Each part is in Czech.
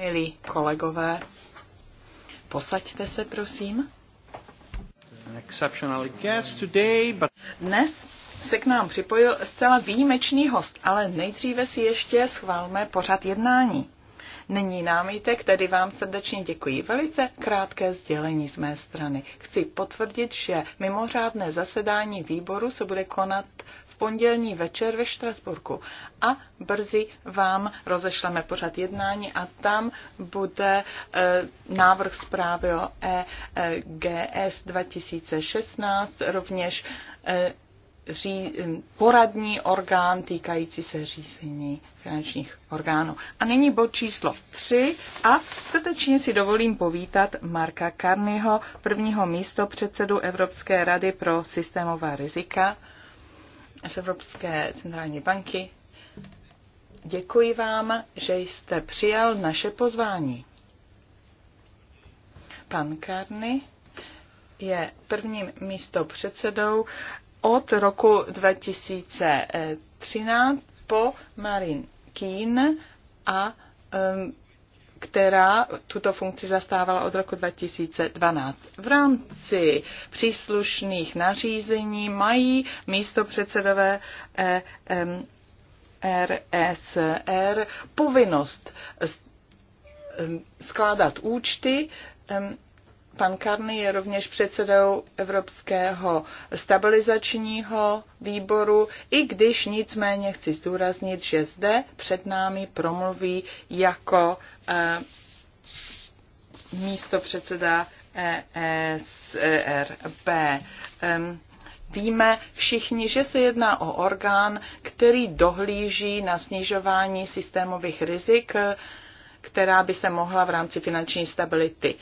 Milí kolegové, posaďte se, prosím. Dnes se k nám připojil zcela výjimečný host, ale nejdříve si ještě schválme pořad jednání. Není námitek, tedy vám srdečně děkuji. Velice krátké sdělení z mé strany. Chci potvrdit, že mimořádné zasedání výboru se bude konat pondělní večer ve Štrasburku. A brzy vám rozešleme pořad jednání a tam bude e, návrh zprávy o EGS 2016, rovněž e, ří, e, poradní orgán týkající se řízení finančních orgánů. A nyní bod číslo 3 a srdečně si dovolím povítat Marka Karnyho, prvního místo předsedu Evropské rady pro systémová rizika z Evropské centrální banky. Děkuji vám, že jste přijal naše pozvání. Pan Karny je prvním místo předsedou od roku 2013 po Marin Kín a um, která tuto funkci zastávala od roku 2012. V rámci příslušných nařízení mají místo předsedové RSR e e povinnost skládat účty Pan Karny je rovněž předsedou Evropského stabilizačního výboru, i když nicméně chci zdůraznit, že zde před námi promluví jako eh, místo předseda ESRB. E um, Víme všichni, že se jedná o orgán, který dohlíží na snižování systémových rizik, která by se mohla v rámci finanční stability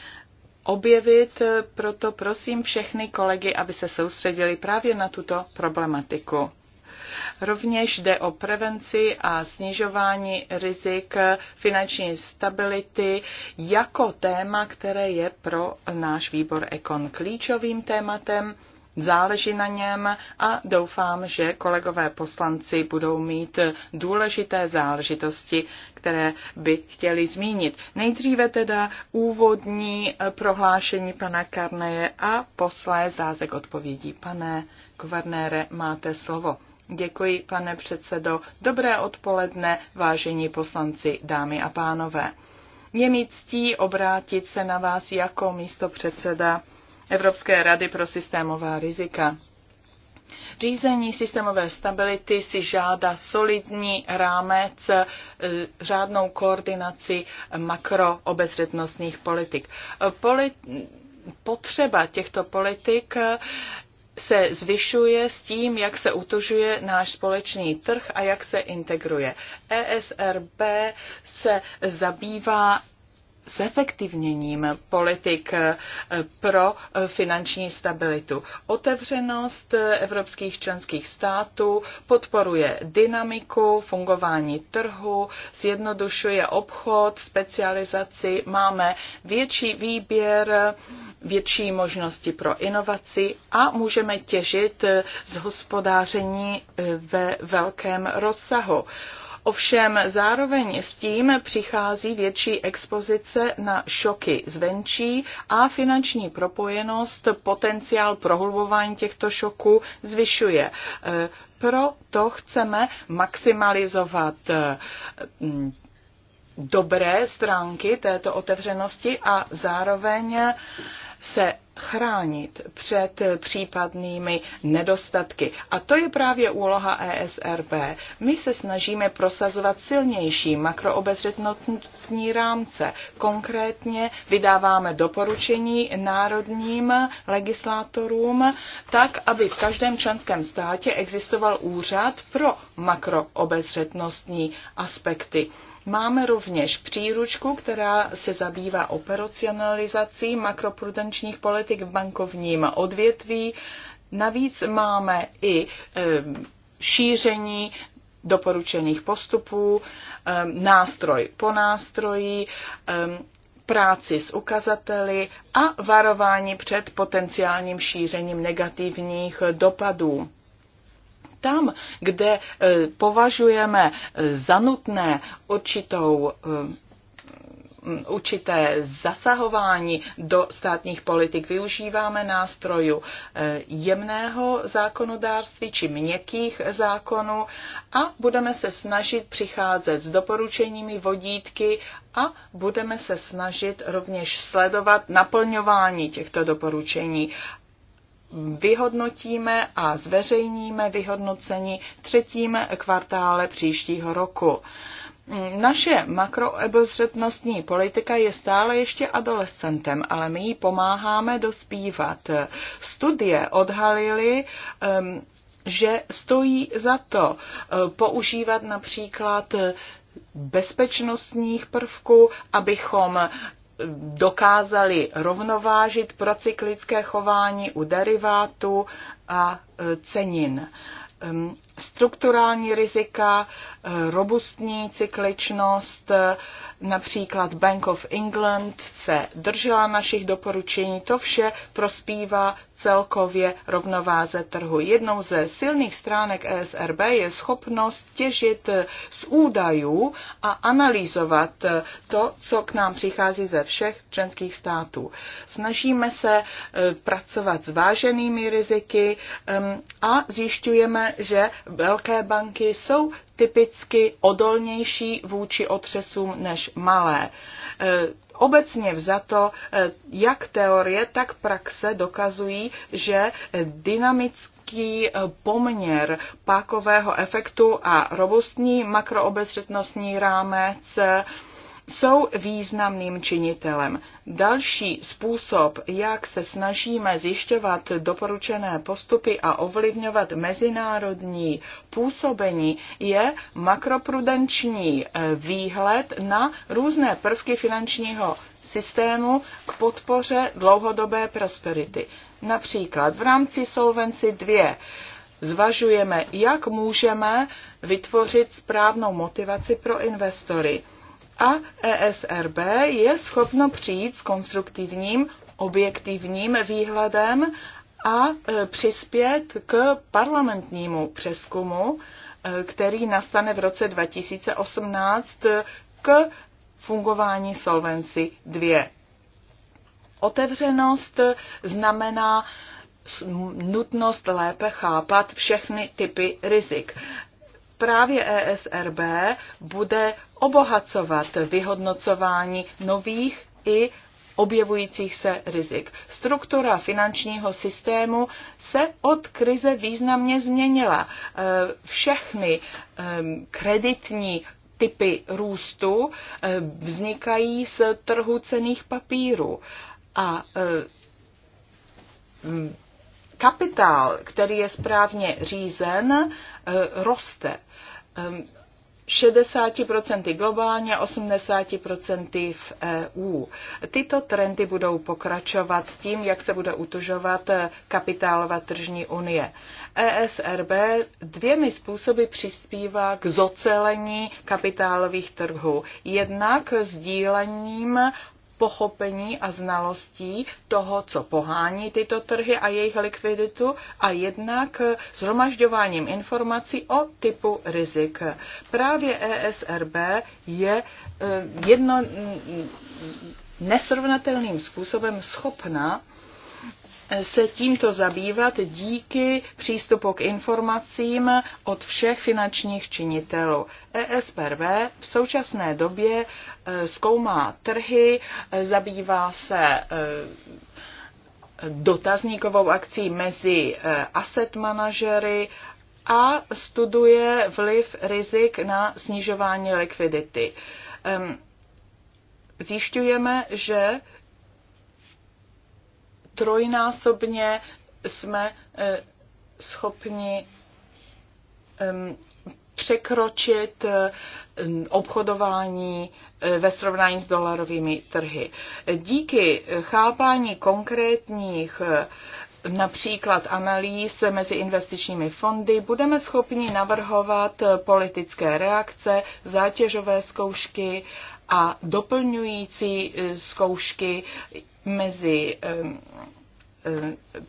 objevit, eh, proto prosím všechny kolegy, aby se soustředili právě na tuto problematiku. Rovněž jde o prevenci a snižování rizik finanční stability jako téma, které je pro náš výbor Ekon klíčovým tématem záleží na něm a doufám, že kolegové poslanci budou mít důležité záležitosti, které by chtěli zmínit. Nejdříve teda úvodní prohlášení pana Karneje a poslé zázek odpovědí. Pane guvernére, máte slovo. Děkuji, pane předsedo. Dobré odpoledne, vážení poslanci, dámy a pánové. Je mi ctí obrátit se na vás jako místo předseda Evropské rady pro systémová rizika. Řízení systémové stability si žádá solidní rámec, e, řádnou koordinaci makroobezřetnostních politik. potřeba těchto politik se zvyšuje s tím, jak se utužuje náš společný trh a jak se integruje. ESRB se zabývá zefektivněním politik eh, pro eh, finanční stabilitu. Otevřenost eh, evropských členských států podporuje dynamiku fungování trhu, zjednodušuje obchod, specializaci, máme větší výběr, větší možnosti pro inovaci a můžeme těžit z hospodáření ve velkém rozsahu. Ovšem zároveň s tím přichází větší expozice na šoky zvenčí a finanční propojenost potenciál prohlubování těchto šoků zvyšuje. E, proto chceme maximalizovat e, dobré stránky této otevřenosti a zároveň se chránit před případnými nedostatky. A to je právě úloha ESRB. My se snažíme prosazovat silnější makroobezřetnostní rámce. Konkrétně vydáváme doporučení národním legislátorům tak, aby v každém členském státě existoval úřad pro makroobezřetnostní aspekty Máme rovněž příručku, která se zabývá operacionalizací makroprudenčních politik v bankovním odvětví. Navíc máme i šíření doporučených postupů, nástroj po nástroji, práci s ukazateli a varování před potenciálním šířením negativních dopadů tam, kde eh, považujeme eh, za nutné určitou eh, určité zasahování do státních politik. Využíváme nástrojů jemného zákonodárství či měkkých zákonů a budeme se snažit přicházet s doporučeními vodítky a budeme se snažit rovněž sledovat naplňování těchto doporučení vyhodnotíme a zveřejníme vyhodnocení třetím kvartále příštího roku. Naše makroobezřetnostní politika je stále ještě adolescentem, ale my jí pomáháme dospívat. Studie odhalily, že stojí za to eh, používat například bezpečnostních prvků, abychom dokázali rovnovážit procyklické chování u derivátů a e, cenin. Strukturální rizika, e, robustní cykličnost, e, například Bank of England se držela našich doporučení, to vše prospívá celkově rovnováze trhu. Jednou ze silných stránek ESRB je schopnost těžit z údajů a analyzovat to, co k nám přichází ze všech členských států. Snažíme se eh, pracovat s váženými riziky a zjišťujeme, že velké banky jsou typicky odolnější vůči otřesům než malé eh, obecně vzato, eh, jak teorie, tak praxe dokazují, že eh, dynamický eh, poměr pákového efektu a robustní makroobezřetnostní rámec jsou významným činitelem. Další způsob, jak se snažíme zjišťovat doporučené postupy a ovlivňovat mezinárodní působení, je makroprudenční eh, výhled na různé prvky finančního systému k podpoře dlouhodobé prosperity. Například v rámci Solvency 2 zvažujeme, jak můžeme vytvořit správnou motivaci pro investory a ESRB je schopno přijít s konstruktivním, objektivním výhledem a e, přispět k parlamentnímu přeskumu, e, který nastane v roce 2018 k fungování Solvency 2. Otevřenost znamená nutnost lépe chápat všechny typy rizik právě ESRB bude obohacovat vyhodnocování nových i objevujících se rizik. Struktura finančního systému se od krize významně změnila. E, všechny e, kreditní typy růstu e, vznikají z trhu cených papírů. A kapitál, který je správně řízen, eh, roste. 60% ehm, globálně, 80% v EU. Tyto trendy budou pokračovat s tím, jak se bude utužovat eh, kapitálová tržní unie. ESRB dvěmi způsoby přispívá k zocelení kapitálových trhů. Jednak sdílením pochopení a znalostí toho, co pohání tyto trhy a jejich likviditu a jednak zhromažďováním informací o typu rizik. Právě ESRB je eh, jedno mm, mm, nesrovnatelným způsobem schopna se tímto zabývat díky přístupu k informacím od všech finančních činitelů. ESPRV v současné době e, zkoumá trhy, e, zabývá se e, dotazníkovou akcí mezi asset manažery a studuje vliv rizik na snižování likvidity. Zjišťujeme, že trojnásobně jsme eh, schopni ehm, překročit ehm, obchodování eh, ve srovnání s dolarovými trhy. Díky chápání konkrétních eh, například analýz mezi investičními fondy, budeme schopni navrhovat politické reakce, zátěžové zkoušky a doplňující zkoušky mezi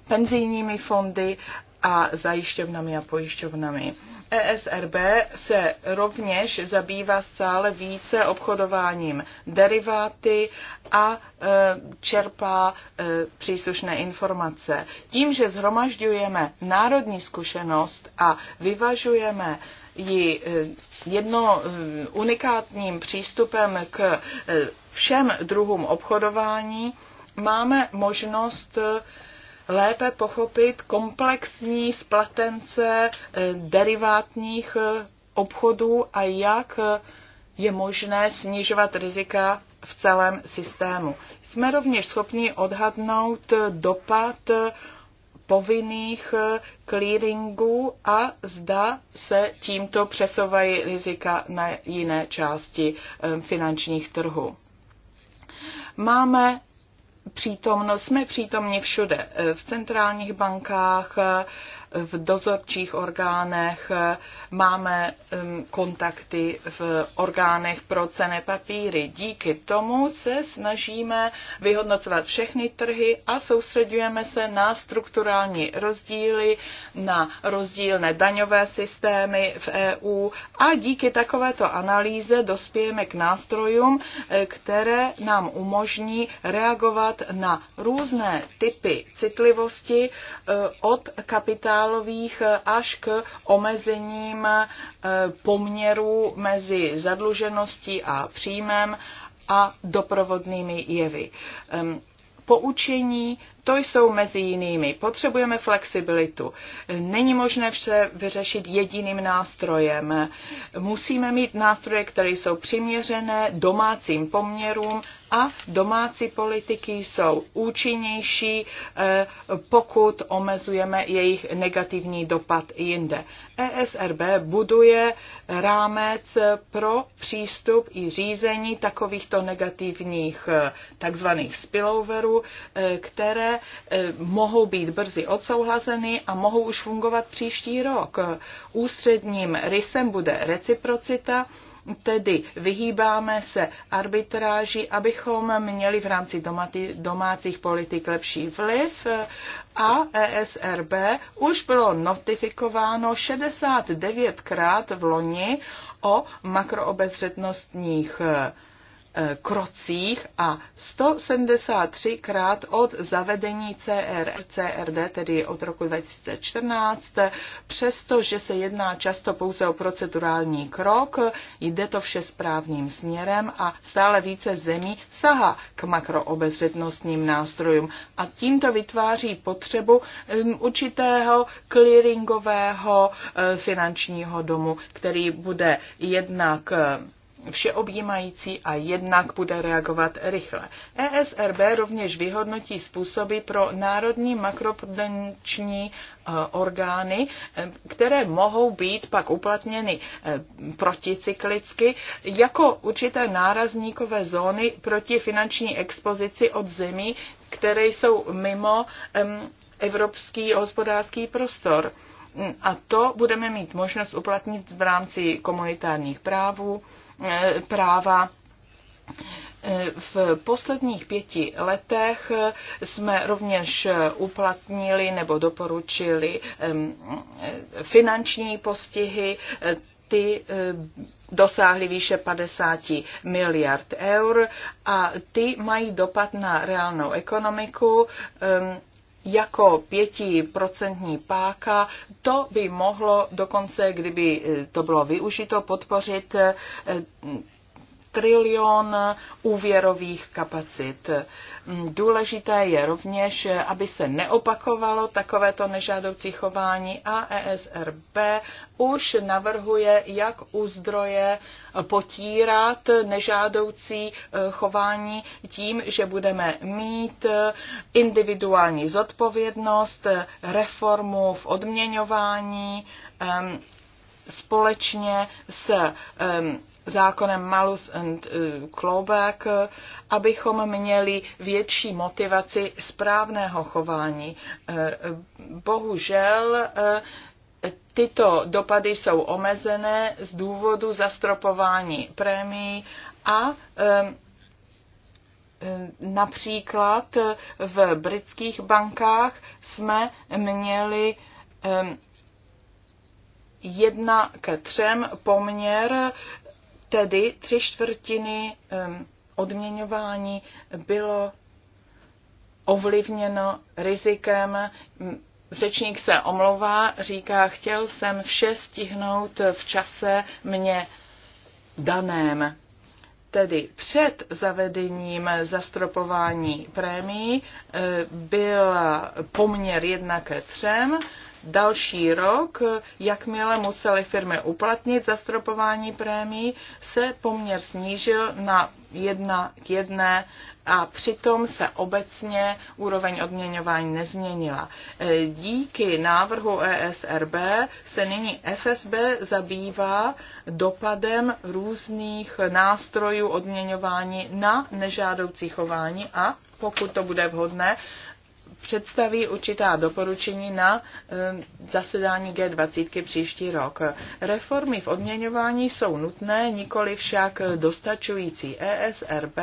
penzijními fondy a zajišťovnami a pojišťovnami. ESRB se rovněž zabývá stále více obchodováním deriváty a e, čerpá e, příslušné informace. Tím, že zhromažďujeme národní zkušenost a vyvažujeme ji e, jedno unikátním přístupem k všem druhům obchodování, máme možnost eh, lépe pochopit komplexní splatence eh, derivátních eh, obchodů a jak je možné snižovat rizika v celém systému. Jsme rovněž schopni odhadnout dopad povinných clearingů a zda se tímto přesouvají rizika na jiné části finančních trhů. Máme přítomno, jsme přítomni všude, eh, v centrálních bankách, v dozorčích orgánech, máme kontakty v orgánech pro cené papíry. Díky tomu se snažíme vyhodnocovat všechny trhy a soustředujeme se na strukturální rozdíly, na rozdílné daňové systémy v EU a díky takovéto analýze dospějeme k nástrojům, eh, které nám umožní reagovat na různé typy citlivosti eh, od kapitálu kapitálových až k omezením eh, poměru mezi zadlužeností a příjmem a doprovodnými jevy. Ehm, poučení, to jsou mezi jinými. Potřebujeme flexibilitu. Není možné vše vyřešit jediným nástrojem. Musíme mít nástroje, které jsou přiměřené domácím poměrům a domácí politiky jsou účinnější, eh, pokud omezujeme jejich negativní dopad jinde. ESRB buduje rámec pro přístup i řízení takovýchto negativních eh, takzvaných spilloverů, eh, které mohou být brzy odsouhlazeny a mohou už fungovat příští rok. Ústředním rysem bude reciprocita, Tedy vyhýbáme se arbitráži, abychom měli v rámci domácích politik lepší vliv a ESRB už bylo notifikováno 69krát v loni o makroobezřetnostních Eh, krocích a 173 krát od zavedení CR, CRD, tedy od roku 2014, přestože se jedná často pouze o procedurální krok, jde to vše správným směrem a stále více zemí sahá k makroobezřetnostním nástrojům a tímto vytváří potřebu určitého clearingového eh, finančního domu, který bude jednak všeobjímající a jednak bude reagovat rychle. ESRB rovněž vyhodnotí způsoby pro národní makroprudenční e, orgány, e, které mohou být pak uplatněny e, proticyklicky jako určité nárazníkové zóny proti finanční expozici od zemí, které jsou mimo evropský hospodářský prostor. A to budeme mít možnost uplatnit v rámci komunitárních právů, eh, práva eh, v posledních pěti letech jsme rovněž uplatnili nebo doporučili eh, finanční postihy. Ty dosáhly výše 50 miliard eur a ty mají dopad na reálnou ekonomiku jako pětiprocentní páka, to by mohlo dokonce, kdyby eh, to bylo využito, podpořit eh, trilion úvěrových kapacit. Důležité je rovněž, aby se neopakovalo takovéto nežádoucí chování a ESRB už navrhuje, jak u zdroje potírat nežádoucí eh, chování tím, že budeme mít eh, individuální zodpovědnost, eh, reformu v odměňování, ehm, společně s ehm, zákonem Malus and eh, Clawback, eh, abychom měli větší motivaci správného chování. Eh, bohužel tyto dopady jsou omezené z důvodu zastropování prémií a například v britských bankách jsme měli jedna k třem poměr Tedy tři čtvrtiny odměňování bylo ovlivněno rizikem. Řečník se omlouvá, říká, chtěl jsem vše stihnout v čase mě daném. Tedy před zavedením zastropování prémií eh, byl poměr 1 ke 3, další rok, jakmile museli firmy uplatnit zastropování prémí, se poměr snížil na jedna k jedné a přitom se obecně úroveň odměňování nezměnila. Díky návrhu ESRB se nyní FSB zabývá dopadem různých nástrojů odměňování na nežádoucí chování a pokud to bude vhodné, představí určitá doporučení na eh, zasedání G20 příští rok. Reformy v odměňování jsou nutné, nikoli však dostačující. ESRB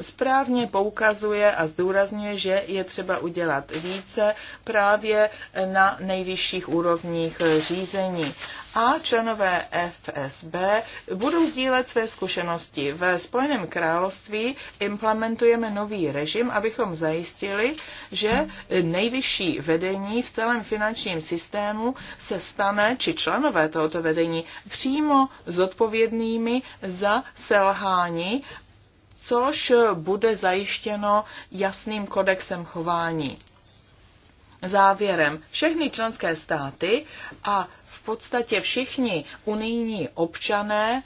správně poukazuje a zdůrazňuje, že je třeba udělat více právě na nejvyšších úrovních řízení a členové FSB budou sdílet své zkušenosti. Ve Spojeném království implementujeme nový režim, abychom zajistili, že nejvyšší vedení v celém finančním systému se stane, či členové tohoto vedení, přímo zodpovědnými za selhání což bude zajištěno jasným kodexem chování. Závěrem, všechny členské státy a v podstatě všichni unijní občané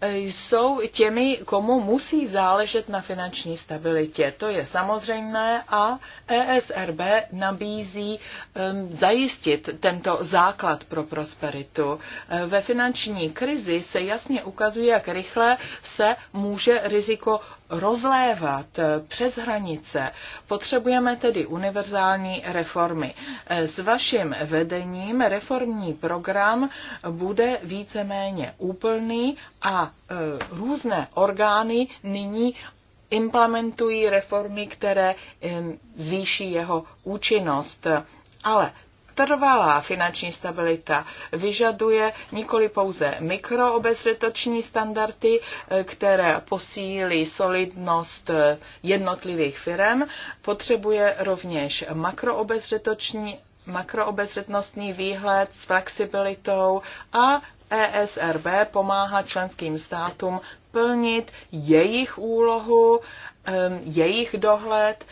eh, jsou těmi, komu musí záležet na finanční stabilitě. To je samozřejmé a ESRB nabízí um, zajistit tento základ pro prosperitu. Eh, ve finanční krizi se jasně ukazuje, jak rychle se může riziko rozlévat eh, přes hranice. Potřebujeme tedy univerzální reformy. Eh, s vaším vedením reformní program bude víceméně úplný a eh, různé orgány nyní implementují reformy, které zvýší jeho účinnost. Ale trvalá finanční stabilita vyžaduje nikoli pouze mikroobezřetoční standardy, eh, které posílí solidnost eh, jednotlivých firm, potřebuje rovněž makroobezřetoční makroobezřetnostní výhled s flexibilitou a ESRB pomáhá členským státům plnit jejich úlohu, eh, jejich dohled,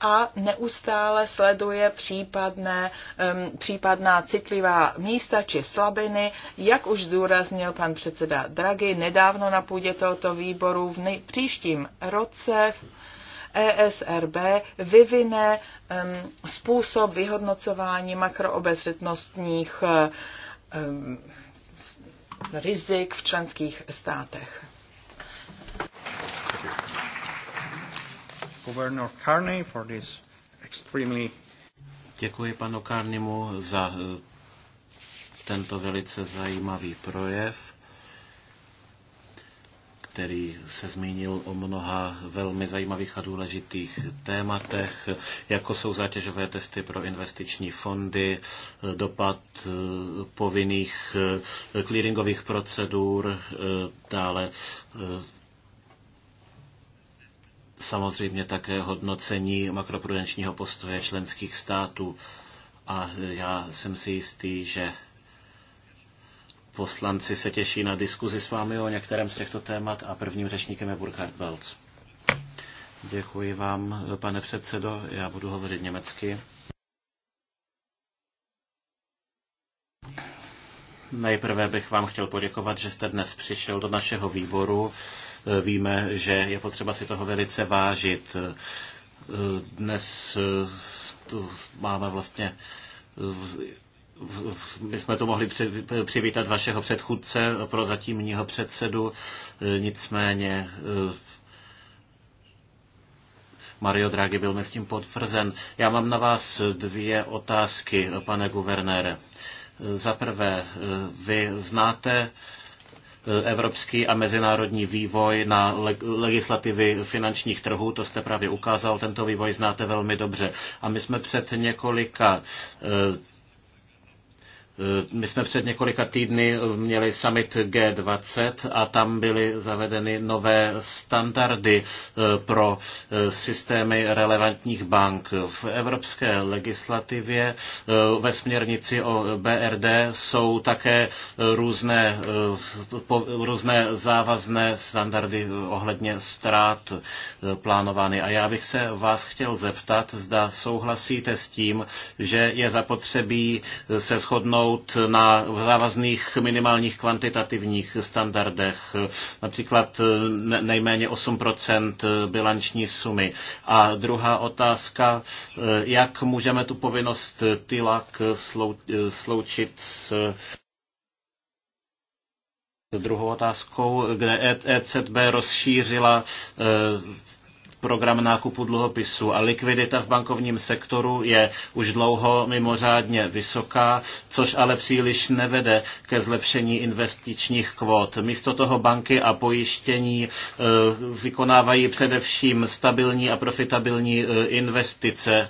a neustále sleduje případné, um, případná citlivá místa či slabiny. Jak už zdůraznil pan předseda Draghi nedávno na půdě tohoto výboru, v nej- příštím roce v ESRB vyvine um, způsob vyhodnocování makroobezřetnostních um, rizik v členských státech. Governor Carney for this extremely... Děkuji panu Carneymu za eh, tento velice zajímavý projev, který se zmínil o mnoha velmi zajímavých a důležitých tématech, jako jsou zátěžové testy pro investiční fondy, eh, dopad eh, povinných clearingových procedur, dále samozřejmě také hodnocení makroprudenčního postoje členských států. A já jsem si jistý, že poslanci se těší na diskuzi s vámi o některém z těchto témat a prvním řečníkem je Burkhard Belc. Děkuji vám, pane předsedo. Já budu hovořit německy. Nejprve bych vám chtěl poděkovat, že jste dnes přišel do našeho výboru Eh, víme, že je potřeba si toho velice vážit. Eh, dnes eh, tu máme vlastně my jsme to mohli přivítat vašeho předchůdce pro zatímního předsedu, nicméně Mario Draghi byl mi s tím potvrzen. Já mám na vás dvě otázky, pane guvernére. Za prvé, vy znáte Eh, evropský a mezinárodní vývoj na legislativy finančních trhů. To jste právě ukázal, tento vývoj znáte velmi dobře. A my jsme před několika eh, Eh, my jsme před několika týdny měli summit G20 a tam byly zavedeny nové standardy eh, pro eh, systémy relevantních bank. V evropské legislativě ve směrnici o BRD jsou také různé, různé závazné standardy ohledně ztrát plánovány. A já bych se vás chtěl zeptat, zda souhlasíte s tím, že je zapotřebí se shodnout dohodnout na závazných minimálních kvantitativních standardech, například nejméně 8% bilanční sumy. A druhá otázka, jak můžeme tu povinnost TILAK sloučit s s druhou otázkou, kde ECB rozšířila eh, program nákupu dluhopisů a likvidita v bankovním sektoru je už dlouho mimořádně vysoká, což ale příliš nevede ke zlepšení investičních kvót. Místo toho banky a pojištění eh, vykonávají především stabilní a profitabilní eh, investice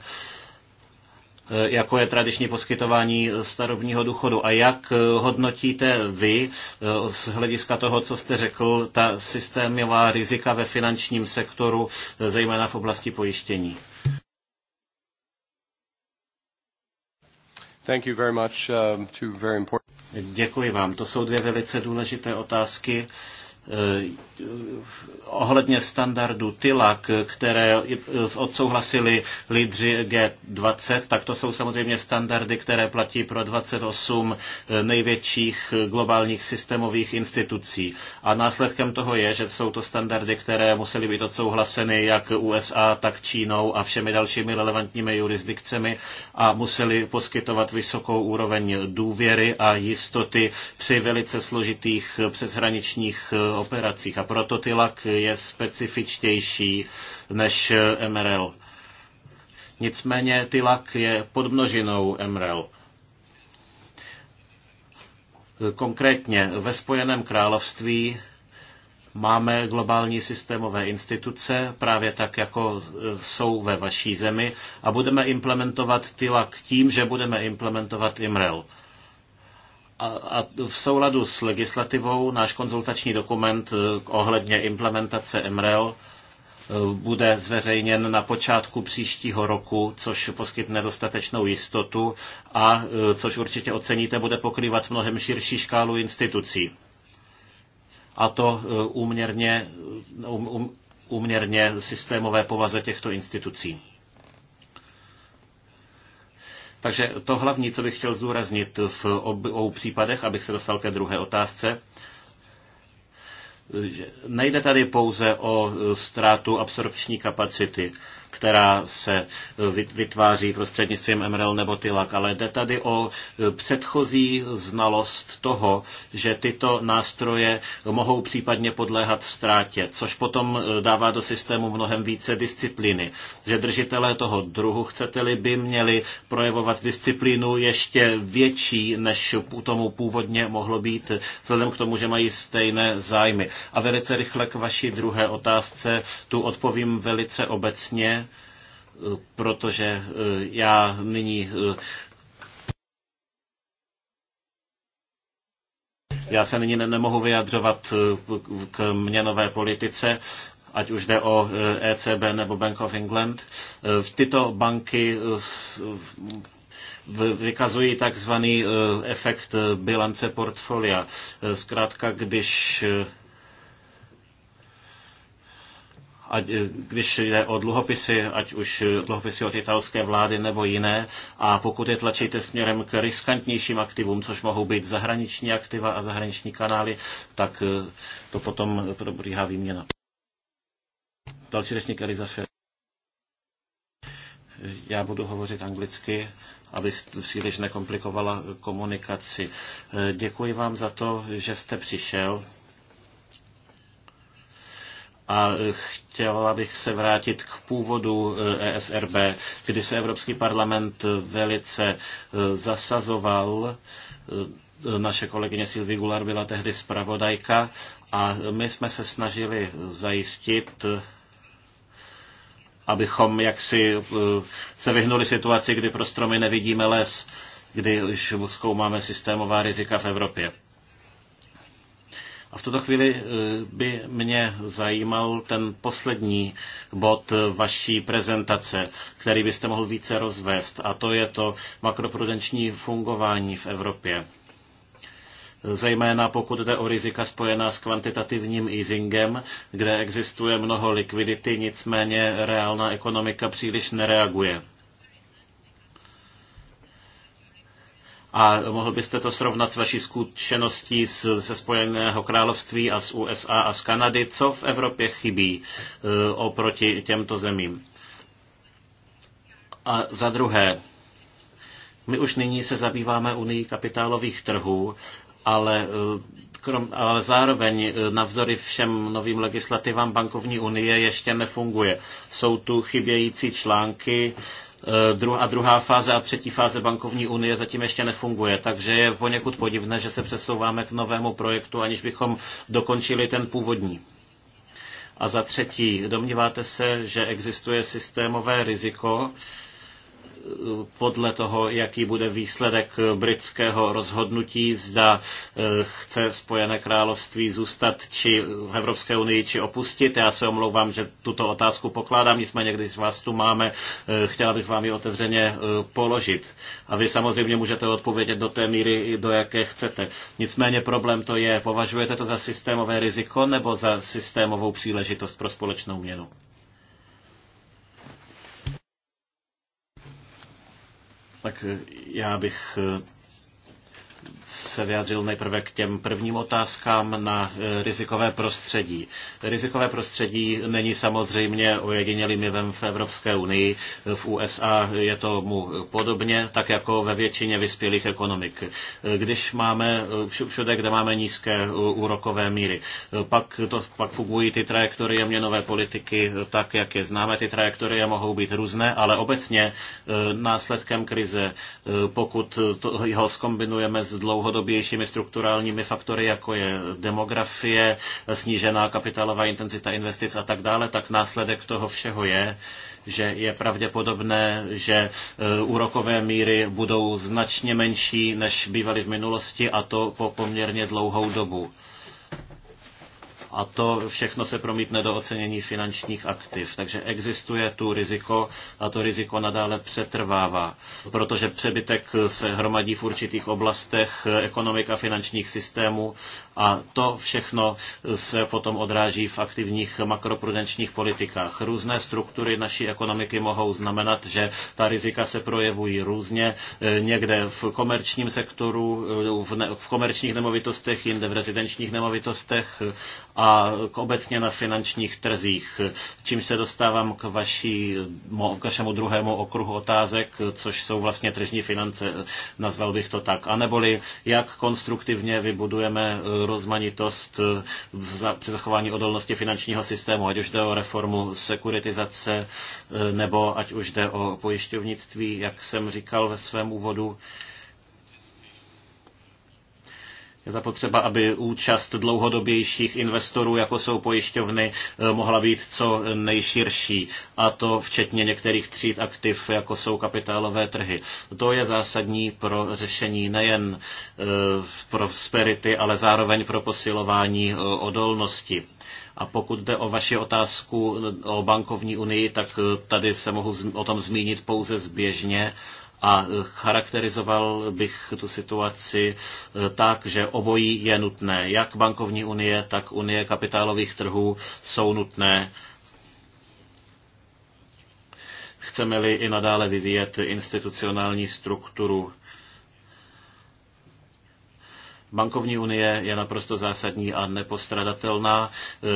Eh, jako je tradiční poskytování starobního důchodu. A jak eh, hodnotíte vy eh, z hlediska toho, co jste řekl, ta systémová rizika ve finančním sektoru, zejména v oblasti pojištění? Thank you very much, um, two very important... Děkuji vám. To jsou dvě velice důležité otázky. Uh, Eh, ohledně standardu TILAK, které eh, odsouhlasili lídři G20, tak to jsou samozřejmě standardy, které platí pro 28 eh, největších globálních systémových institucí. A následkem toho je, že jsou to standardy, které musely být odsouhlaseny jak USA, tak Čínou a všemi dalšími relevantními jurisdikcemi a museli poskytovat vysokou úroveň důvěry a jistoty při velice složitých přeshraničních operacích a proto TILAK je specifičtější než MRL. Nicméně TILAK je podmnožinou MRL. Konkrétně ve Spojeném království máme globální systémové instituce, právě tak, jako jsou ve vaší zemi, a budeme implementovat TILAK tím, že budeme implementovat IMREL. A, a v souladu s legislativou náš konzultační dokument eh, ohledně implementace MREL eh, bude zveřejněn na počátku příštího roku, což poskytne dostatečnou jistotu a, eh, což určitě oceníte, bude pokrývat mnohem širší škálu institucí. A to úměrně, um, um, úměrně systémové povaze těchto institucí. Takže to hlavní, co bych chtěl zdůraznit v obou případech, abych se dostal ke druhé otázce, nejde tady pouze o eh, ztrátu absorpční kapacity, která se eh, vytváří prostřednictvím MRL nebo TILAK, ale jde tady o eh, předchozí znalost toho, že tyto nástroje mohou případně podléhat ztrátě, což potom eh, dává do systému mnohem více disciplíny. Že držitelé toho druhu, chcete-li, by měli projevovat disciplínu ještě větší, než tomu původně mohlo být, vzhledem k tomu, že mají stejné zájmy. A velice rychle k vaší druhé otázce, tu odpovím velice obecně protože eh, já nyní eh, Já se nyní nemohu vyjadřovat eh, k měnové politice, ať už jde o ECB e nebo Bank of England. Tyto banky vykazují takzvaný efekt bilance portfolia. Zkrátka, když ať, eh, když jde o dluhopisy, ať už eh, dluhopisy od italské vlády nebo jiné, a pokud je tlačíte směrem k riskantnějším aktivům, což mohou být zahraniční aktiva a zahraniční kanály, tak eh, to potom probíhá výměna. Další řečník Eliza Já budu hovořit anglicky, abych příliš nekomplikovala komunikaci. Děkuji vám za to, že jste přišel. A chtěla bych se vrátit k původu ESRB, eh, e kdy se Evropský parlament velice eh, zasazoval eh, naše kolegyně Silvi Gular byla tehdy zpravodajka a my jsme se snažili zajistit, abychom jaksi se vyhnuli situaci, kdy pro stromy nevidíme les, kdy už zkoumáme systémová rizika v Evropě. A v tuto chvíli eh, by mě zajímal ten poslední bod vaší prezentace, který byste mohl více rozvést, a to je to makroprudenční fungování v Evropě zejména pokud jde o rizika spojená s kvantitativním easingem, kde existuje mnoho likvidity, nicméně reálná ekonomika příliš nereaguje. A mohl byste to srovnat s vaší zkušeností ze Spojeného království a z USA a z Kanady? Co v Evropě chybí e, oproti těmto zemím? A za druhé, my už nyní se zabýváme unii kapitálových trhů, ale, e, krom, ale zároveň e, navzdory všem novým legislativám bankovní unie ještě nefunguje. Jsou tu chybějící články, Eh, a druhá fáze a třetí fáze bankovní unie zatím ještě nefunguje. Takže je poněkud podivné, že se přesouváme k novému projektu, aniž bychom dokončili ten původní. A za třetí, domníváte se, že existuje systémové riziko, podle toho, jaký bude výsledek britského rozhodnutí, zda eh, chce Spojené království zůstat či v Evropské unii, či opustit. Já se omlouvám, že tuto otázku pokládám, nicméně když vás tu máme, eh, chtěla bych vám ji otevřeně eh, položit. A vy samozřejmě můžete odpovědět do té míry, do jaké chcete. Nicméně problém to je, považujete to za systémové riziko nebo za systémovou příležitost pro společnou měnu? tak eh, já bych eh, se vyjádřil nejprve k těm prvním otázkám na e, rizikové prostředí. Rizikové prostředí není samozřejmě ojedinělým jevem v Evropské unii. V USA je tomu podobně, tak jako ve většině vyspělých ekonomik. Když máme všude, kde máme nízké úrokové míry, pak, to, pak fungují ty trajektorie měnové politiky tak, jak je známe. Ty trajektorie mohou být různé, ale obecně e, následkem krize, e, pokud to, ho skombinujeme s dlouhou dlouhodobějšími strukturálními faktory, jako je demografie, snížená kapitálová intenzita investic a tak dále, tak následek toho všeho je, že je pravděpodobné, že e, úrokové míry budou značně menší, než bývaly v minulosti a to po poměrně dlouhou dobu a to všechno se promítne do ocenění finančních aktiv. Takže existuje tu riziko a to riziko nadále přetrvává, protože přebytek se hromadí v určitých oblastech ekonomik a finančních systémů a to všechno se potom odráží v aktivních makroprudenčních politikách. Různé struktury naší ekonomiky mohou znamenat, že ta rizika se projevují různě, eh, někde v komerčním sektoru, eh, v, ne, v komerčních nemovitostech, jinde v rezidenčních nemovitostech eh, a obecně na finančních trzích. Čím se dostávám k, vaší, k vašemu druhému okruhu otázek, což jsou vlastně tržní finance, nazval bych to tak. A neboli, jak konstruktivně vybudujeme rozmanitost při zachování odolnosti finančního systému, ať už jde o reformu sekuritizace, e, nebo ať už jde o pojišťovnictví, jak jsem říkal ve svém úvodu, je zapotřeba, aby účast dlouhodobějších investorů, jako jsou pojišťovny, eh, mohla být co nejširší. A to včetně některých tříd aktiv, jako jsou kapitálové trhy. To je zásadní pro řešení nejen eh, prosperity, ale zároveň pro posilování eh, odolnosti. A pokud jde o vaši otázku o bankovní unii, tak tady se mohu o tom zmínit pouze zběžně a charakterizoval bych tu situaci eh, tak, že obojí je nutné. Jak bankovní unie, tak unie kapitálových trhů jsou nutné chceme-li i nadále vyvíjet institucionální strukturu Bankovní unie je naprosto zásadní a nepostradatelná.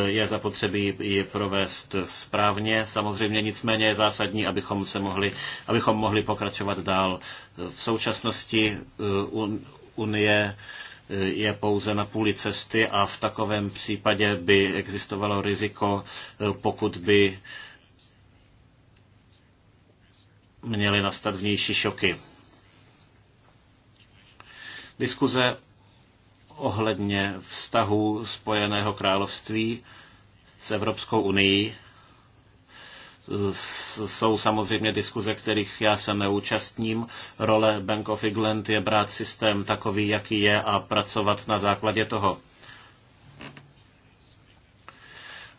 Je zapotřebí ji provést správně. Samozřejmě nicméně je zásadní, abychom, se mohli, abychom mohli pokračovat dál. V současnosti uh, unie uh, je pouze na půli cesty a v takovém případě by existovalo riziko, uh, pokud by měly nastat vnější šoky. Diskuze ohledně vztahu Spojeného království s Evropskou unii. Jsou samozřejmě diskuze, kterých já se neúčastním. Role Bank of England je brát systém takový, jaký je a pracovat na základě toho.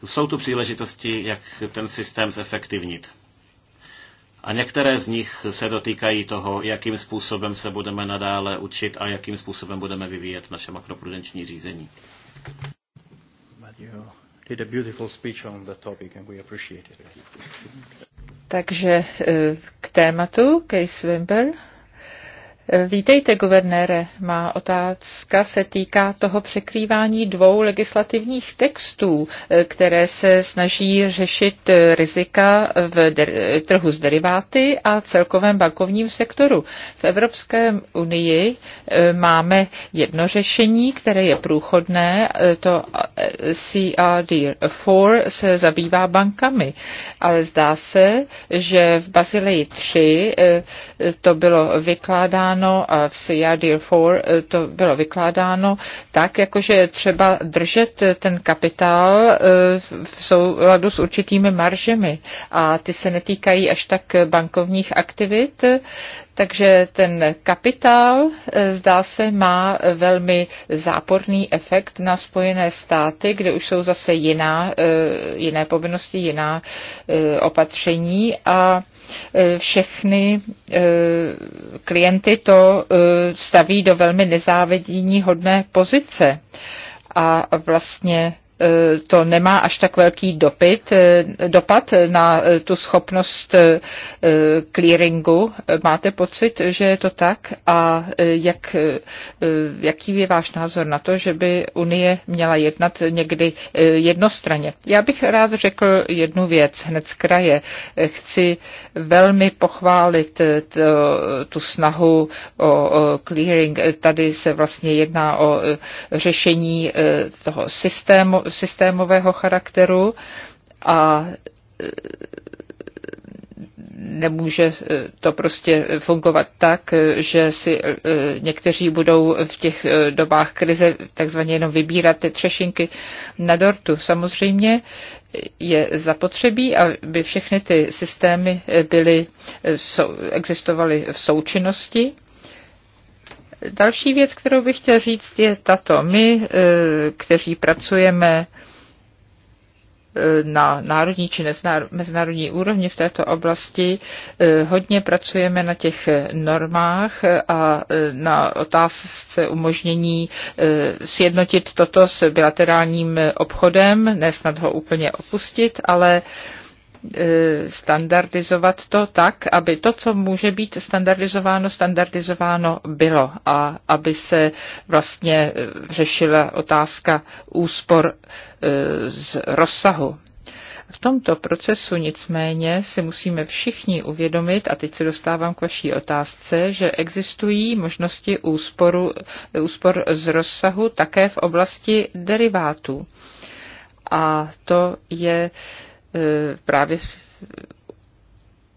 Jsou tu příležitosti, jak ten systém zefektivnit. A některé z nich se dotýkají toho, jakým způsobem se budeme nadále učit a jakým způsobem budeme vyvíjet naše makroprudenční řízení. Takže eh, k tématu Case Wimber. Vítejte, guvernére. Má otázka se týká toho překrývání dvou legislativních textů, eh, které se snaží řešit eh, rizika v trhu s deriváty a celkovém bankovním sektoru. V Evropské unii eh, máme jedno řešení, které je průchodné, to CRD4 se zabývá bankami, ale zdá se, že v Basileji 3 to bylo vykládáno vykládáno a v CIA Deal 4 eh, to bylo vykládáno tak, jakože je třeba držet eh, ten kapitál eh, v souladu s určitými maržemi a ty se netýkají až tak bankovních aktivit, takže ten kapitál, zdá se, má velmi záporný efekt na Spojené státy, kde už jsou zase jiná, jiné povinnosti, jiná opatření a Eh, všechny eh, klienty to eh, staví do velmi nezávidění hodné pozice a vlastně E, to nemá až tak velký dopyt, e, dopad na e, tu schopnost clearingu. Máte pocit, že je to tak? A jak, jaký je váš názor na to, že by Unie měla jednat někdy jednostranně? Já bych rád řekl jednu věc hned z kraje. Chci velmi pochválit to, tu snahu o, o clearing. Tady se vlastně jedná o řešení toho systému, systémového charakteru a e, nemůže e, to prostě fungovat tak, e, že si někteří budou v těch dobách krize takzvaně jenom vybírat ty třešinky na dortu. Samozřejmě je zapotřebí, aby všechny ty systémy byly, existovaly v součinnosti Další věc, kterou bych chtěl říct, je tato. My, eh, kteří pracujeme eh, na národní či mezinárodní úrovni v této oblasti. Eh, hodně pracujeme na těch normách a na otázce umožnění sjednotit toto s bilaterálním obchodem, ne snad ho úplně opustit, ale Eh, standardizovat to tak, aby to, co může být standardizováno, standardizováno bylo a aby se vlastně eh, řešila otázka úspor eh, z rozsahu. V tomto procesu nicméně si musíme všichni uvědomit, a teď se dostávám k vaší otázce, že existují možnosti úsporu, úspor z rozsahu také v oblasti derivátů. A to je Eh, právě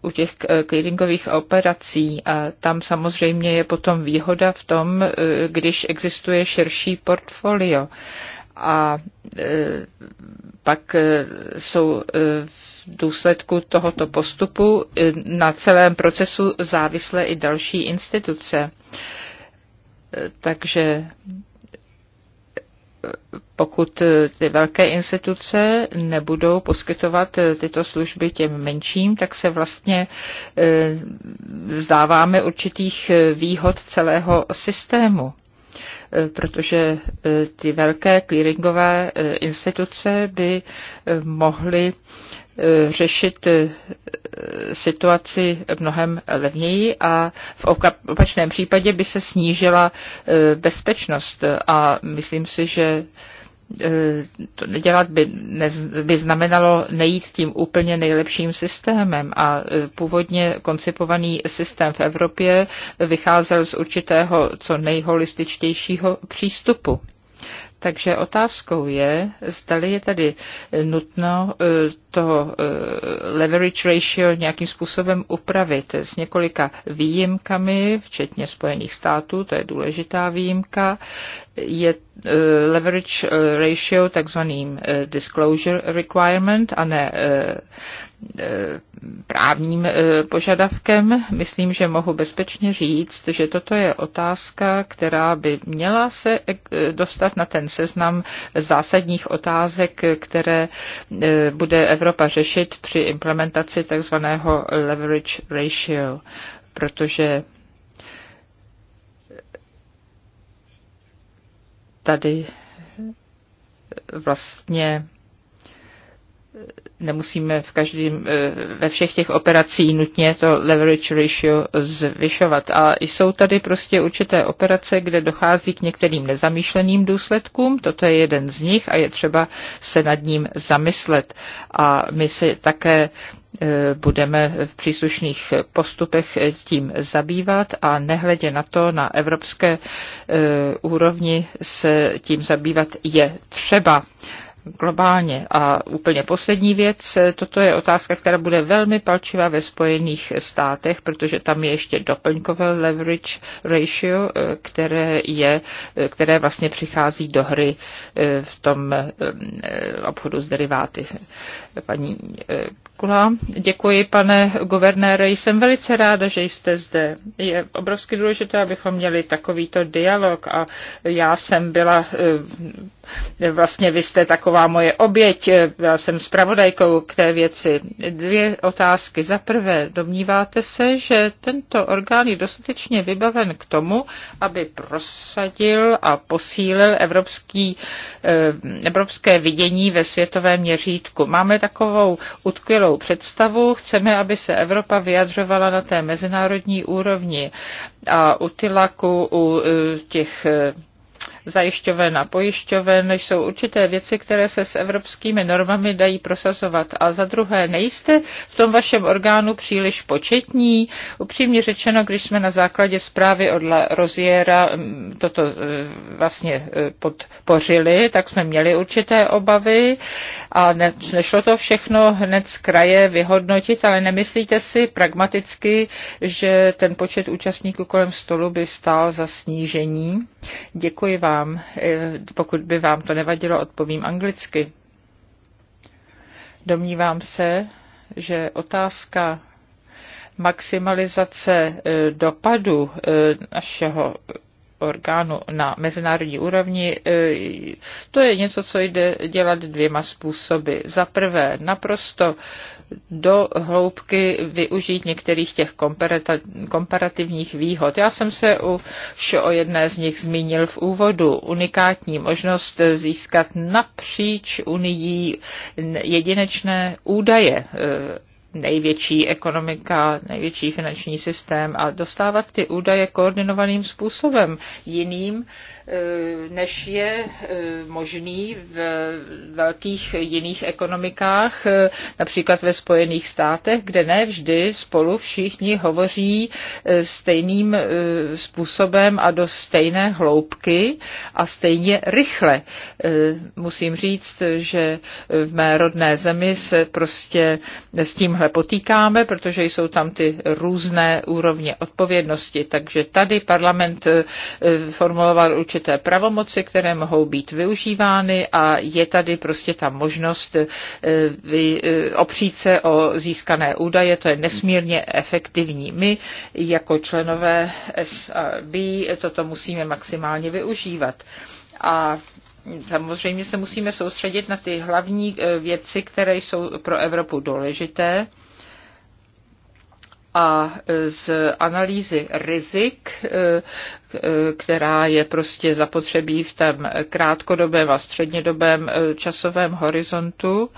u těch eh, clearingových operací a tam samozřejmě je potom výhoda v tom, eh, když existuje širší portfolio. A pak jsou v důsledku tohoto postupu na celém procesu závislé i další instituce. Takže pokud ty velké instituce nebudou poskytovat tyto služby těm menším, tak se vlastně eh, vzdáváme určitých eh, výhod celého systému eh, protože ty velké clearingové instituce by mohly Eh, řešit eh, situaci mnohem levněji a v opačném případě by se snížila eh, bezpečnost. A myslím si, že to nedělat by, ne, by znamenalo nejít tím úplně nejlepším systémem a původně koncipovaný systém v Evropě vycházel z určitého co nejholističtějšího přístupu. Takže otázkou je, zdali je tady nutno eh, to eh, leverage ratio nějakým způsobem upravit s několika výjimkami, včetně Spojených států, to je důležitá výjimka, je eh, leverage ratio takzvaným disclosure requirement a ne Eh, právním eh, požadavkem, myslím, že mohu bezpečně říct, že toto je otázka, která by měla se eh, dostat na ten seznam zásadních otázek, které bude Evropa řešit při implementaci takzvaného leverage ratio, protože tady vlastně nemusíme v každém, eh, ve všech těch operacích nutně to leverage ratio zvyšovat. A jsou tady prostě určité operace, kde dochází k některým nezamýšleným důsledkům. Toto je jeden z nich a je třeba se nad ním zamyslet. A my si také eh, budeme v příslušných postupech tím zabývat a nehledě na to na evropské eh, úrovni se tím zabývat je třeba globálně. A úplně poslední věc, toto je otázka, která bude velmi palčivá ve Spojených státech, protože tam je ještě doplňkové leverage ratio, které, je, které vlastně přichází do hry eh, v tom eh, obchodu s deriváty. Paní eh, Kula, děkuji, pane guvernére, jsem velice ráda, že jste zde. Je obrovsky důležité, abychom měli takovýto dialog a já jsem byla Vlastně vy jste taková moje oběť, eh, já jsem zpravodajkou k té věci. Dvě otázky. Za prvé, domníváte se, že tento orgán je dostatečně vybaven k tomu, aby prosadil a posílil evropský, eh, evropské vidění ve světovém měřítku. Máme takovou utkvělou představu, chceme, aby se Evropa vyjadřovala na té mezinárodní úrovni a u Tylaku, u eh, těch zajišťoven a pojišťoven, jsou určité věci, které se s evropskými normami dají prosazovat. A za druhé, nejste v tom vašem orgánu příliš početní. Upřímně řečeno, když jsme na základě zprávy od La Roziera mm, toto e, vlastně e, podpořili, tak jsme měli určité obavy a ne, nešlo to všechno hned z kraje vyhodnotit, ale nemyslíte si pragmaticky, že ten počet účastníků kolem stolu by stál za snížení? Děkuji vám vám, eh, pokud by vám to nevadilo, odpovím anglicky. Domnívám se, že otázka maximalizace eh, dopadu eh, našeho orgánu na mezinárodní úrovni, to je něco, co jde dělat dvěma způsoby. Za prvé, naprosto do hloubky využít některých těch komparativních výhod. Já jsem se už o jedné z nich zmínil v úvodu. Unikátní možnost získat napříč Unii jedinečné údaje eh, největší ekonomika, největší finanční systém a dostávat ty údaje koordinovaným způsobem jiným Eh, než je eh, možný v velkých jiných ekonomikách, eh, například ve Spojených státech, kde ne vždy spolu všichni hovoří stejným způsobem a do stejné hloubky a stejně rychle. Musím říct, že v mé rodné zemi se prostě s tímhle potýkáme, protože jsou tam ty různé úrovně odpovědnosti. Takže tady parlament formuloval určitě určité pravomoci, které mohou být využívány a je tady prostě ta možnost eh, eh, opřít se o získané údaje, to je nesmírně efektivní. My jako členové SRB toto musíme maximálně využívat. A samozřejmě se musíme soustředit na ty hlavní eh, věci, které jsou pro Evropu důležité a z analýzy rizik, e, která je prostě zapotřebí v tom krátkodobém a střednědobém e, časovém horizontu,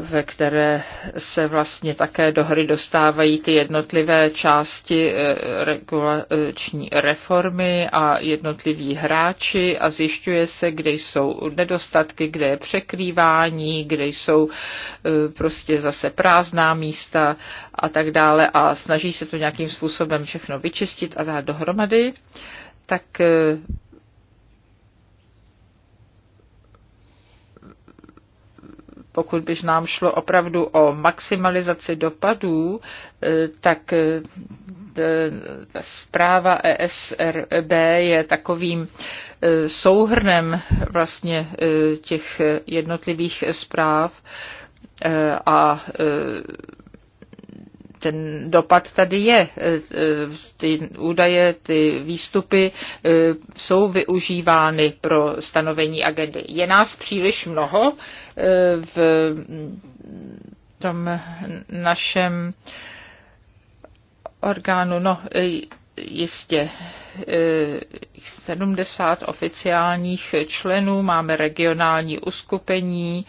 ve které se vlastně také do hry dostávají ty jednotlivé části eh, regulační reformy a jednotliví hráči a zjišťuje se, kde jsou nedostatky, kde je překrývání, kde jsou eh, prostě zase prázdná místa a tak dále a snaží se to nějakým způsobem všechno vyčistit a dát dohromady tak eh, pokud by nám šlo opravdu o maximalizaci dopadů, eh, tak eh, ta zpráva ESRB je takovým eh, souhrnem vlastně těch jednotlivých zpráv a ten dopad tady je. E, e, ty údaje, ty výstupy e, jsou využívány pro stanovení agendy. Je nás příliš mnoho v tom našem orgánu. No, jistě 70 oficiálních členů, máme regionální uskupení,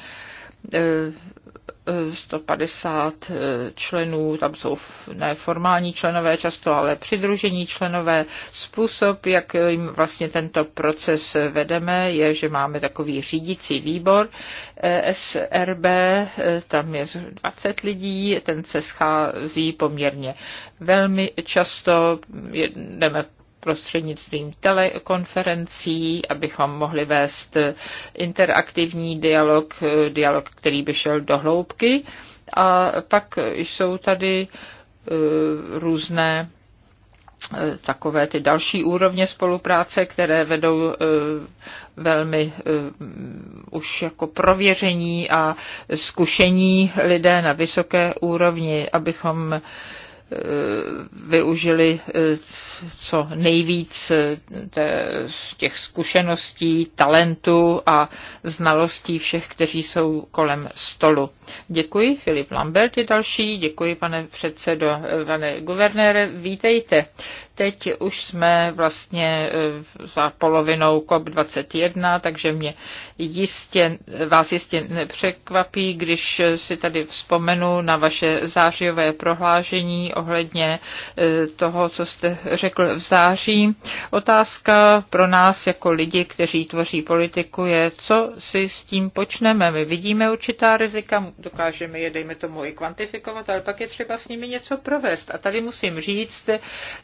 150 eh, členů, tam jsou ne formální členové často, ale přidružení členové. Způsob, jak jim vlastně tento proces vedeme, je, že máme takový řídící výbor eh, SRB, eh, tam je 20 lidí, ten se schází poměrně velmi často, jdeme prostřednictvím telekonferencí, abychom mohli vést interaktivní dialog, dialog, který by šel do hloubky. A pak jsou tady e, různé e, takové ty další úrovně spolupráce, které vedou e, velmi už jako prověření a zkušení lidé na vysoké úrovni, abychom využili eh, co nejvíc eh, těch zkušeností, talentů a znalostí všech, kteří jsou kolem stolu. Děkuji, Filip Lambert je další, děkuji pane předsedo, pane guvernére, vítejte. Teď už jsme vlastně e, za polovinou COP21, takže mě jistě, vás jistě nepřekvapí, když si tady vzpomenu na vaše zářijové prohlášení ohledně e, toho, co jste řekl v září. Otázka pro nás jako lidi, kteří tvoří politiku, je, co si s tím počneme. My vidíme určitá rizika, dokážeme je, dejme tomu, i kvantifikovat, ale pak je třeba s nimi něco provést. A tady musím říct,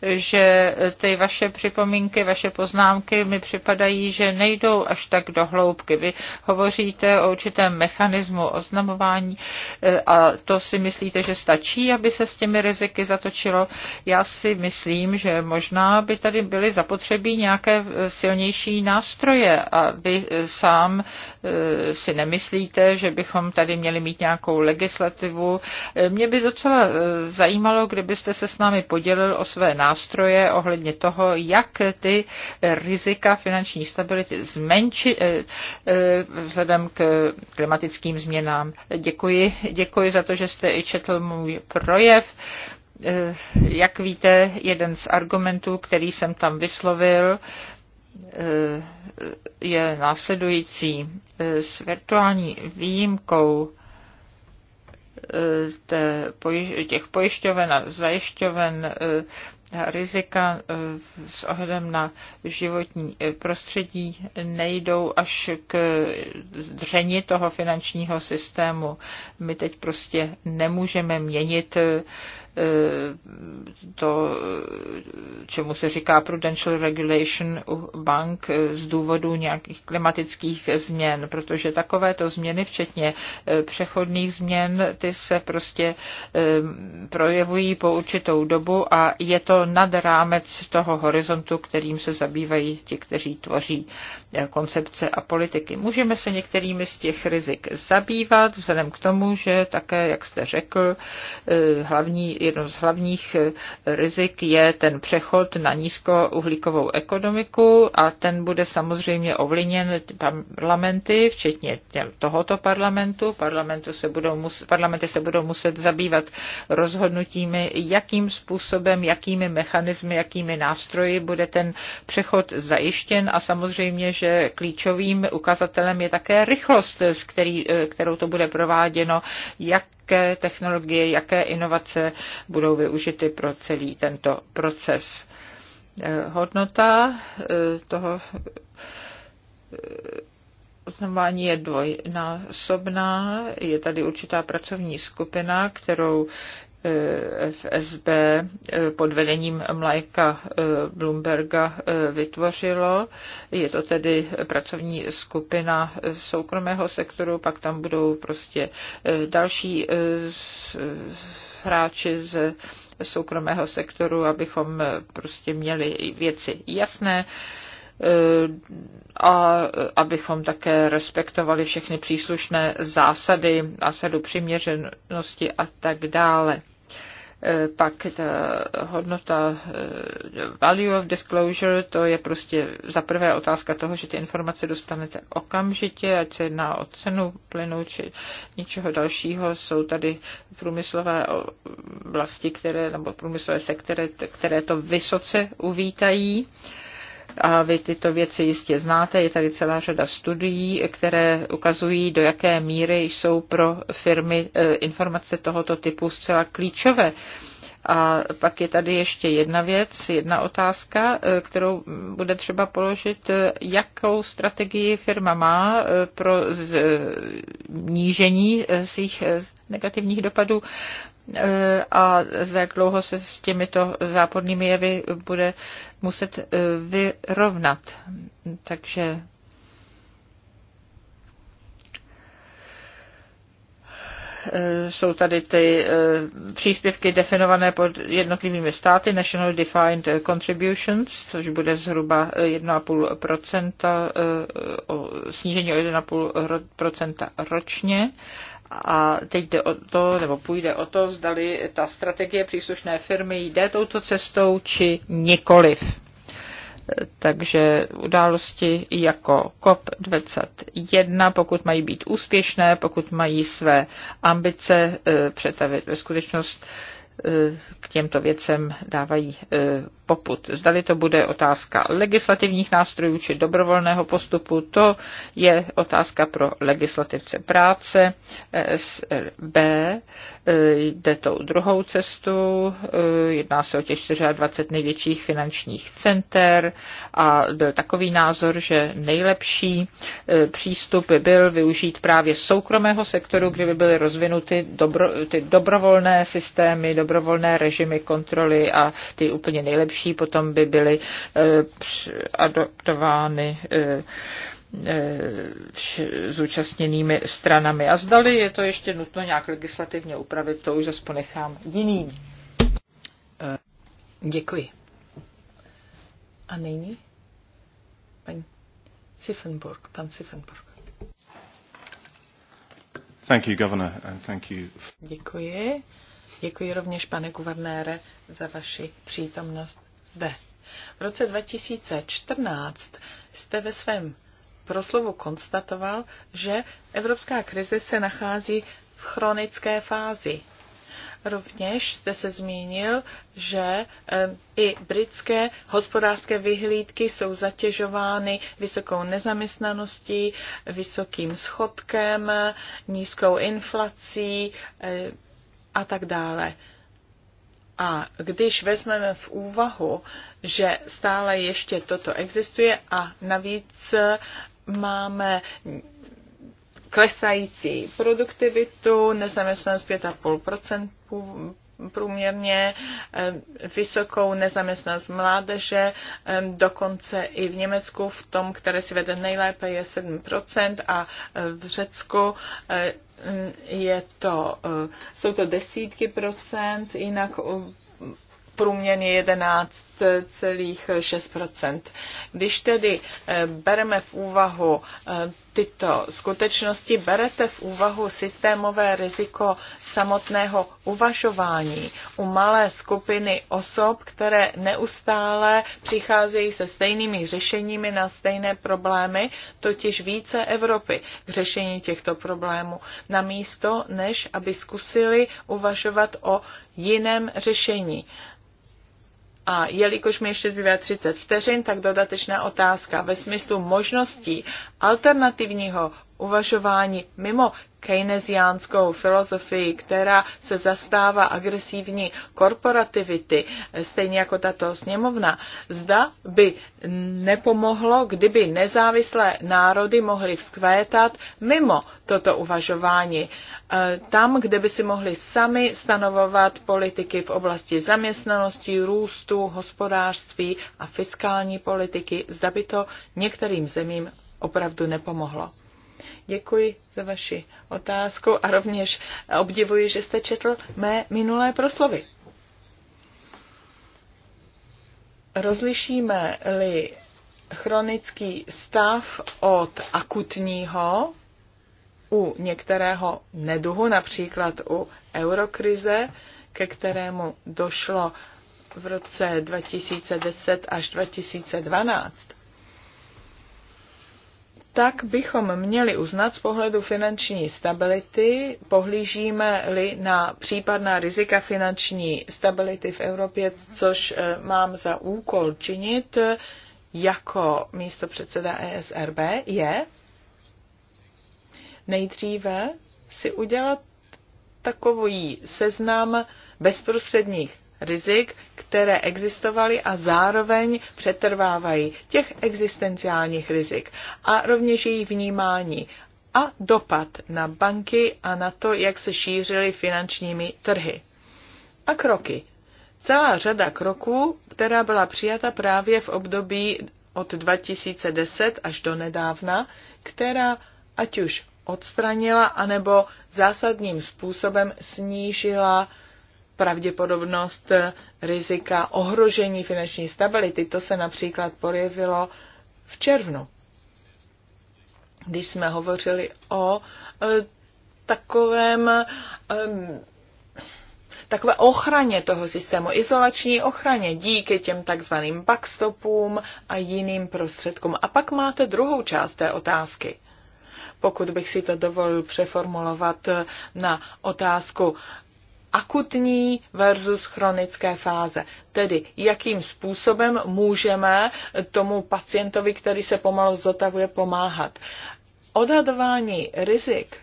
že že ty vaše připomínky, vaše poznámky mi připadají, že nejdou až tak do hloubky. Vy hovoříte o určitém mechanismu oznamování eh, a to si myslíte, že stačí, aby se s těmi riziky zatočilo. Já si myslím, že možná by tady byly zapotřebí nějaké eh, silnější nástroje a vy eh, sám si nemyslíte, že bychom tady měli mít nějakou legislativu. Mě by docela zajímalo, kdybyste se s námi podělil o své nástroje, nástroje ohledně toho, jak ty rizika finanční stability zmenšit eh, eh, vzhledem k klimatickým změnám. Děkuji, děkuji za to, že jste i četl můj projev eh, jak víte, jeden z argumentů, který jsem tam vyslovil, je následující. S virtuální výjimkou těch pojišťoven a zajišťoven rizika eh, s ohledem na životní eh, prostředí nejdou až k zdření toho finančního systému. My teď prostě nemůžeme měnit eh, to, čemu se říká prudential regulation u bank z důvodu nějakých klimatických změn, protože takovéto změny, včetně eh, přechodných změn, ty se prostě eh, projevují po určitou dobu a je to nad rámec toho horizontu, kterým se zabývají ti, kteří tvoří eh, koncepce a politiky. Můžeme se některými z těch rizik zabývat, vzhledem k tomu, že také, jak jste řekl, hlavní jedno z hlavních eh, rizik je ten přechod na nízkouhlíkovou ekonomiku a ten bude samozřejmě ovlivněn parlamenty, včetně tohoto parlamentu. Parlamentu se budou muset, parlamenty se budou muset zabývat rozhodnutími, jakým způsobem, jakými mechanismy, jakými nástroji bude ten přechod zajištěn a samozřejmě, že klíčovým ukazatelem je také rychlost, s který, eh, kterou to bude prováděno, jak jaké technologie, jaké inovace budou využity pro celý tento proces. Eh, hodnota eh, toho eh, oznamování je dvojnásobná. Je tady určitá pracovní skupina, kterou FSB eh, pod vedením Mlajka eh, Bloomberga eh, vytvořilo. Je to tedy pracovní skupina soukromého sektoru, pak tam budou prostě další hráči z soukromého sektoru, abychom prostě měli věci jasné a abychom také respektovali všechny příslušné zásady, zásadu přiměřenosti a tak dále. E, pak ta hodnota e, value of disclosure, to je prostě za prvé otázka toho, že ty informace dostanete okamžitě, ať se jedná o cenu plynu či ničeho dalšího. Jsou tady průmyslové vlasti, které, nebo průmyslové sektory, které to vysoce uvítají. Uh, a vy tyto věci jistě znáte. Je tady celá řada studií, které ukazují, do jaké míry jsou pro firmy e, informace tohoto typu zcela klíčové. A pak je tady ještě jedna věc, jedna otázka, e, kterou bude třeba položit, e, jakou strategii firma má pro znížení svých negativních dopadů Eh, a za jak dlouho se s těmito zápornými jevy bude muset eh, vyrovnat. Takže eh, jsou tady ty příspěvky definované pod jednotlivými státy, National Defined Contributions, což bude zhruba 1,5%, snížení o 1,5% ročně a teď jde o to, nebo půjde o to, zdali ta strategie příslušné firmy jde touto cestou či nikoliv. Takže události jako COP21, pokud mají být úspěšné, pokud mají své ambice eh, přetavit ve skutečnost, k těmto věcem dávají e, poput. Zdali to bude otázka legislativních nástrojů či dobrovolného postupu, to je otázka pro legislativce práce. SRB e, jde tou druhou cestu, e, jedná se o těch 24 největších finančních center a byl takový názor, že nejlepší přístup by byl využít právě soukromého sektoru, kdyby byly rozvinuty dobro, ty dobrovolné systémy, dobrovolné režimy kontroly a ty úplně nejlepší potom by byly eh, adoptovány eh, eh, zúčastněnými stranami. A zdali je to ještě nutno nějak legislativně upravit, to už zase ponechám jiným. Děkuji. A nyní? Pan Siffenburg. Pan Siffenburg. Thank you, Governor, and thank you. Děkuji. Děkuji rovněž, pane guvernére, za vaši přítomnost zde. V roce 2014 jste ve svém proslovu konstatoval, že evropská krize se nachází v chronické fázi. Rovněž jste se zmínil, že eh, i britské hospodářské vyhlídky jsou zatěžovány vysokou nezaměstnaností, vysokým schodkem, eh, nízkou inflací, eh, a tak dále. A když vezmeme v úvahu, že stále ještě toto existuje a navíc eh, máme klesající produktivitu, nezaměstnanost 5,5% průměrně eh, vysokou nezaměstnanost mládeže, eh, dokonce i v Německu v tom, které si vede nejlépe, je 7% a eh, v Řecku je to, jsou to desítky procent, jinak průměrně 11,6 Když tedy eh, bereme v úvahu eh, tyto skutečnosti, berete v úvahu systémové riziko samotného uvažování u malé skupiny osob, které neustále přicházejí se stejnými řešeními na stejné problémy, totiž více Evropy k řešení těchto problémů, namísto než aby zkusili uvažovat o jiném řešení. A jelikož mi ještě zbývá 30 vteřin, tak dodatečná otázka ve smyslu možností alternativního uvažování mimo keynesiánskou filozofii, která se zastává agresivní korporativity, stejně jako tato sněmovna, zda by nepomohlo, kdyby nezávislé národy mohly vzkvétat mimo toto uvažování. Eh, tam, kde by si mohli sami stanovovat politiky v oblasti zaměstnanosti, růstu, hospodářství a fiskální politiky, zda by to některým zemím opravdu nepomohlo. Děkuji za vaši otázku a rovněž obdivuji, že jste četl mé minulé proslovy. Rozlišíme-li chronický stav od akutního u některého neduhu, například u eurokrize, ke kterému došlo v roce 2010 až 2012, tak bychom měli uznat z pohledu finanční stability, pohlížíme-li na případná rizika finanční stability v Evropě, což eh, mám za úkol činit eh, jako místo předseda ESRB, je nejdříve si udělat takový seznam bezprostředních rizik, které existovaly a zároveň přetrvávají těch existenciálních rizik a rovněž její vnímání a dopad na banky a na to, jak se šířily finančními trhy. A kroky. Celá řada kroků, která byla přijata právě v období od 2010 až do nedávna, která ať už odstranila anebo zásadním způsobem snížila pravděpodobnost eh, rizika ohrožení finanční stability. To se například projevilo v červnu, když jsme hovořili o eh, takovém takové ochraně toho systému, izolační ochraně díky těm takzvaným backstopům a jiným prostředkům. A pak máte druhou část té otázky. Pokud bych si to dovolil přeformulovat eh, na otázku akutní versus chronické fáze. Tedy jakým způsobem můžeme tomu pacientovi, který se pomalu zotavuje, pomáhat. Odhadování rizik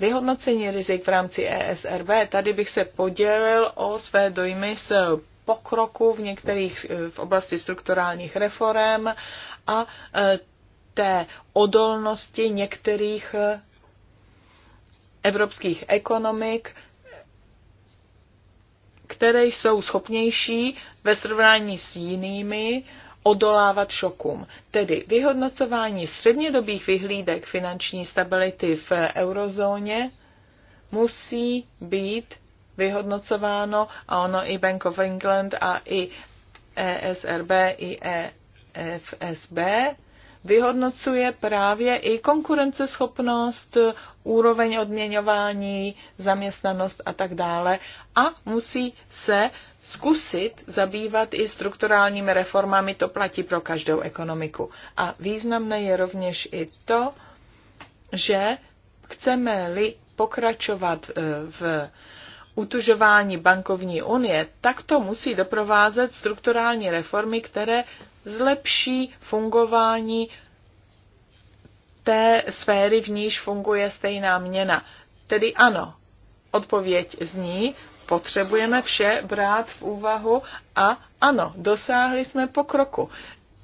Vyhodnocení rizik v rámci ESRB. Tady bych se podělil o své dojmy z pokroku v některých v oblasti strukturálních reform a e, té odolnosti některých e, evropských ekonomik které jsou schopnější ve srovnání s jinými odolávat šokům. Tedy vyhodnocování střednědobých vyhlídek finanční stability v eurozóně musí být vyhodnocováno a ono i Bank of England a i ESRB, i EFSB vyhodnocuje právě i konkurenceschopnost, úroveň odměňování, zaměstnanost a tak dále a musí se zkusit zabývat i strukturálními reformami, to platí pro každou ekonomiku. A významné je rovněž i to, že chceme-li pokračovat e, v utužování bankovní unie, tak to musí doprovázet strukturální reformy, které zlepší fungování té sféry, v níž funguje stejná měna. Tedy ano, odpověď zní, potřebujeme vše brát v úvahu a ano, dosáhli jsme pokroku.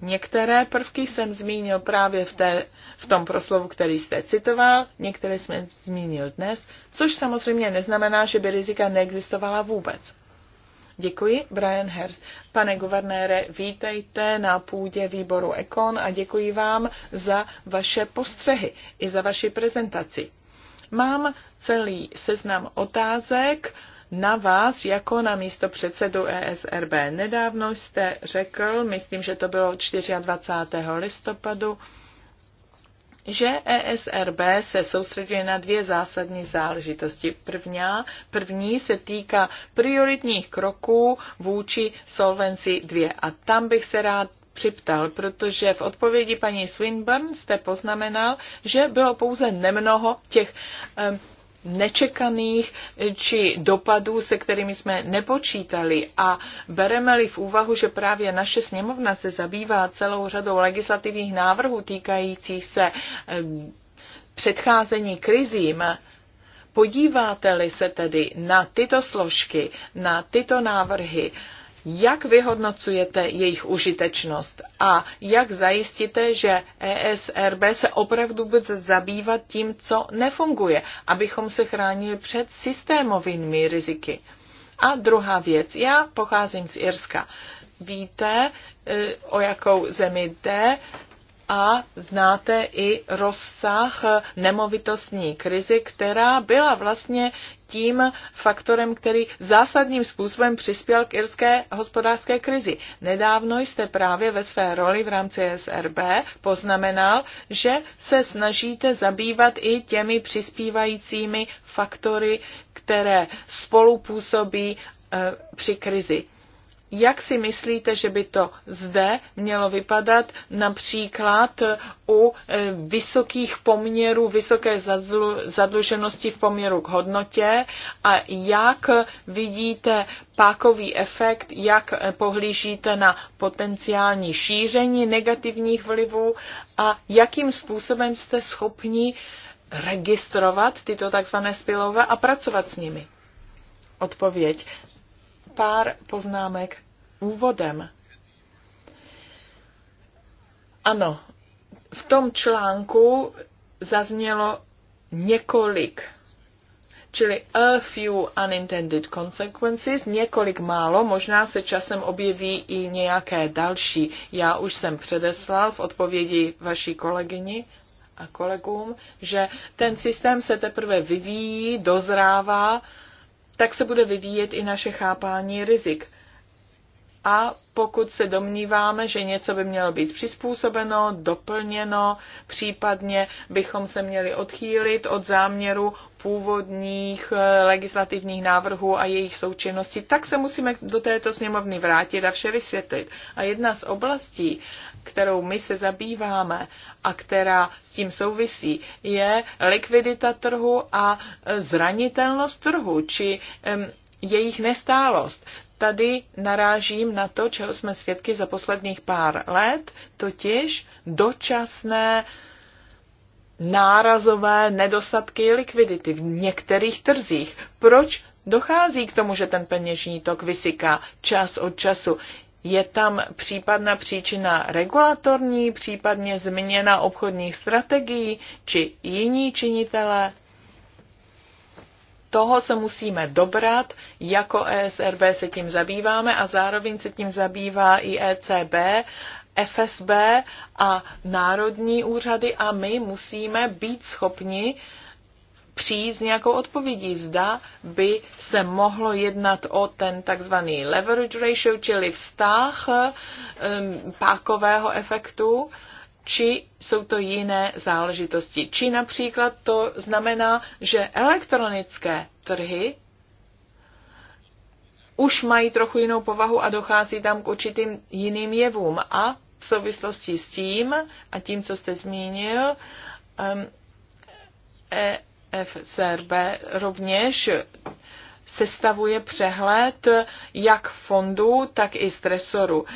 Některé prvky jsem zmínil právě v, té, v tom proslovu, který jste citoval, některé jsme zmínil dnes, což samozřejmě neznamená, že by rizika neexistovala vůbec. Děkuji, Brian Hers. Pane guvernére, vítejte na půdě výboru Ekon a děkuji vám za vaše postřehy i za vaši prezentaci. Mám celý seznam otázek na vás jako na místo předsedu ESRB. Nedávno jste řekl, myslím, že to bylo 24. listopadu, že ESRB se soustředuje na dvě zásadní záležitosti. První, první se týká prioritních kroků vůči Solvency 2. A tam bych se rád připtal, protože v odpovědi paní Swinburne jste poznamenal, že bylo pouze nemnoho těch eh, nečekaných či dopadů, se kterými jsme nepočítali. A bereme-li v úvahu, že právě naše sněmovna se zabývá celou řadou legislativních návrhů týkajících se eh, předcházení krizím, podíváte-li se tedy na tyto složky, na tyto návrhy, jak vyhodnocujete jejich užitečnost a jak zajistíte, že ESRB se opravdu bude zabývat tím, co nefunguje, abychom se chránili před systémovými riziky? A druhá věc, já pocházím z Irska. Víte, eh, o jakou zemi jde, a znáte i rozsah nemovitostní krizi, která byla vlastně tím faktorem, který zásadním způsobem přispěl k irské hospodářské krizi. Nedávno jste právě ve své roli v rámci SRB poznamenal, že se snažíte zabývat i těmi přispívajícími faktory, které spolupůsobí eh, při krizi. Jak si myslíte, že by to zde mělo vypadat například u e, vysokých poměrů, vysoké zadluženosti v poměru k hodnotě a jak vidíte pákový efekt, jak e, pohlížíte na potenciální šíření negativních vlivů a jakým způsobem jste schopni registrovat tyto takzvané spilové a pracovat s nimi? Odpověď pár poznámek úvodem. Ano, v tom článku zaznělo několik, čili a few unintended consequences, několik málo, možná se časem objeví i nějaké další. Já už jsem předeslal v odpovědi vaší kolegyni a kolegům, že ten systém se teprve vyvíjí, dozrává, tak se bude vyvíjet i naše chápání rizik. A pokud se domníváme, že něco by mělo být přizpůsobeno, doplněno, případně bychom se měli odchýlit od záměru původních eh, legislativních návrhů a jejich součinnosti, tak se musíme do této sněmovny vrátit a vše vysvětlit. A jedna z oblastí, kterou my se zabýváme a která s tím souvisí, je likvidita trhu a eh, zranitelnost trhu, či jejich nestálost. Tady narážím na to, čeho jsme svědky za posledních pár let, totiž dočasné nárazové nedostatky likvidity v některých trzích. Proč dochází k tomu, že ten peněžní tok vysyká čas od času? Je tam případná příčina regulatorní, případně změna obchodních strategií či jiní činitele? Toho se musíme dobrat, jako ESRB se tím zabýváme a zároveň se tím zabývá i ECB FSB a národní úřady a my musíme být schopni přijít s nějakou odpovědí. Zda by se mohlo jednat o ten takzvaný leverage ratio, čili vztah um, pákového efektu, či jsou to jiné záležitosti. Či například to znamená, že elektronické trhy už mají trochu jinou povahu a dochází tam k určitým jiným jevům. A v souvislosti s tím a tím, co jste zmínil, um, EFCRB rovněž sestavuje přehled jak fondů, tak i stresoru. Um,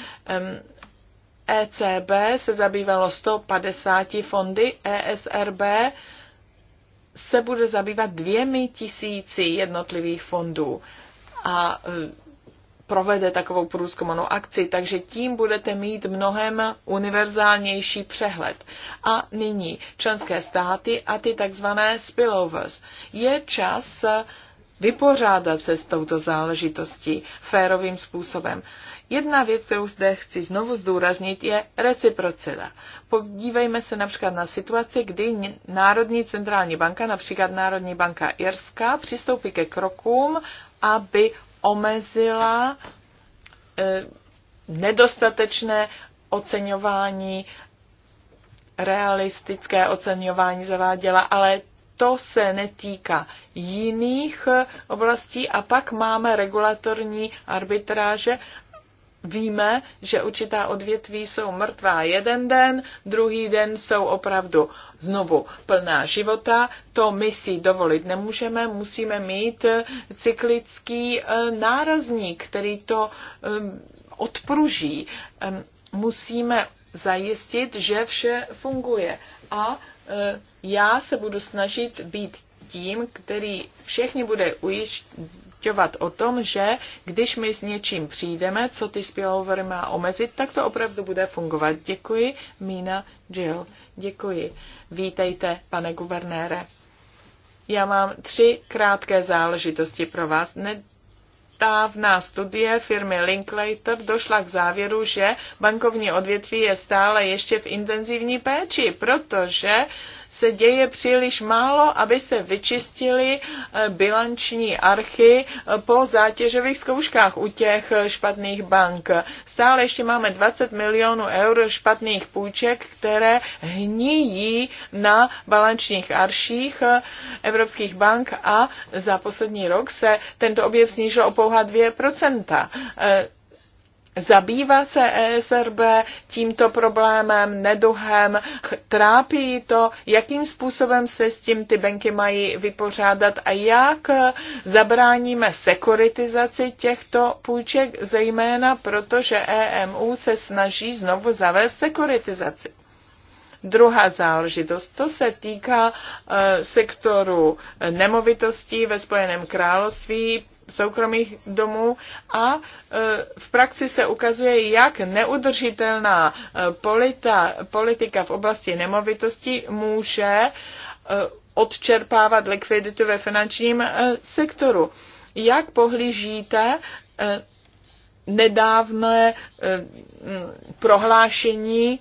ECB se zabývalo 150 fondy, ESRB se bude zabývat dvěmi tisíci jednotlivých fondů. A provede takovou průzkumanou akci, takže tím budete mít mnohem univerzálnější přehled. A nyní členské státy a ty takzvané spillovers. Je čas vypořádat se s touto záležitostí férovým způsobem. Jedna věc, kterou zde chci znovu zdůraznit, je reciprocita. Podívejme se například na situaci, kdy Národní centrální banka, například Národní banka Irska, přistoupí ke krokům, aby omezila eh, nedostatečné oceňování, realistické oceňování zaváděla, ale to se netýká jiných oblastí a pak máme regulatorní arbitráže víme, že určitá odvětví jsou mrtvá jeden den, druhý den jsou opravdu znovu plná života. To my si dovolit nemůžeme, musíme mít cyklický eh, nárazník, který to eh, odpruží. Musíme zajistit, že vše funguje. A eh, já se budu snažit být tím, který všechny bude ujišťovat o tom, že když my s něčím přijdeme, co ty spillovery má omezit, tak to opravdu bude fungovat. Děkuji, Mina Jill. Děkuji. Vítejte, pane guvernére. Já mám tři krátké záležitosti pro vás. Ne, nedávná studie firmy Linklater došla k závěru, že bankovní odvětví je stále ještě v intenzivní péči, protože se děje příliš málo, aby se vyčistili eh, bilanční archy eh, po zátěžových zkouškách u těch eh, špatných bank. Stále ještě máme 20 milionů eur špatných půjček, které hníjí na balančních arších evropských bank a za poslední rok se tento objev snížil o pouhá 2%. Zabývá se ESRB tímto problémem, neduhem, trápí to, jakým způsobem se s tím ty banky mají vypořádat a jak zabráníme sekuritizaci těchto půjček, zejména protože EMU se snaží znovu zavést sekuritizaci. Druhá záležitost, to se týká eh, sektoru nemovitostí ve Spojeném království, soukromých domů a e, v praxi se ukazuje, jak neudržitelná e, polita, politika v oblasti nemovitosti může e, odčerpávat likviditu ve finančním sektoru. Jak pohlížíte nedávné prohlášení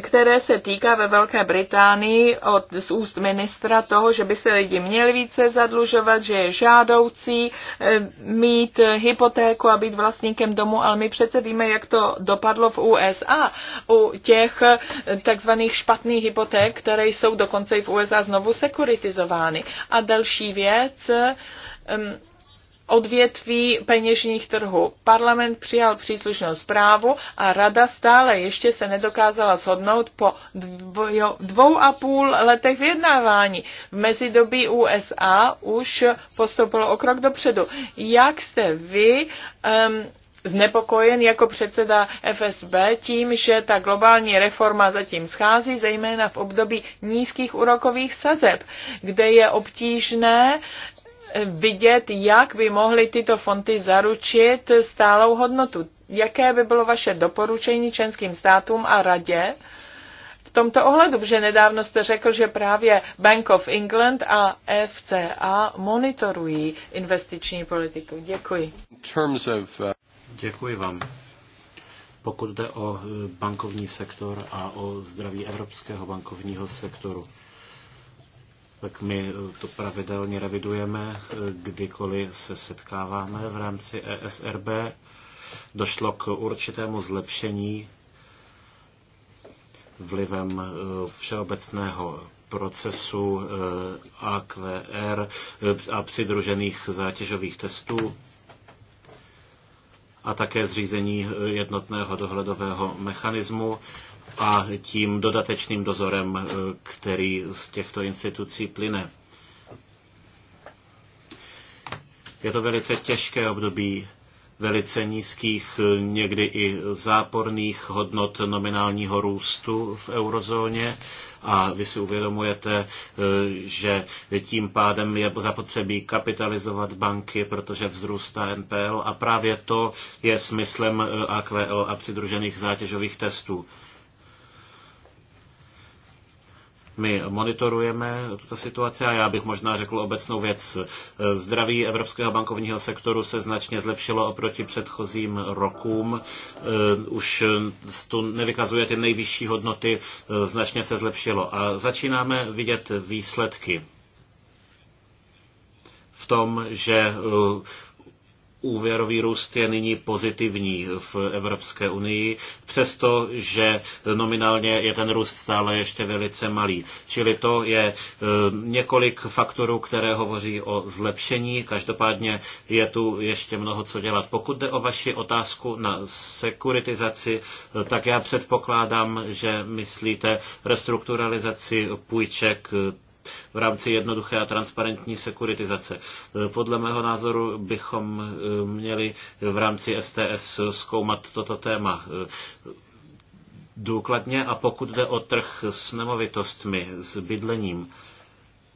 které se týká ve Velké Británii od, z úst ministra toho, že by se lidi měli více zadlužovat, že je žádoucí eh, mít hypotéku a být vlastníkem domu, ale my přece víme, jak to dopadlo v USA u těch eh, takzvaných špatných hypoték, které jsou dokonce i v USA znovu sekuritizovány. A další věc, eh, odvětví peněžních trhů. Parlament přijal příslušnou zprávu a rada stále ještě se nedokázala shodnout po dvou a půl letech vyjednávání. V mezidobí USA už postoupilo o krok dopředu. Jak jste vy um, znepokojen jako předseda FSB tím, že ta globální reforma zatím schází, zejména v období nízkých úrokových sazeb, kde je obtížné vidět, jak by mohly tyto fondy zaručit stálou hodnotu. Jaké by bylo vaše doporučení členským státům a radě v tomto ohledu? že nedávno jste řekl, že právě Bank of England a FCA monitorují investiční politiku. Děkuji. Uh, Děkuji vám. Pokud jde o e, bankovní sektor a o zdraví evropského bankovního sektoru tak my eh, to pravidelně revidujeme, eh, kdykoliv se setkáváme v rámci ESRB. Došlo k určitému zlepšení vlivem eh, všeobecného procesu AQR a přidružených zátěžových testů a také zřízení jednotného dohledového mechanismu a tím dodatečným dozorem, eh, který z těchto institucí plyne. Je to velice těžké období velice nízkých, eh, někdy i záporných hodnot nominálního růstu v eurozóně a vy si uvědomujete, eh, že tím pádem je zapotřebí kapitalizovat banky, protože vzrůstá NPL a právě to je smyslem AQL a přidružených zátěžových testů. My monitorujeme tuto situaci a já bych možná řekl obecnou věc. Zdraví evropského bankovního sektoru se značně zlepšilo oproti předchozím rokům. Eh, už eh, tu nevykazuje ty nejvyšší hodnoty, eh, značně se zlepšilo. A začínáme vidět výsledky v tom, že úvěrový růst je nyní pozitivní v Evropské unii, přestože nominálně je ten růst stále ještě velice malý. Čili to je e, několik faktorů, které hovoří o zlepšení. Každopádně je tu ještě mnoho co dělat. Pokud jde o vaši otázku na sekuritizaci, e, tak já předpokládám, že myslíte restrukturalizaci půjček e, v rámci jednoduché a transparentní sekuritizace. Eh, podle mého názoru bychom eh, měli v rámci STS zkoumat toto téma eh, důkladně a pokud jde o trh s nemovitostmi, s bydlením,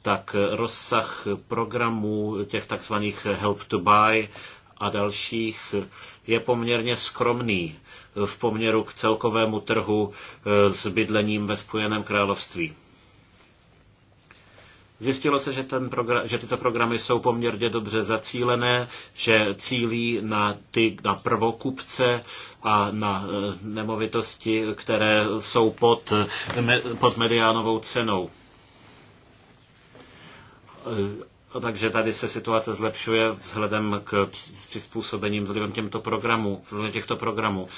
tak rozsah programů těch takzvaných help to buy a dalších je poměrně skromný v poměru k celkovému trhu s bydlením ve Spojeném království. Zjistilo se, že, ten progr- že tyto programy jsou poměrně dobře zacílené, že cílí na, ty, na prvokupce a na eh, nemovitosti, které jsou pod, eh, pod mediánovou cenou eh, No, takže tady se situace zlepšuje vzhledem k přizpůsobením vlivem těmto programů, vlivem těchto programů.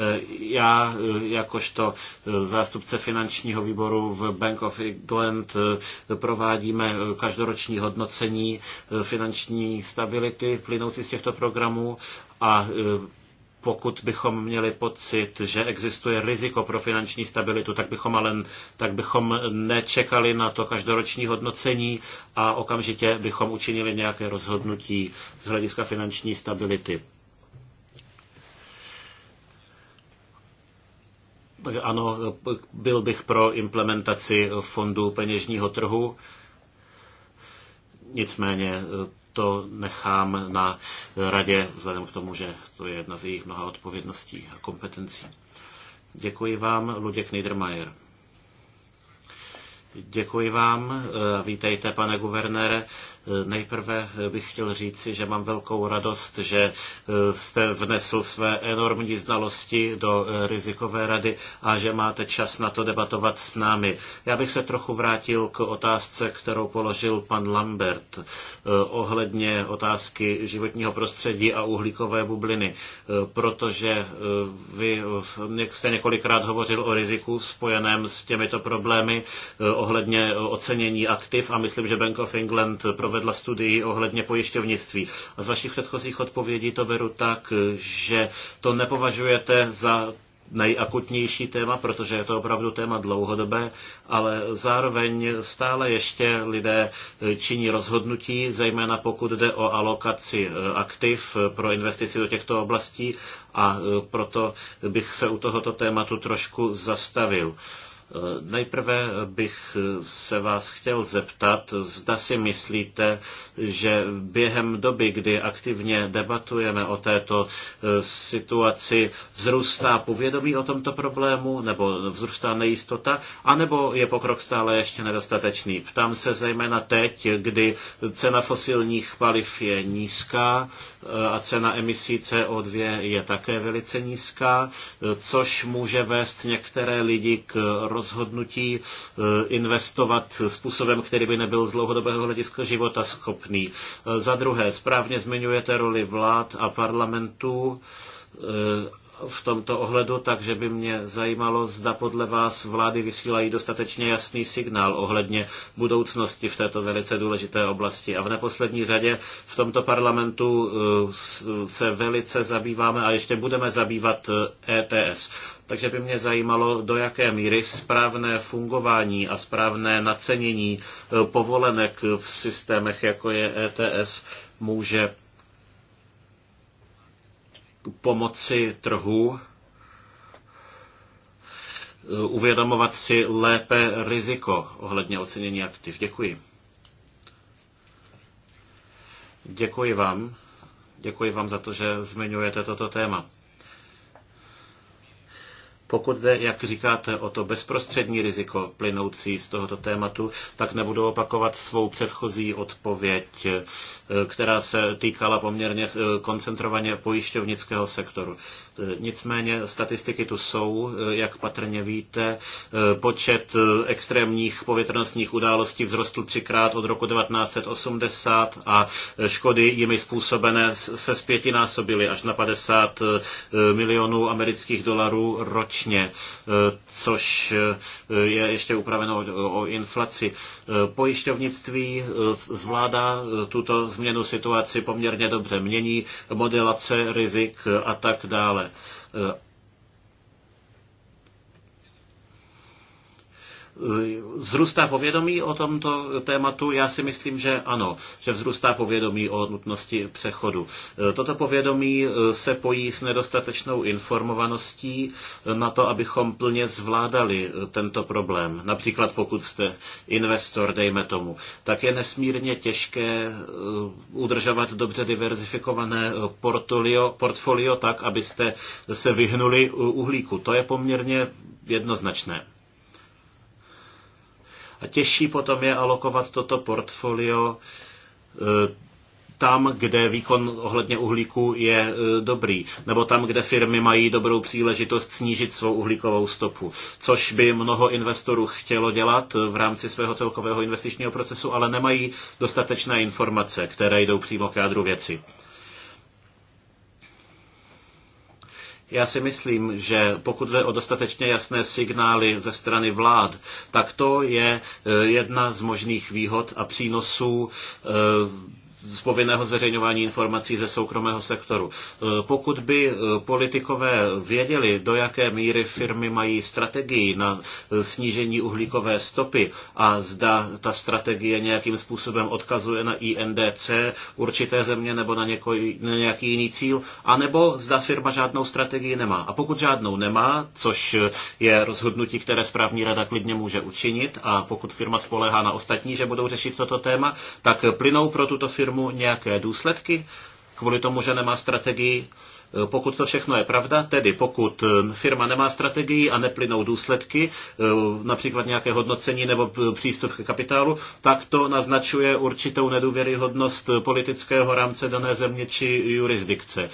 E, já e, jakožto e, zástupce finančního výboru v Bank of England provádíme každoroční hodnocení finanční stability plynoucí z těchto programů a pokud bychom měli pocit, že existuje riziko pro finanční stabilitu, tak bychom ale tak bychom nečekali na to každoroční hodnocení a okamžitě bychom učinili nějaké rozhodnutí z hlediska finanční stability. ano, byl bych pro implementaci fondu peněžního trhu. Nicméně to nechám na radě, vzhledem k tomu, že to je jedna z jejich mnoha odpovědností a kompetencí. Děkuji vám, Luděk Niedermayer. Děkuji vám, eh, vítejte, pane guvernére. Nejprve bych chtěl říci, že mám velkou radost, že eh, jste vnesl své enormní znalosti do eh, rizikové rady a že máte čas na to debatovat s námi. Já bych se trochu vrátil k otázce, kterou položil pan Lambert eh, ohledně otázky životního prostředí a uhlíkové bubliny, protože vy jste několikrát hovořil o riziku spojeném s těmito problémy ohledně ocenění aktiv a myslím, že Bank of England provedl provedla studii ohledně pojišťovnictví. A z vašich předchozích odpovědí to beru tak, že to nepovažujete za nejakutnější téma, protože je to opravdu téma dlouhodobé, ale zároveň stále ještě lidé činí rozhodnutí, zejména pokud jde o alokaci aktiv pro investici do těchto oblastí a proto bych se u tohoto tématu trošku zastavil. Eh, nejprve bych se vás chtěl zeptat, zda si myslíte, že během doby, kdy aktivně debatujeme o této eh, situaci, vzrůstá povědomí o tomto problému, nebo vzrůstá nejistota, anebo je pokrok stále ještě nedostatečný. Ptám se zejména teď, kdy cena fosilních paliv je nízká eh, a cena emisí CO2 je také velice nízká, což může vést některé lidi k rozhodnutí eh, investovat způsobem, který by nebyl z dlouhodobého hlediska života schopný. Eh, za druhé, správně zmiňujete roli vlád a parlamentů eh, v tomto ohledu, takže by mě zajímalo, zda podle vás vlády vysílají dostatečně jasný signál ohledně budoucnosti v této velice důležité oblasti. A v neposlední řadě v tomto parlamentu eh, se velice zabýváme a ještě budeme zabývat ETS. Eh, e takže by mě zajímalo, do jaké míry správné fungování a správné nacenění eh, povolenek v systémech, jako je ETS, může pomoci trhu eh, uvědomovat si lépe riziko ohledně ocenění aktiv. Děkuji. Děkuji vám. Děkuji vám za to, že zmiňujete toto téma. Pokud jde, jak říkáte, o to bezprostřední riziko plynoucí z tohoto tématu, tak nebudu opakovat svou předchozí odpověď. Eh, která se týkala poměrně eh, koncentrovaně pojišťovnického sektoru. Eh, nicméně statistiky tu jsou, jak patrně víte. Počet extrémních povětrnostních událostí vzrostl třikrát od roku 1980 a škody jimi způsobené se zpětinásobily až na 50 milionů amerických dolarů ročně, což je ještě upraveno o inflaci. Pojišťovnictví zvládá tuto změnu situaci poměrně dobře mění, modelace rizik a tak dále. Vzrůstá povědomí o tomto tématu? Já si myslím, že ano, že vzrůstá povědomí o nutnosti přechodu. Toto povědomí eh, se pojí s nedostatečnou informovaností eh, na to, abychom plně zvládali eh, tento problém. Například pokud jste investor, dejme tomu, tak je nesmírně těžké udržovat dobře diverzifikované portfolio, portfolio tak, abyste se vyhnuli uhlíku. To je poměrně jednoznačné. A těžší potom je alokovat toto portfolio e, tam, kde výkon ohledně uhlíku je e, dobrý, nebo tam, kde firmy mají dobrou příležitost snížit svou uhlíkovou stopu, což by mnoho investorů chtělo dělat v rámci svého celkového investičního procesu, ale nemají dostatečné informace, které jdou přímo k jádru věci. Já si myslím, že pokud jde o dostatečně jasné signály ze strany vlád, tak to je eh, jedna z možných výhod a přínosů eh, z povinného zveřejňování informací ze soukromého sektoru. E, pokud by e, politikové věděli, do jaké míry firmy mají strategii na e, snížení uhlíkové stopy a zda ta strategie nějakým způsobem odkazuje na INDC určité země nebo na, něko, na nějaký jiný cíl, anebo zda firma žádnou strategii nemá. A pokud žádnou nemá, což je rozhodnutí, které správní rada klidně může učinit, a pokud firma spolehá na ostatní, že budou řešit toto téma, tak plynou pro tuto firmu firmu nějaké důsledky kvůli tomu, že nemá strategii. E, pokud to všechno je pravda, tedy pokud e, firma nemá strategii a neplynou důsledky, e, například nějaké hodnocení nebo přístup k kapitálu, tak to naznačuje určitou nedůvěryhodnost politického rámce dané země či jurisdikce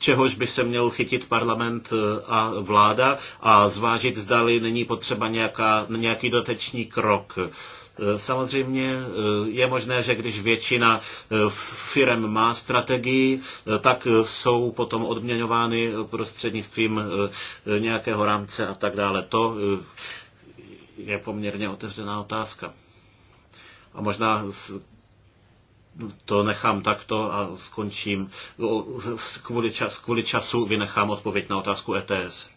čehož by se měl chytit parlament a vláda a zvážit, zdali není potřeba nějaká, nějaký doteční krok Eh, samozřejmě eh, je možné, že když většina eh, firm má strategii, tak jsou potom odměňovány prostřednictvím nějakého rámce a tak dále. To je poměrně otevřená otázka. A možná to nechám takto a skončím. Kvůli, čas, kvůli času vynechám odpověď na otázku ETS.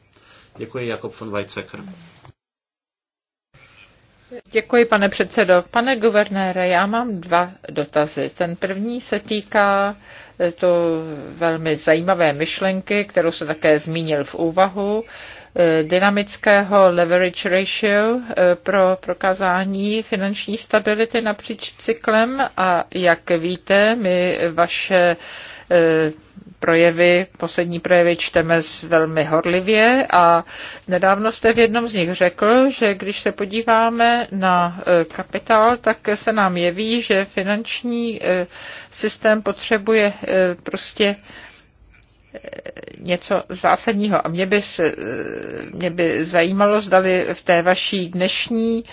Děkuji, Jakob von Weizsäcker. Děkuji, pane předsedo. Pane guvernére, já mám dva dotazy. Ten první se týká e, to velmi zajímavé myšlenky, kterou se také zmínil v úvahu, e, dynamického leverage ratio e, pro prokázání finanční stability napříč cyklem a jak víte, my vaše E, projevy, poslední projevy čteme velmi horlivě a nedávno jste v jednom z nich řekl, že když se podíváme na e, kapitál, tak se nám jeví, že finanční e, systém potřebuje prostě něco zásadního. A mě by, se, mě by zajímalo, zdali v té vaší dnešní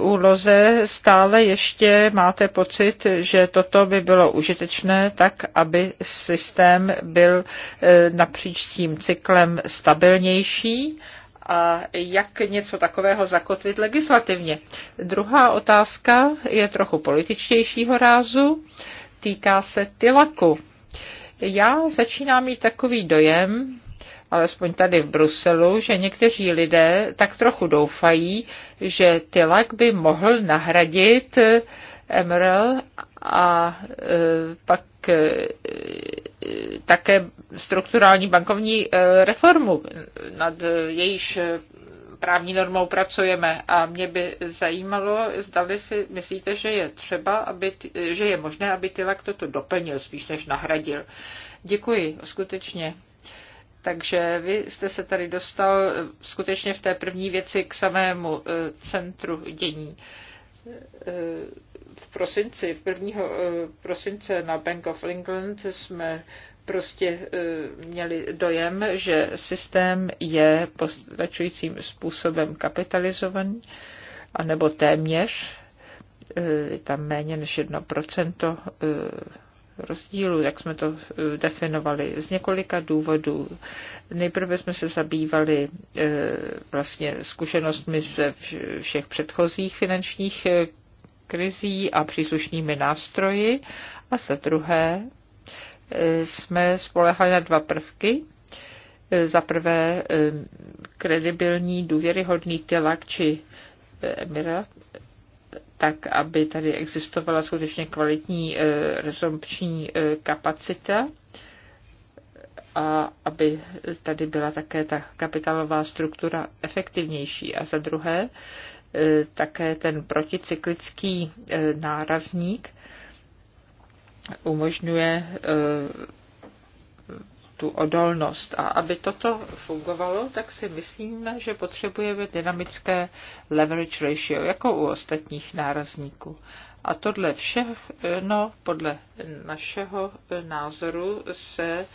úloze stále ještě máte pocit, že toto by bylo užitečné tak, aby systém byl eh, napříč tím cyklem stabilnější a jak něco takového zakotvit legislativně. Druhá otázka je trochu političtějšího rázu, týká se Tylaku. Já začínám mít takový dojem, alespoň tady v Bruselu, že někteří lidé tak trochu doufají, že Tilak by mohl nahradit eh, Emerald a eh, pak eh, také strukturální bankovní reformu, nad jejíž právní normou pracujeme. A mě by zajímalo, zdali si myslíte, že je třeba, aby, že je možné, aby Tilak toto doplnil spíš než nahradil. Děkuji, skutečně takže vy jste se tady dostal eh, skutečně v té první věci k samému eh, centru dění. Eh, v prosinci, v prvního prosince na Bank of England jsme prostě měli dojem, že systém je postačujícím způsobem kapitalizovaný, anebo téměř, tam méně než 1% rozdílu, jak jsme to eh, definovali, z několika důvodů. Nejprve jsme se zabývali eh, vlastně zkušenostmi ze všech předchozích finančních eh, krizí a příslušnými nástroji. A za druhé jsme spolehali na dva prvky. Za prvé kredibilní, důvěryhodný tělak či Emira, tak aby tady existovala skutečně kvalitní e, kapacita a aby tady byla také ta kapitálová struktura efektivnější. A za druhé, eh, také ten proticyklický nárazník umožňuje tu odolnost. A aby toto fungovalo, tak si myslíme, že potřebujeme dynamické leverage ratio, jako u ostatních nárazníků. A tohle všechno podle našeho názoru se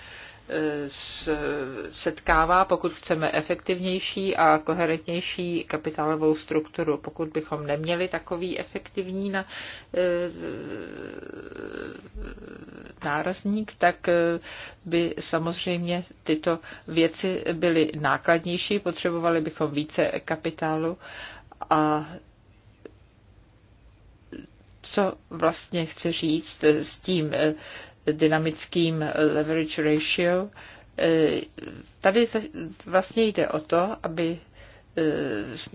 setkává, pokud chceme efektivnější a koherentnější kapitálovou strukturu. Pokud bychom neměli takový efektivní na, eh, nárazník, tak eh, by samozřejmě tyto věci byly nákladnější, potřebovali bychom více kapitálu a co vlastně chci říct s tím eh, dynamickým eh, leverage ratio. Eh, tady vlastně jde o to, aby eh,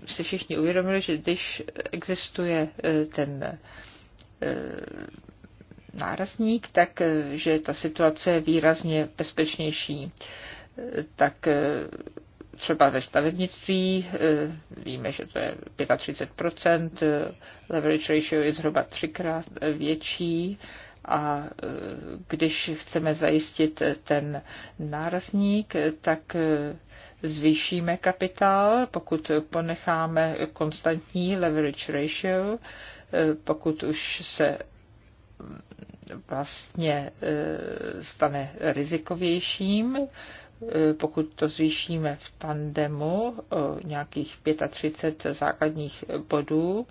si všichni uvědomili, že když existuje ten nárazník, tak že ta situace je výrazně bezpečnější. Tak třeba ve stavebnictví, víme, že to je 35%, leverage ratio je zhruba třikrát větší, a e, když chceme zajistit ten nárazník, tak e, zvýšíme kapitál, pokud ponecháme konstantní leverage ratio, e, pokud už se vlastně stane rizikovějším, pokud to zvýšíme v tandemu o nějakých 35 základních bodů,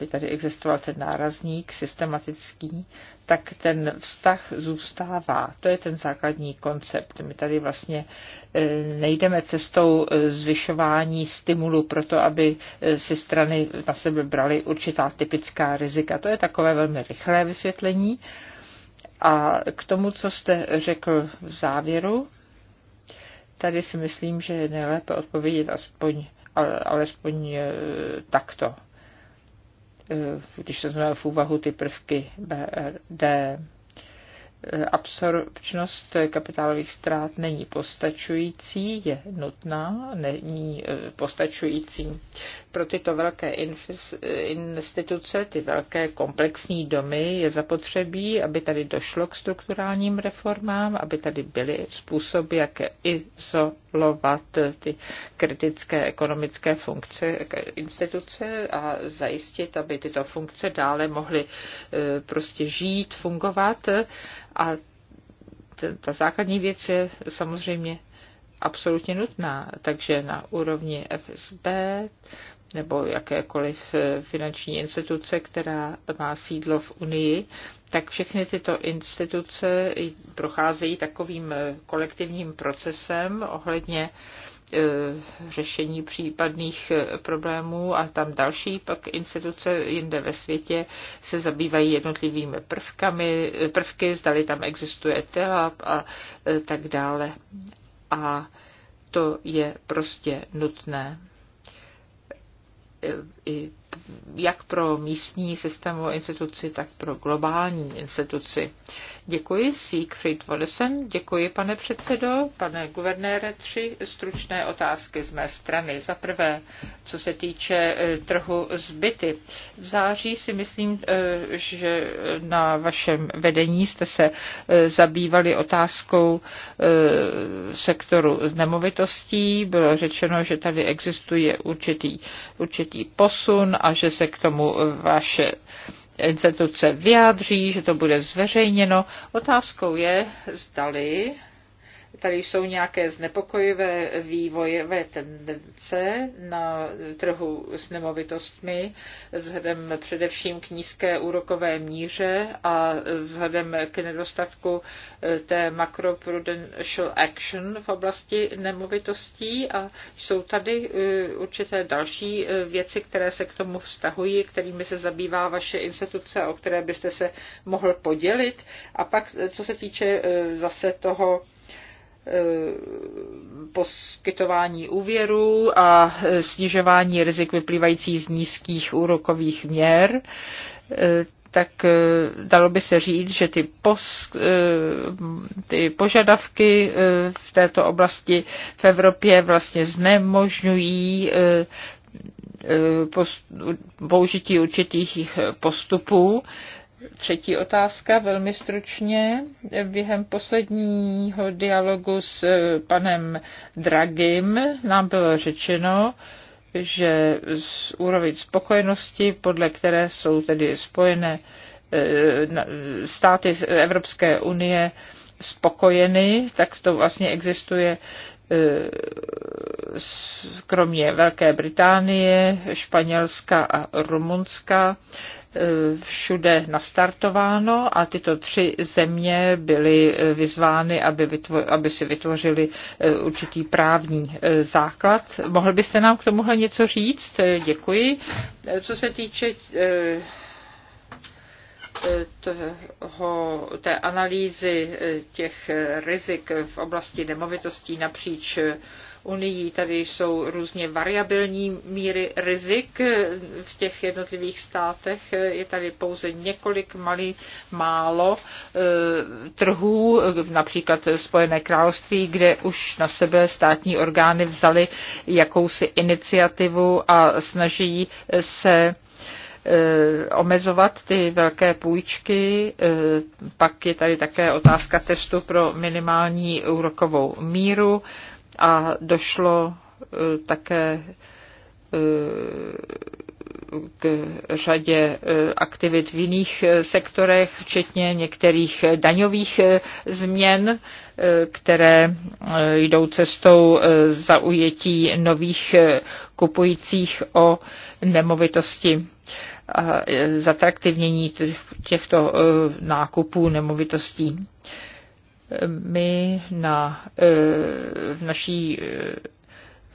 by tady existoval ten nárazník systematický, tak ten vztah zůstává. To je ten základní koncept. My tady vlastně eh, nejdeme cestou eh, zvyšování stimulu pro to, aby eh, si strany na sebe braly určitá typická rizika. To je takové velmi rychlé vysvětlení. A k tomu, co jste řekl v závěru, tady si myslím, že je nejlépe odpovědět aspoň, alespoň takto. Eh, když se znamená v úvahu ty prvky BRD absorpčnost kapitálových ztrát není postačující, je nutná, není e, postačující. Pro tyto velké instituce, ty velké komplexní domy je zapotřebí, aby tady došlo k strukturálním reformám, aby tady byly způsoby, jak izolovat ty kritické ekonomické funkce instituce a zajistit, aby tyto funkce dále mohly e, prostě žít, fungovat a ta základní věc je samozřejmě absolutně nutná, takže na úrovni FSB nebo jakékoliv eh, finanční instituce, která má sídlo v Unii, tak všechny tyto instituce procházejí takovým eh, kolektivním procesem ohledně E, řešení případných e, problémů a tam další pak instituce jinde ve světě se zabývají jednotlivými prvkami, e, prvky, zdali tam existuje TELAP a tak dále. A to je prostě nutné i jak pro místní systémovou instituci, tak pro globální instituci. Děkuji, Siegfried Wollesen. Děkuji, pane předsedo. Pane guvernére, tři stručné otázky z mé strany. Za prvé, co se týče e, trhu zbyty. V září si myslím, e, že na vašem vedení jste se e, zabývali otázkou sektoru nemovitostí. Bylo řečeno, že tady existuje určitý, určitý posun a že se k tomu vaše instituce vyjádří, že to bude zveřejněno. Otázkou je, zdali tady jsou nějaké znepokojivé vývojové tendence na trhu s nemovitostmi, vzhledem především k nízké úrokové míře a vzhledem k nedostatku eh, té macroprudential action v oblasti nemovitostí a jsou tady eh, určité další eh, věci, které se k tomu vztahují, kterými se zabývá vaše instituce o které byste se mohl podělit. A pak, co se týče zase toho, Eh, poskytování úvěru a snižování rizik vyplývající z nízkých úrokových měr, eh, tak eh, dalo by se říct, že ty, pos, ty požadavky v této oblasti v Evropě vlastně znemožňují použití určitých postupů Třetí otázka, velmi stručně. Během posledního dialogu s eh, panem Dragim nám bylo řečeno, že z úroveň spokojenosti, podle které jsou tedy spojené eh, státy Evropské unie spokojeny, tak to vlastně existuje eh, kromě Velké Británie, Španělska a Rumunska všude nastartováno a tyto tři země byly vyzvány, aby, vytvo- aby si vytvořili eh, určitý právní eh, základ. Mohl byste nám k tomuhle něco říct? Eh, děkuji. Co se týče toho, té analýzy těch rizik v oblasti nemovitostí napříč unii. Tady jsou různě variabilní míry rizik v těch jednotlivých státech. Je tady pouze několik malý, málo e, trhů, například Spojené království, kde už na sebe státní orgány vzali jakousi iniciativu a snaží se e, omezovat ty velké půjčky. E, pak je tady také otázka testu pro minimální úrokovou míru a došlo e, také e, k řadě e, aktivit v jiných sektorech, včetně některých daňových změn, které jdou cestou zaujetí nových kupujících o nemovitosti a zatraktivnění těchto nákupů nemovitostí. My na, e, v naší e,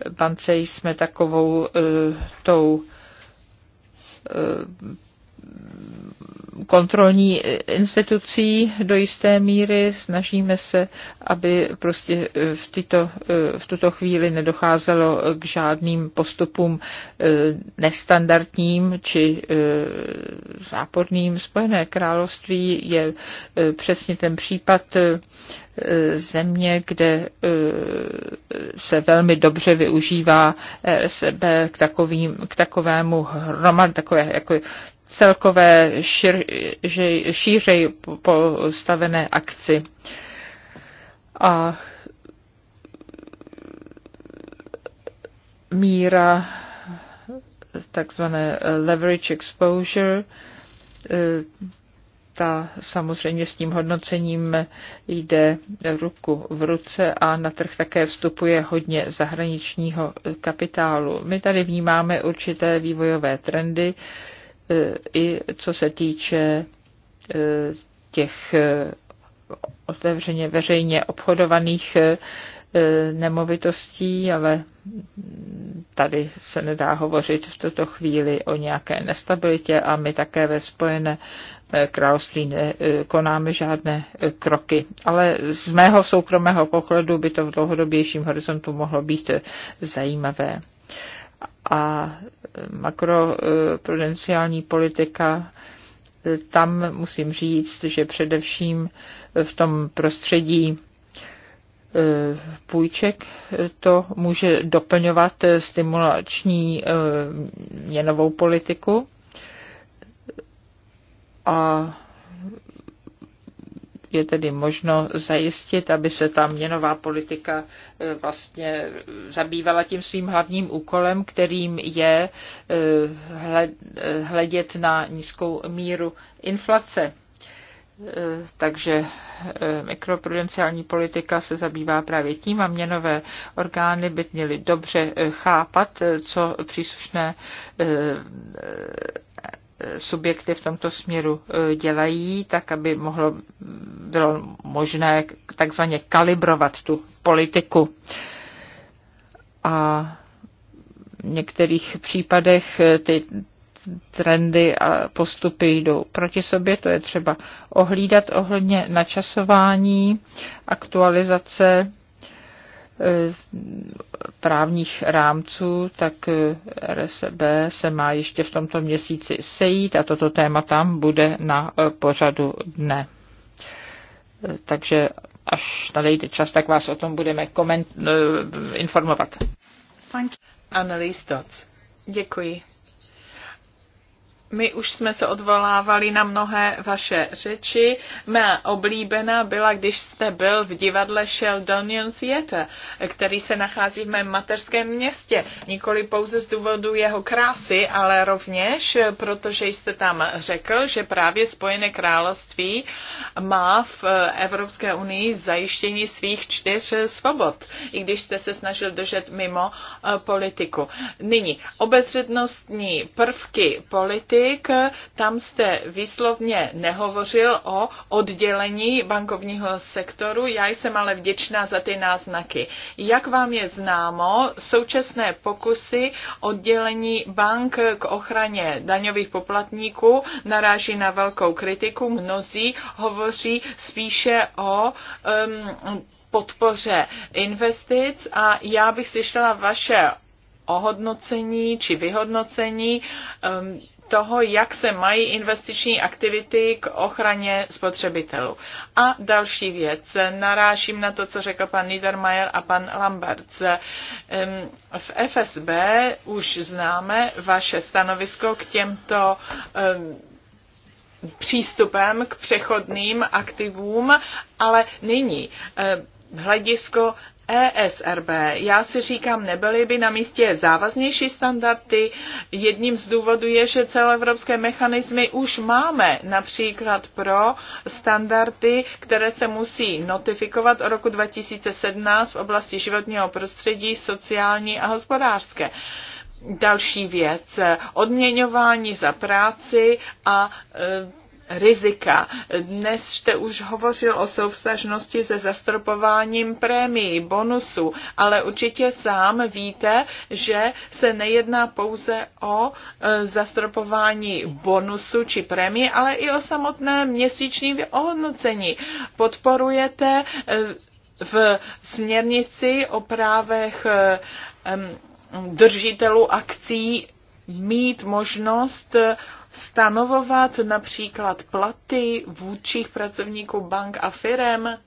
bance jsme takovou e, tou kontrolní institucí do jisté míry. Snažíme se, aby prostě eh, v, tyto, eh, v tuto chvíli nedocházelo k žádným postupům eh, nestandardním či záporným. Spojené království je přesně ten případ země, kde se velmi dobře využívá sebe k, takovým, k takovému hromad, takové jako celkové šir, že, šířej postavené akci. A míra takzvané eh, leverage exposure, eh, ta samozřejmě s tím hodnocením jde ruku v ruce a na trh také vstupuje hodně zahraničního kapitálu. My tady vnímáme určité vývojové trendy, i co se týče e, těch e, otevřeně veřejně obchodovaných e, nemovitostí, ale tady se nedá hovořit v tuto chvíli o nějaké nestabilitě a my také ve Spojené království konáme žádné kroky. Ale z mého soukromého pohledu by to v dlouhodobějším horizontu mohlo být zajímavé a makroprudenciální politika, tam musím říct, že především v tom prostředí e, půjček to může doplňovat stimulační e, měnovou politiku a je tedy možno zajistit, aby se ta měnová politika e, vlastně zabývala tím svým hlavním úkolem, kterým je e, e, hledět na nízkou míru inflace. Takže mikroprudenciální politika se zabývá právě tím a měnové orgány by měly dobře chápat, co příslušné subjekty v tomto směru e, dělají, tak aby mohlo, bylo možné takzvaně kalibrovat tu politiku. A v některých případech e, ty trendy a postupy jdou proti sobě, to je třeba ohlídat ohledně načasování, aktualizace právních rámců, tak RSB se má ještě v tomto měsíci sejít a toto téma tam bude na pořadu dne. Takže až nadejde čas, tak vás o tom budeme koment- eh, informovat. Annelies Doc. Děkuji. My už jsme se odvolávali na mnohé vaše řeči. Má oblíbená byla, když jste byl v divadle Sheldonian Theatre, který se nachází v mém mateřském městě. Nikoli pouze z důvodu jeho krásy, ale rovněž, protože jste tam řekl, že právě Spojené království má v Evropské unii zajištění svých čtyř svobod, i když jste se snažil držet mimo eh, politiku. Nyní, obezřednostní prvky politiky rizik, tam jste výslovně nehovořil o oddělení bankovního sektoru, já jsem ale vděčná za ty náznaky. Jak vám je známo, současné pokusy oddělení bank k ochraně daňových poplatníků naráží na velkou kritiku. Mnozí hovoří spíše o um, podpoře investic a já bych slyšela vaše ohodnocení či vyhodnocení um, toho, jak se mají investiční aktivity k ochraně spotřebitelů. A další věc, Naráším na to, co řekl pan Niedermayer a pan Lambert. V FSB už známe vaše stanovisko k těmto přístupem k přechodným aktivům, ale nyní hledisko ESRB. Já si říkám, nebyly by na místě závaznější standardy. Jedním z důvodů je, že celoevropské mechanismy už máme, například pro standardy, které se musí notifikovat o roku 2017 v oblasti životního prostředí, sociální a hospodářské. Další věc, odměňování za práci a e, rizika. Dnes jste už hovořil o soustažnosti se zastropováním prémií, bonusu, ale určitě sám víte, že se nejedná pouze o e, zastropování bonusu či prémii, ale i o samotné měsíční ohodnocení. Podporujete e, v směrnici o právech e, držitelů akcí mít možnost stanovovat například platy vůdčích pracovníků bank a firem?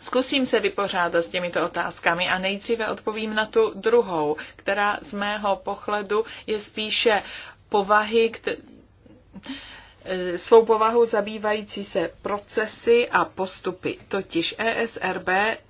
Zkusím se vypořádat s těmito otázkami a nejdříve odpovím na tu druhou, která z mého pohledu je spíše povahy, e, svou povahu zabývající se procesy a postupy. Totiž ESRB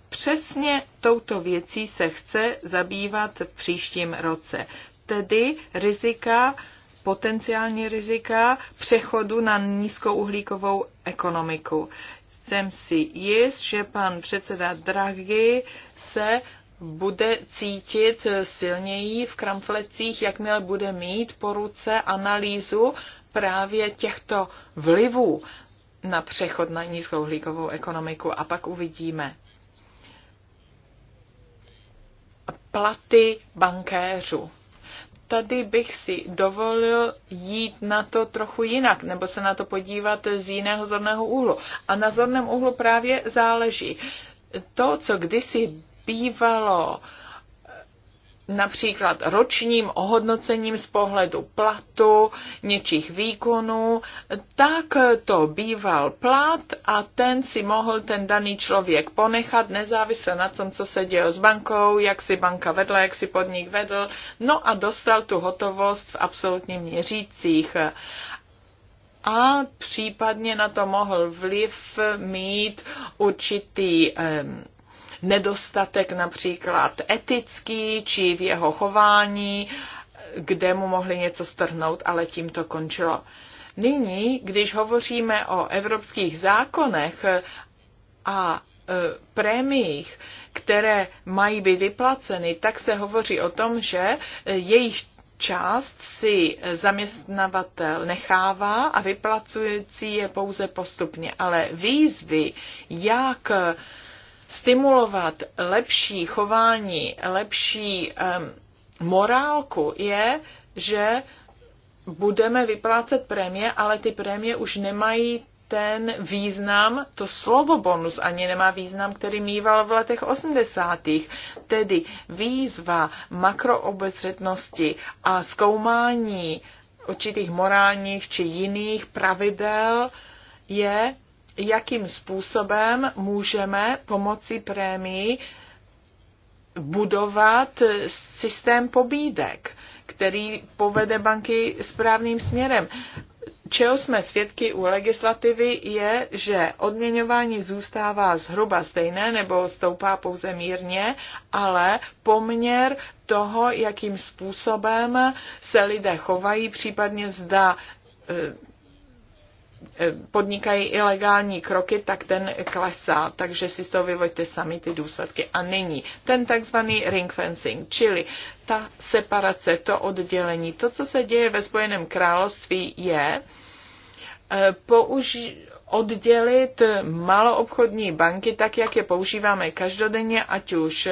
přesně touto věcí se chce zabývat v příštím roce tedy rizika, potenciální rizika přechodu na nízkouhlíkovou ekonomiku. Jsem si jist, že pan předseda Draghi se bude cítit silněji v kramflecích, jakmile bude mít po ruce analýzu právě těchto vlivů na přechod na nízkouhlíkovou ekonomiku a pak uvidíme. Platy bankéřů tady bych si dovolil jít na to trochu jinak, nebo se na to podívat z jiného zorného úhlu. A na zorném úhlu právě záleží. To, co kdysi bývalo uh, například ročním ohodnocením z pohledu platu, něčích výkonů, tak to býval plat a ten si mohl ten daný člověk ponechat nezávisle na tom, co se dělo s bankou, jak si banka vedla, jak si podnik vedl, no a dostal tu hotovost v absolutním měřících a případně na to mohl vliv mít určitý nedostatek například etický či v jeho chování, kde mu mohli něco strhnout, ale tím to končilo. Nyní, když hovoříme o evropských zákonech a e, prémiích, které mají být vyplaceny, tak se hovoří o tom, že e, jejich část si zaměstnavatel nechává a vyplacující je pouze postupně. Ale výzvy, jak e, stimulovat lepší chování, lepší um, morálku, je, že budeme vyplácet prémie, ale ty prémie už nemají ten význam, to slovo bonus ani nemá význam, který mýval v letech 80. Tedy výzva makroobezřetnosti a zkoumání určitých morálních či jiných pravidel je jakým způsobem můžeme pomocí prémii budovat systém pobídek, který povede banky správným směrem. Čeho jsme svědky u legislativy je, že odměňování zůstává zhruba stejné nebo stoupá pouze mírně, ale poměr toho, jakým způsobem se lidé chovají, případně zda eh, podnikají ilegální kroky, tak ten klesá. Takže si z toho vyvojte sami ty důsledky. A není ten takzvaný ring fencing, čili ta separace, to oddělení, to, co se děje ve Spojeném království, je eh, použi- oddělit maloobchodní banky tak, jak je používáme každodenně, ať už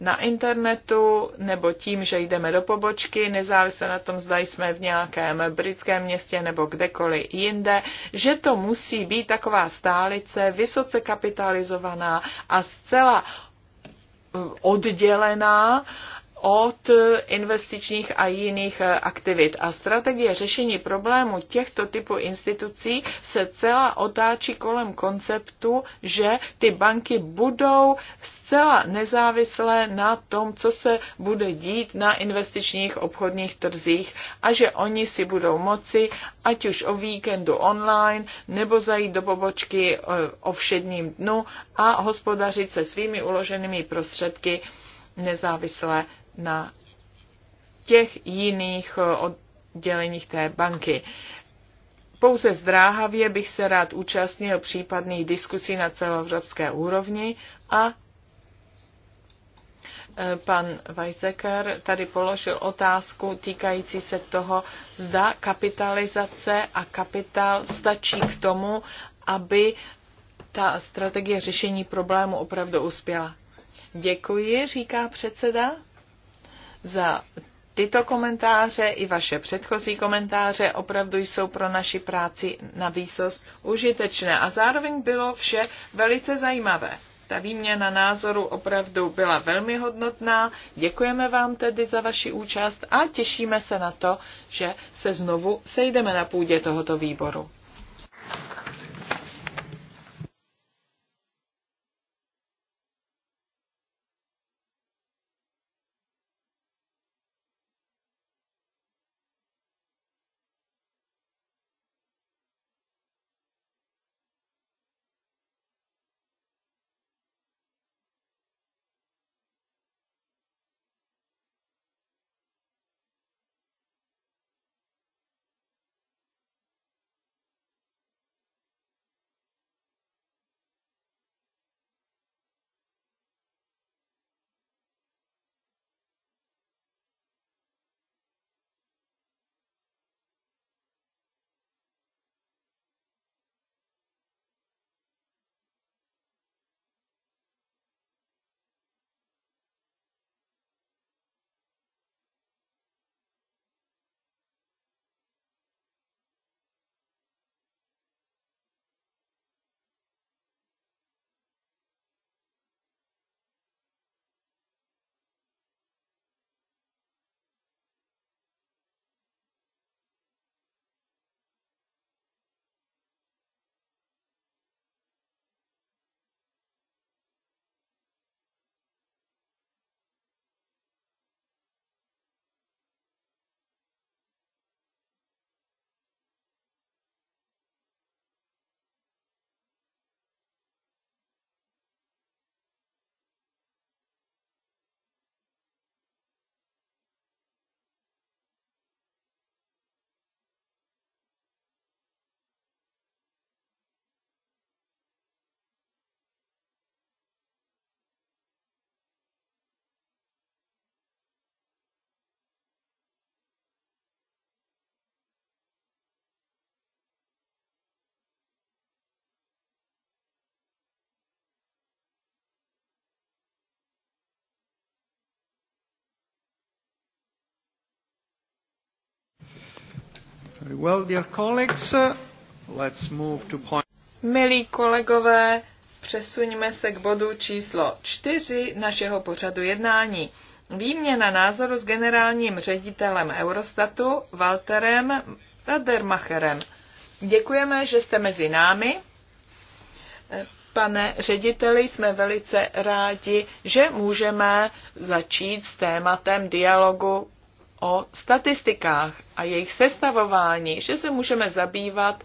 na internetu nebo tím, že jdeme do pobočky, nezávisle na tom, zda jsme v nějakém britském městě nebo kdekoliv jinde, že to musí být taková stálice, vysoce kapitalizovaná a zcela oddělená od investičních a jiných eh, aktivit. A strategie řešení problému těchto typů institucí se celá otáčí kolem konceptu, že ty banky budou zcela nezávislé na tom, co se bude dít na investičních obchodních trzích a že oni si budou moci, ať už o víkendu online, nebo zajít do pobočky eh, o všedním dnu a hospodařit se svými uloženými prostředky nezávisle na těch jiných eh, odděleních té banky. Pouze zdráhavě bych se rád účastnil případných diskusí na celoevropské úrovni a eh, pan Weizsäcker tady položil otázku týkající se toho, zda kapitalizace a kapitál stačí k tomu, aby ta strategie řešení problému opravdu uspěla. Děkuji, říká předseda za tyto komentáře i vaše předchozí komentáře opravdu jsou pro naši práci na výsost užitečné a zároveň bylo vše velice zajímavé. Ta výměna názoru opravdu byla velmi hodnotná. Děkujeme vám tedy za vaši účast a těšíme se na to, že se znovu sejdeme na půdě tohoto výboru. Uh, Milí kolegové, přesuňme se k bodu číslo čtyři našeho pořadu jednání. Výměna názoru s generálním ředitelem Eurostatu Walterem Radermacherem. Děkujeme, že jste mezi námi. Pane řediteli, jsme velice rádi, že můžeme začít s tématem dialogu o statistikách a jejich sestavování, že se můžeme zabývat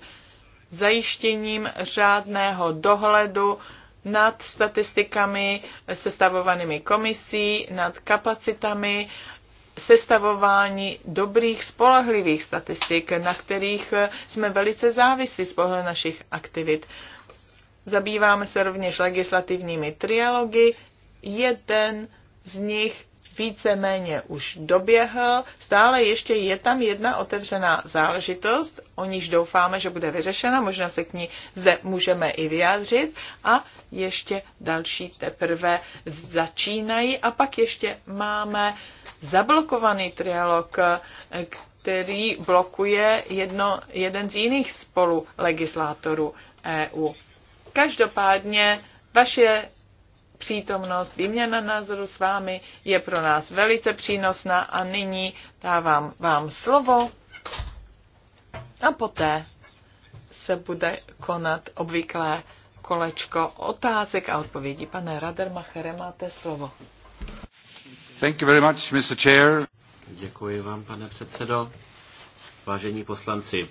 zajištěním řádného dohledu nad statistikami sestavovanými komisí, nad kapacitami sestavování dobrých, spolehlivých statistik, na kterých jsme velice závisí z pohledu našich aktivit. Zabýváme se rovněž legislativními trialogy. Jeden z nich víceméně už doběhl. Stále ještě je tam jedna otevřená záležitost, o níž doufáme, že bude vyřešena, možná se k ní zde můžeme i vyjádřit a ještě další teprve začínají a pak ještě máme zablokovaný trialog, který blokuje jedno, jeden z jiných legislátorů EU. Každopádně vaše přítomnost, výměna názoru s vámi je pro nás velice přínosná a nyní dávám vám slovo a poté se bude konat obvyklé kolečko otázek a odpovědí. Pane Radermachere, máte slovo. Thank you very much, Mr. Chair. Děkuji vám, pane předsedo. Vážení poslanci,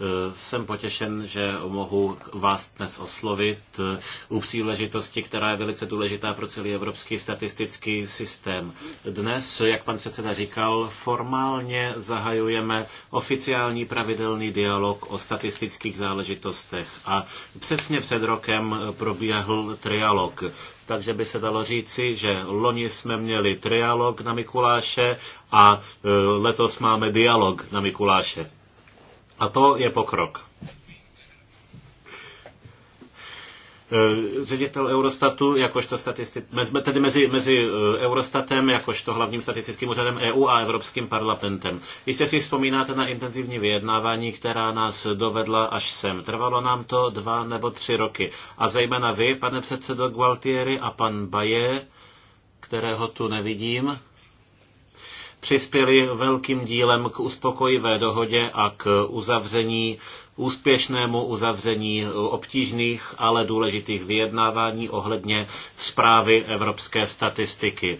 Eh, jsem potěšen, že mohu vás dnes oslovit eh, u příležitosti, která je velice důležitá pro celý evropský statistický systém. Dnes, jak pan předseda říkal, formálně zahajujeme oficiální pravidelný dialog o statistických záležitostech. A přesně před rokem eh, probíhal trialog. Takže by se dalo říci, že loni jsme měli trialog na Mikuláše a letos máme dialog na Mikuláše. A to je pokrok. E, ředitel Eurostatu, jakožto statistik, tedy mezi, mezi e, Eurostatem, jakožto hlavním statistickým úřadem EU a Evropským parlamentem. Jistě si vzpomínáte na intenzivní vyjednávání, která nás dovedla až sem. Trvalo nám to dva nebo tři roky. A zejména vy, pane předsedo Gualtieri a pan Baje, kterého tu nevidím, přispěli velkým dílem k uspokojivé dohodě a k uzavření úspěšnému uzavření obtížných, ale důležitých vyjednávání ohledně zprávy evropské statistiky.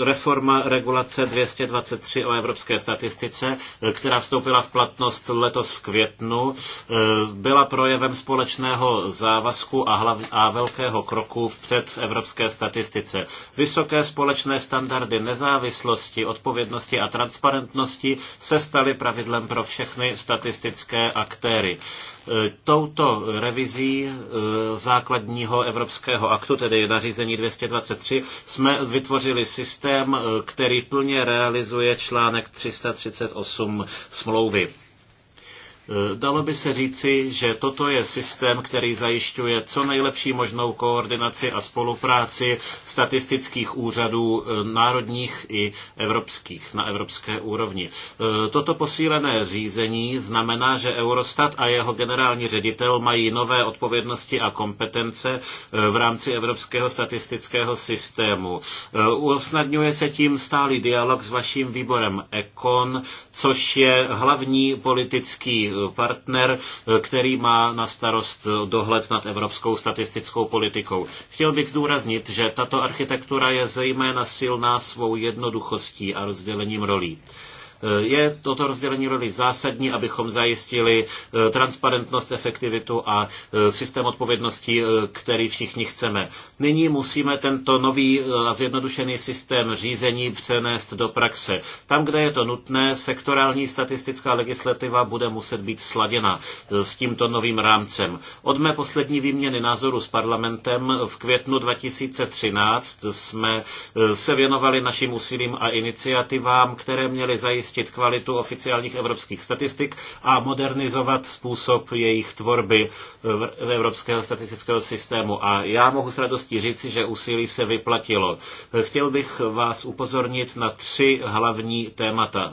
Eh, Reforma regulace 223 o evropské statistice, eh, která vstoupila v platnost letos v květnu, eh, byla projevem společného závazku a, hlav, a velkého kroku vpřed v evropské statistice. Vysoké společné standardy nezávislosti, odpovědnosti a transparentnosti se staly pravidlem pro všechny statistické akty aktéry. E, touto revizí e, základního evropského aktu, tedy nařízení 223, jsme vytvořili systém, e, který plně realizuje článek 338 smlouvy. Dalo by se říci, že toto je systém, který zajišťuje co nejlepší možnou koordinaci a spolupráci statistických úřadů e, národních i evropských na evropské úrovni. E, toto posílené řízení znamená, že Eurostat a jeho generální ředitel mají nové odpovědnosti a kompetence e, v rámci evropského statistického systému. Usnadňuje se tím stálý dialog s vaším výborem ECON, což je hlavní politický partner, eh, který má na starost dohled nad evropskou statistickou politikou. Chtěl bych zdůraznit, že tato architektura je zejména silná svou jednoduchostí a rozdělením rolí. Eh, je toto rozdělení roli zásadní, abychom zajistili eh, transparentnost, efektivitu a eh, systém odpovědnosti, který všichni chceme. Nyní musíme tento nový a zjednodušený systém řízení přenést do praxe. Tam, kde je to nutné, sektorální statistická legislativa bude muset být sladěna s tímto novým rámcem. Od mé poslední výměny názoru s parlamentem v květnu 2013 jsme se věnovali našim úsilím a iniciativám, které měly zajistit zajistit kvalitu oficiálních evropských statistik a modernizovat způsob jejich tvorby v evropského statistického systému. A já mohu s radostí říci, že úsilí se vyplatilo. Chtěl bych vás upozornit na tři hlavní témata.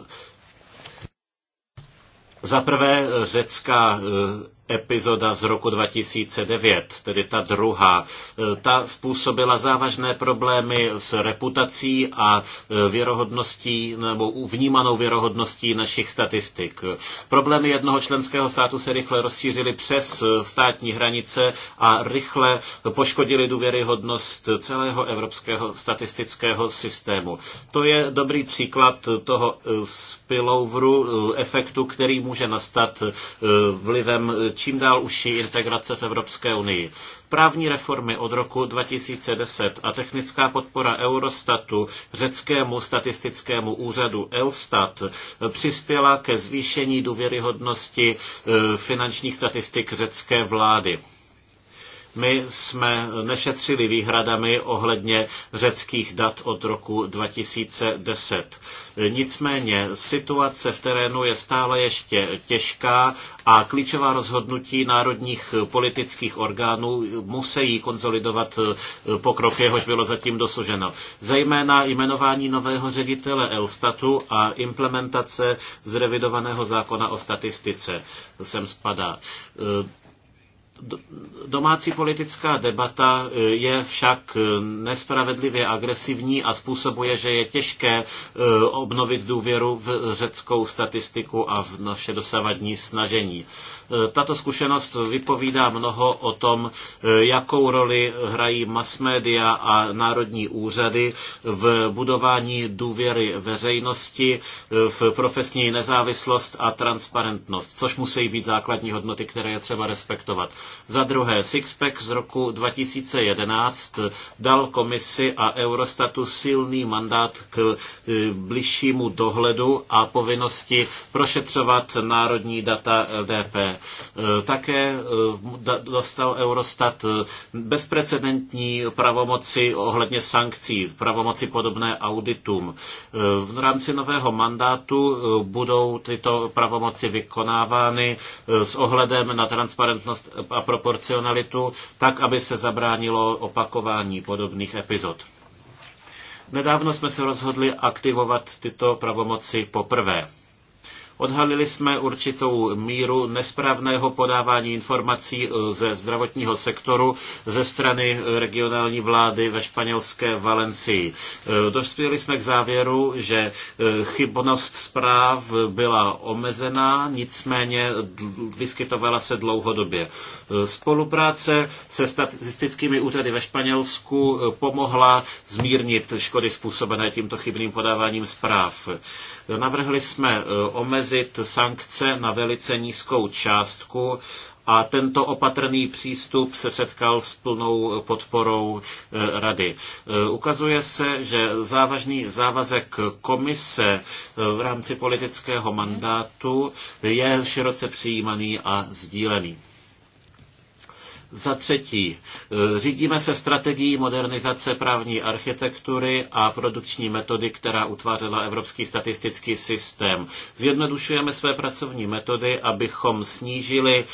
Za prvé řecká eh, epizoda z roku 2009, tedy ta druhá, e, ta způsobila závažné problémy s reputací a e, věrohodností nebo vnímanou věrohodností našich statistik. Problémy jednoho členského státu se rychle rozšířily přes e, státní hranice a rychle poškodili důvěryhodnost celého evropského statistického systému. To je dobrý příklad toho spilloveru efektu, který může nastat vlivem čím dál užší integrace v Evropské unii. Právní reformy od roku 2010 a technická podpora Eurostatu řeckému statistickému úřadu Elstat přispěla ke zvýšení důvěryhodnosti eh, finančních statistik řecké vlády. My jsme nešetřili výhradami ohledně řeckých dat od roku 2010. Nicméně situace v terénu je stále ještě těžká a klíčová rozhodnutí národních politických orgánů musí konzolidovat pokrok, jehož bylo zatím dosaženo. Zejména jmenování nového ředitele Elstatu a implementace zrevidovaného zákona o statistice sem spadá. Domácí politická debata e, je však e, nespravedlivě agresivní a způsobuje, že je těžké e, obnovit důvěru v řeckou statistiku a v naše dosavadní snažení. Tato zkušenost vypovídá mnoho o tom, jakou roli hrají masmédia a národní úřady v budování důvěry veřejnosti, v profesní nezávislost a transparentnost, což musí být základní hodnoty, které je třeba respektovat. Za druhé, Sixpack z roku 2011 dal komisi a Eurostatu silný mandát k e, bližšímu dohledu a povinnosti prošetřovat národní data LDP. E, také e, dostal Eurostat bezprecedentní pravomoci ohledně sankcí, pravomoci podobné auditům. V rámci nového mandátu budou tyto pravomoci vykonávány s ohledem na transparentnost a proporcionalitu, tak aby se zabránilo opakování podobných epizod. Nedávno jsme se rozhodli aktivovat tyto pravomoci poprvé. Odhalili jsme určitou míru nesprávného podávání informací eh, ze zdravotního sektoru ze strany eh, regionální vlády ve španělské Valencii. Eh, dospěli jsme k závěru, že chybnost zpráv byla omezená, nicméně vyskytovala se dlouhodobě. Spolupráce se statistickými úřady ve Španělsku pomohla zmírnit škody způsobené tímto chybným podáváním zpráv. Navrhli jsme omezení omezit sankce na velice nízkou částku a tento opatrný přístup se setkal s plnou podporou e, rady. E, ukazuje se, že závažný závazek komise e, v rámci politického mandátu je široce přijímaný a sdílený. Za třetí, e, řídíme se strategií modernizace právní architektury a produkční metody, která utvářela Evropský statistický systém. Zjednodušujeme své pracovní metody, abychom snížili e,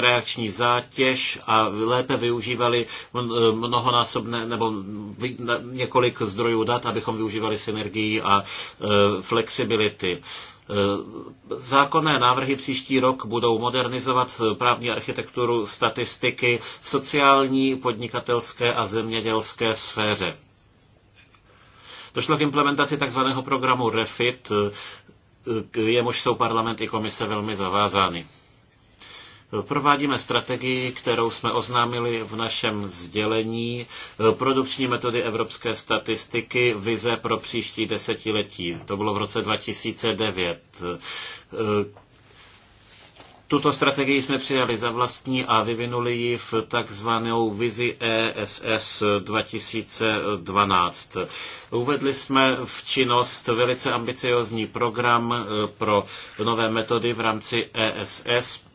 reakční zátěž a lépe využívali e, mnohonásobné nebo několik zdrojů dat, abychom využívali synergii a flexibility. Eh, zákonné návrhy příští rok budou modernizovat právní architekturu statistiky v sociální, podnikatelské a zemědělské sféře. Došlo k implementaci tzv. programu REFIT, eh, k jemuž jsou parlament i komise velmi zavázány. Provádíme strategii, kterou jsme oznámili v našem sdělení, produkční metody evropské statistiky, vize pro příští desetiletí. To bylo v roce 2009. Tuto strategii jsme přijali za vlastní a vyvinuli ji v takzvanou vizi ESS 2012. Uvedli jsme v činnost velice ambiciozní program eh, pro nové metody v rámci ESS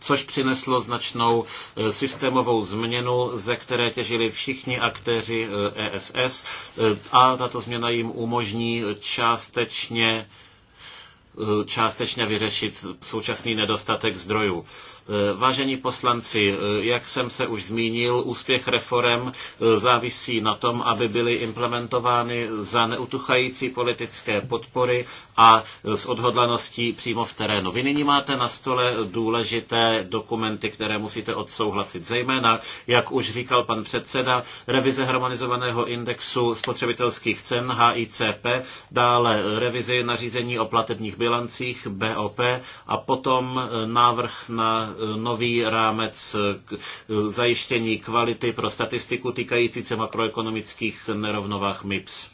což přineslo značnou eh, systémovou změnu, ze které těžili všichni aktéři ESS eh, e eh, a tato změna jim umožní částečně částečně vyřešit současný nedostatek zdrojů. Eh, vážení poslanci, eh, jak jsem se už zmínil, úspěch reform eh, závisí na tom, aby byly implementovány za neutuchající politické podpory a s odhodlaností přímo v terénu. Vy nyní máte na stole důležité dokumenty, které musíte odsouhlasit. Zejména, jak už říkal pan předseda, revize harmonizovaného indexu spotřebitelských cen HICP, dále revizi nařízení o platebních bilancích BOP a potom návrh na nový rámec zajištění kvality pro statistiku týkající se makroekonomických nerovnovách MIPS.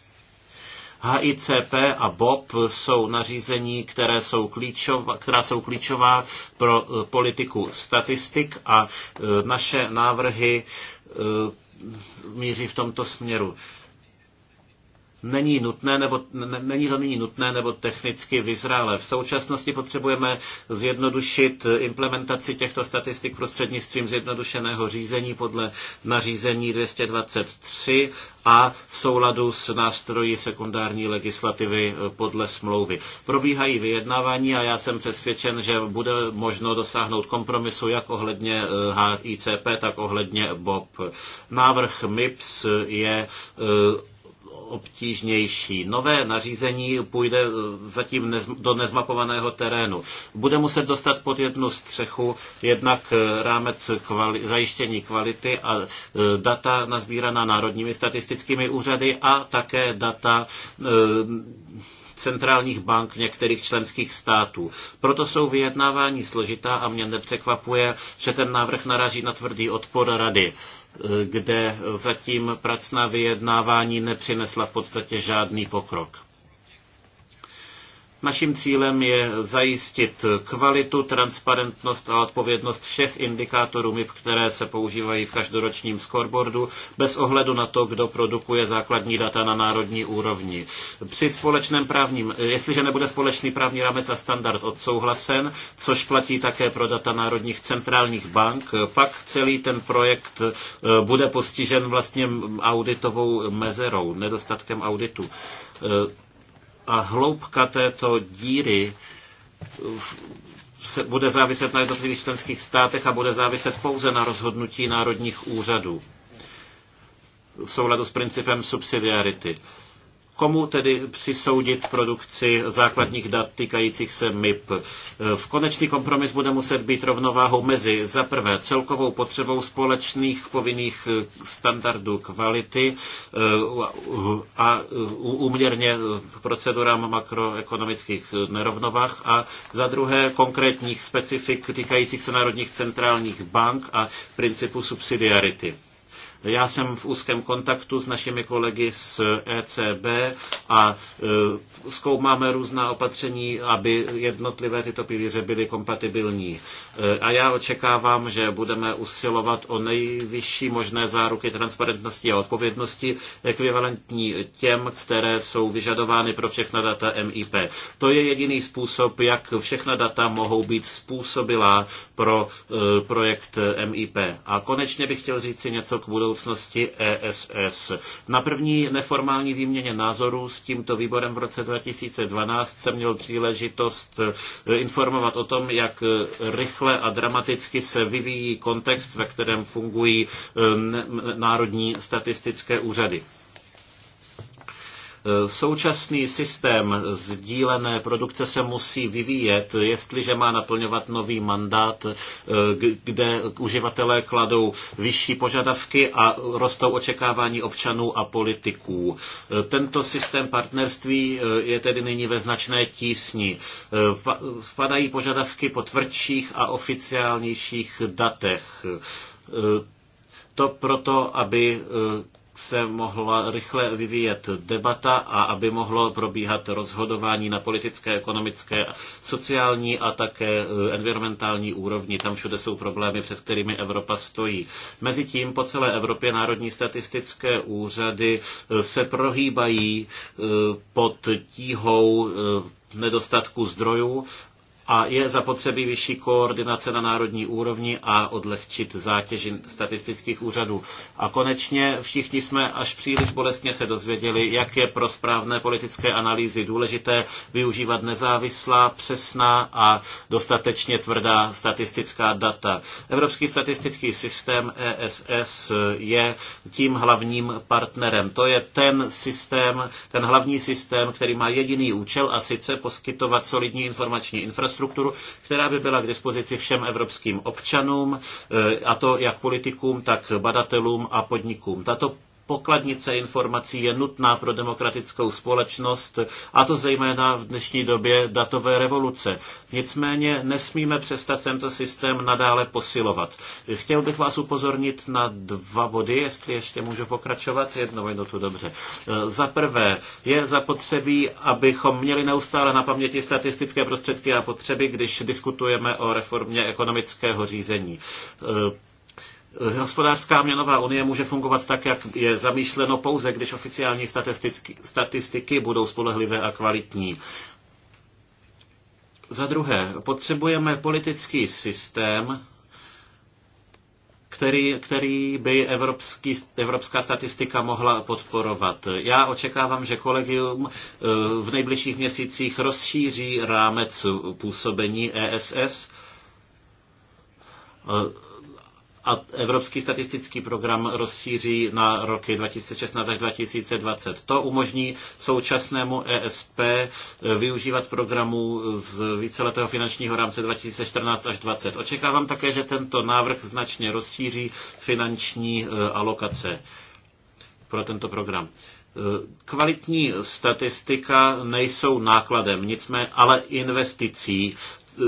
HICP a BOP jsou nařízení, které jsou klíčová, která jsou klíčová pro eh, politiku statistik a eh, naše návrhy eh, míří v tomto směru není nutné nebo není to nyní nutné nebo technicky vyzrále. V současnosti potřebujeme zjednodušit implementaci těchto statistik prostřednictvím zjednodušeného řízení podle nařízení 223 a v souladu s nástroji sekundární legislativy eh, podle smlouvy. Probíhají vyjednávání a já jsem přesvědčen, že bude možno dosáhnout kompromisu jak ohledně HICP, eh, tak ohledně BOP. Návrh MIPS je eh, obtížnější. Nové nařízení půjde eh, zatím do nezmapovaného terénu. Bude muset dostat pod jednu střechu jednak eh, rámec kvali- zajištění kvality a eh, data nazbíraná národními statistickými úřady a také data centrálních bank některých členských států. Proto jsou vyjednávání složitá a mě nepřekvapuje, že ten návrh naraží na tvrdý odpor rady kde zatím pracná vyjednávání nepřinesla v podstatě žádný pokrok. Naším cílem je zajistit kvalitu, transparentnost a odpovědnost všech indikátorů MIP, které se používají v každoročním scoreboardu, bez ohledu na to, kdo produkuje základní data na národní úrovni. Při společném právním, jestliže nebude společný právní rámec a standard odsouhlasen, což platí také pro data národních centrálních bank, pak celý ten projekt eh, bude postižen vlastně auditovou mezerou, nedostatkem auditu eh, a hloubka této díry se bude záviset na jednotlivých členských státech a bude záviset pouze na rozhodnutí národních úřadů v souladu s principem subsidiarity komu tedy přisoudit produkci základních dat týkajících se MIP. V konečný kompromis bude muset být rovnováhou mezi za prvé celkovou potřebou společných povinných eh, standardů kvality eh, a úměrně eh, procedurám makroekonomických nerovnovách a za druhé konkrétních specifik týkajících se národních centrálních bank a principu subsidiarity. Já jsem v úzkém kontaktu s našimi kolegy z ECB a e, zkoumáme různá opatření, aby jednotlivé tyto pilíře byly kompatibilní. E, a já očekávám, že budeme usilovat o nejvyšší možné záruky transparentnosti a odpovědnosti, ekvivalentní těm, které jsou vyžadovány pro všechna data MIP. To je jediný způsob, jak všechna data mohou být způsobilá pro e, projekt MIP. A konečně bych chtěl říct si něco k budoucnosti ESS. Na první neformální výměně názorů s tímto výborem v roce 2012 jsem měl příležitost eh, informovat o tom, jak eh, rychle a dramaticky se vyvíjí kontext, ve kterém fungují eh, národní statistické úřady. Eh, současný systém sdílené produkce se musí vyvíjet, jestliže má naplňovat nový mandát, eh, kde uživatelé kladou vyšší požadavky a rostou očekávání občanů a politiků. Eh, tento systém partnerství je tedy nyní ve značné tísni. Vpadají požadavky po tvrdších a oficiálnějších datech. To proto, aby se mohla rychle vyvíjet debata a aby mohlo probíhat rozhodování na politické, ekonomické, sociální a také eh, environmentální úrovni. Tam všude jsou problémy, před kterými Evropa stojí. Mezitím po celé Evropě národní statistické úřady eh, se prohýbají eh, pod tíhou nedostatku zdrojů a je zapotřebí vyšší koordinace na národní úrovni a odlehčit zátěži statistických úřadů. A konečně všichni jsme až příliš bolestně se dozvěděli, jak je pro správné politické analýzy důležité využívat nezávislá, přesná a dostatečně tvrdá statistická data. Evropský statistický systém ESS je tím hlavním partnerem. To je ten systém, ten hlavní systém, který má jediný účel a sice poskytovat solidní informační infrastrukturu, infrastrukturu, která by byla k dispozici všem evropským občanům, e, a to jak politikům, tak badatelům a podnikům. Tato pokladnice informací je nutná pro demokratickou společnost, a to zejména v dnešní době datové revoluce. Nicméně nesmíme přestat tento systém nadále posilovat. Chtěl bych vás upozornit na dva body, jestli ještě můžu pokračovat. Jednu minutu, no dobře. Za prvé, je zapotřebí, abychom měli neustále na paměti statistické prostředky a potřeby, když diskutujeme o reformě ekonomického řízení. Eh, hospodářská měnová unie může fungovat tak, jak je zamýšleno pouze, když oficiální statistiky, budou spolehlivé a kvalitní. Za druhé, potřebujeme politický systém, který, který by evropský, evropská statistika mohla podporovat. Já očekávám, že kolegium eh, v nejbližších měsících rozšíří rámec působení ESS a Evropský statistický program rozšíří na roky 2016 až 2020. To umožní současnému ESP eh, využívat programu z víceletého finančního rámce 2014 až 2020. Očekávám také, že tento návrh značně rozšíří finanční eh, alokace pro tento program. Eh, kvalitní statistika nejsou nákladem, nicméně ale investicí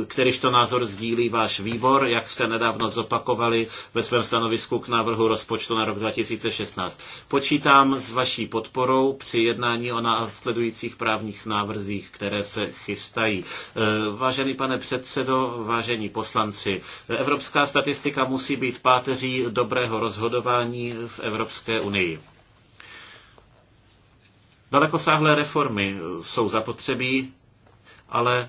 kterýž to názor sdílí váš výbor, jak jste nedávno zopakovali ve svém stanovisku k návrhu rozpočtu na rok 2016. Počítám s vaší podporou při jednání o následujících právních návrzích, které se chystají. E, vážený pane předsedo, vážení poslanci, evropská statistika musí být páteří dobrého rozhodování v Evropské unii. Dalekosáhlé reformy jsou zapotřebí, ale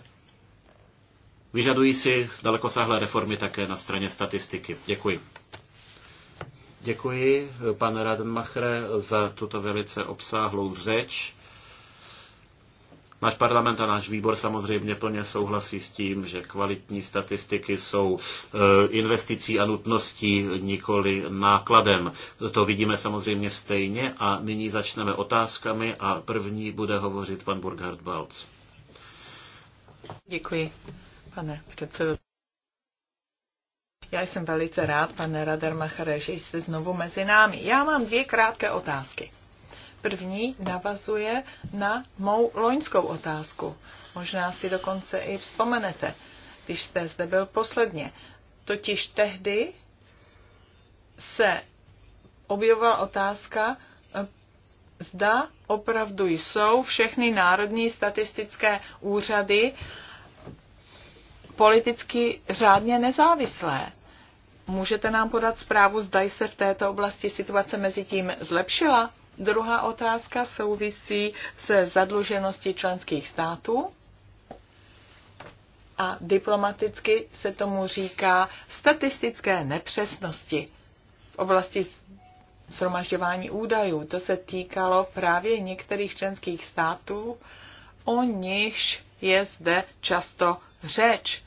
Vyžadují si dalekosáhlé reformy také na straně statistiky. Děkuji. Děkuji, pane Radenmachre, za tuto velice obsáhlou řeč. Náš parlament a náš výbor samozřejmě plně souhlasí s tím, že kvalitní statistiky jsou e, investicí a nutností, nikoli nákladem. To vidíme samozřejmě stejně a nyní začneme otázkami a první bude hovořit pan Burghard Balc. Děkuji pane předsedo. Já jsem velice rád, pane Machare, že jste znovu mezi námi. Já mám dvě krátké otázky. První navazuje na mou loňskou otázku. Možná si dokonce i vzpomenete, když jste zde byl posledně. Totiž tehdy se objevovala otázka, zda opravdu jsou všechny národní statistické úřady uh, politicky řádně nezávislé. Můžete nám podat zprávu, zda se v této oblasti situace mezi tím zlepšila? Druhá otázka souvisí se zadlužeností členských států. A diplomaticky se tomu říká statistické nepřesnosti v oblasti zhromažďování údajů. To se týkalo právě některých členských států, o nichž je zde často řeč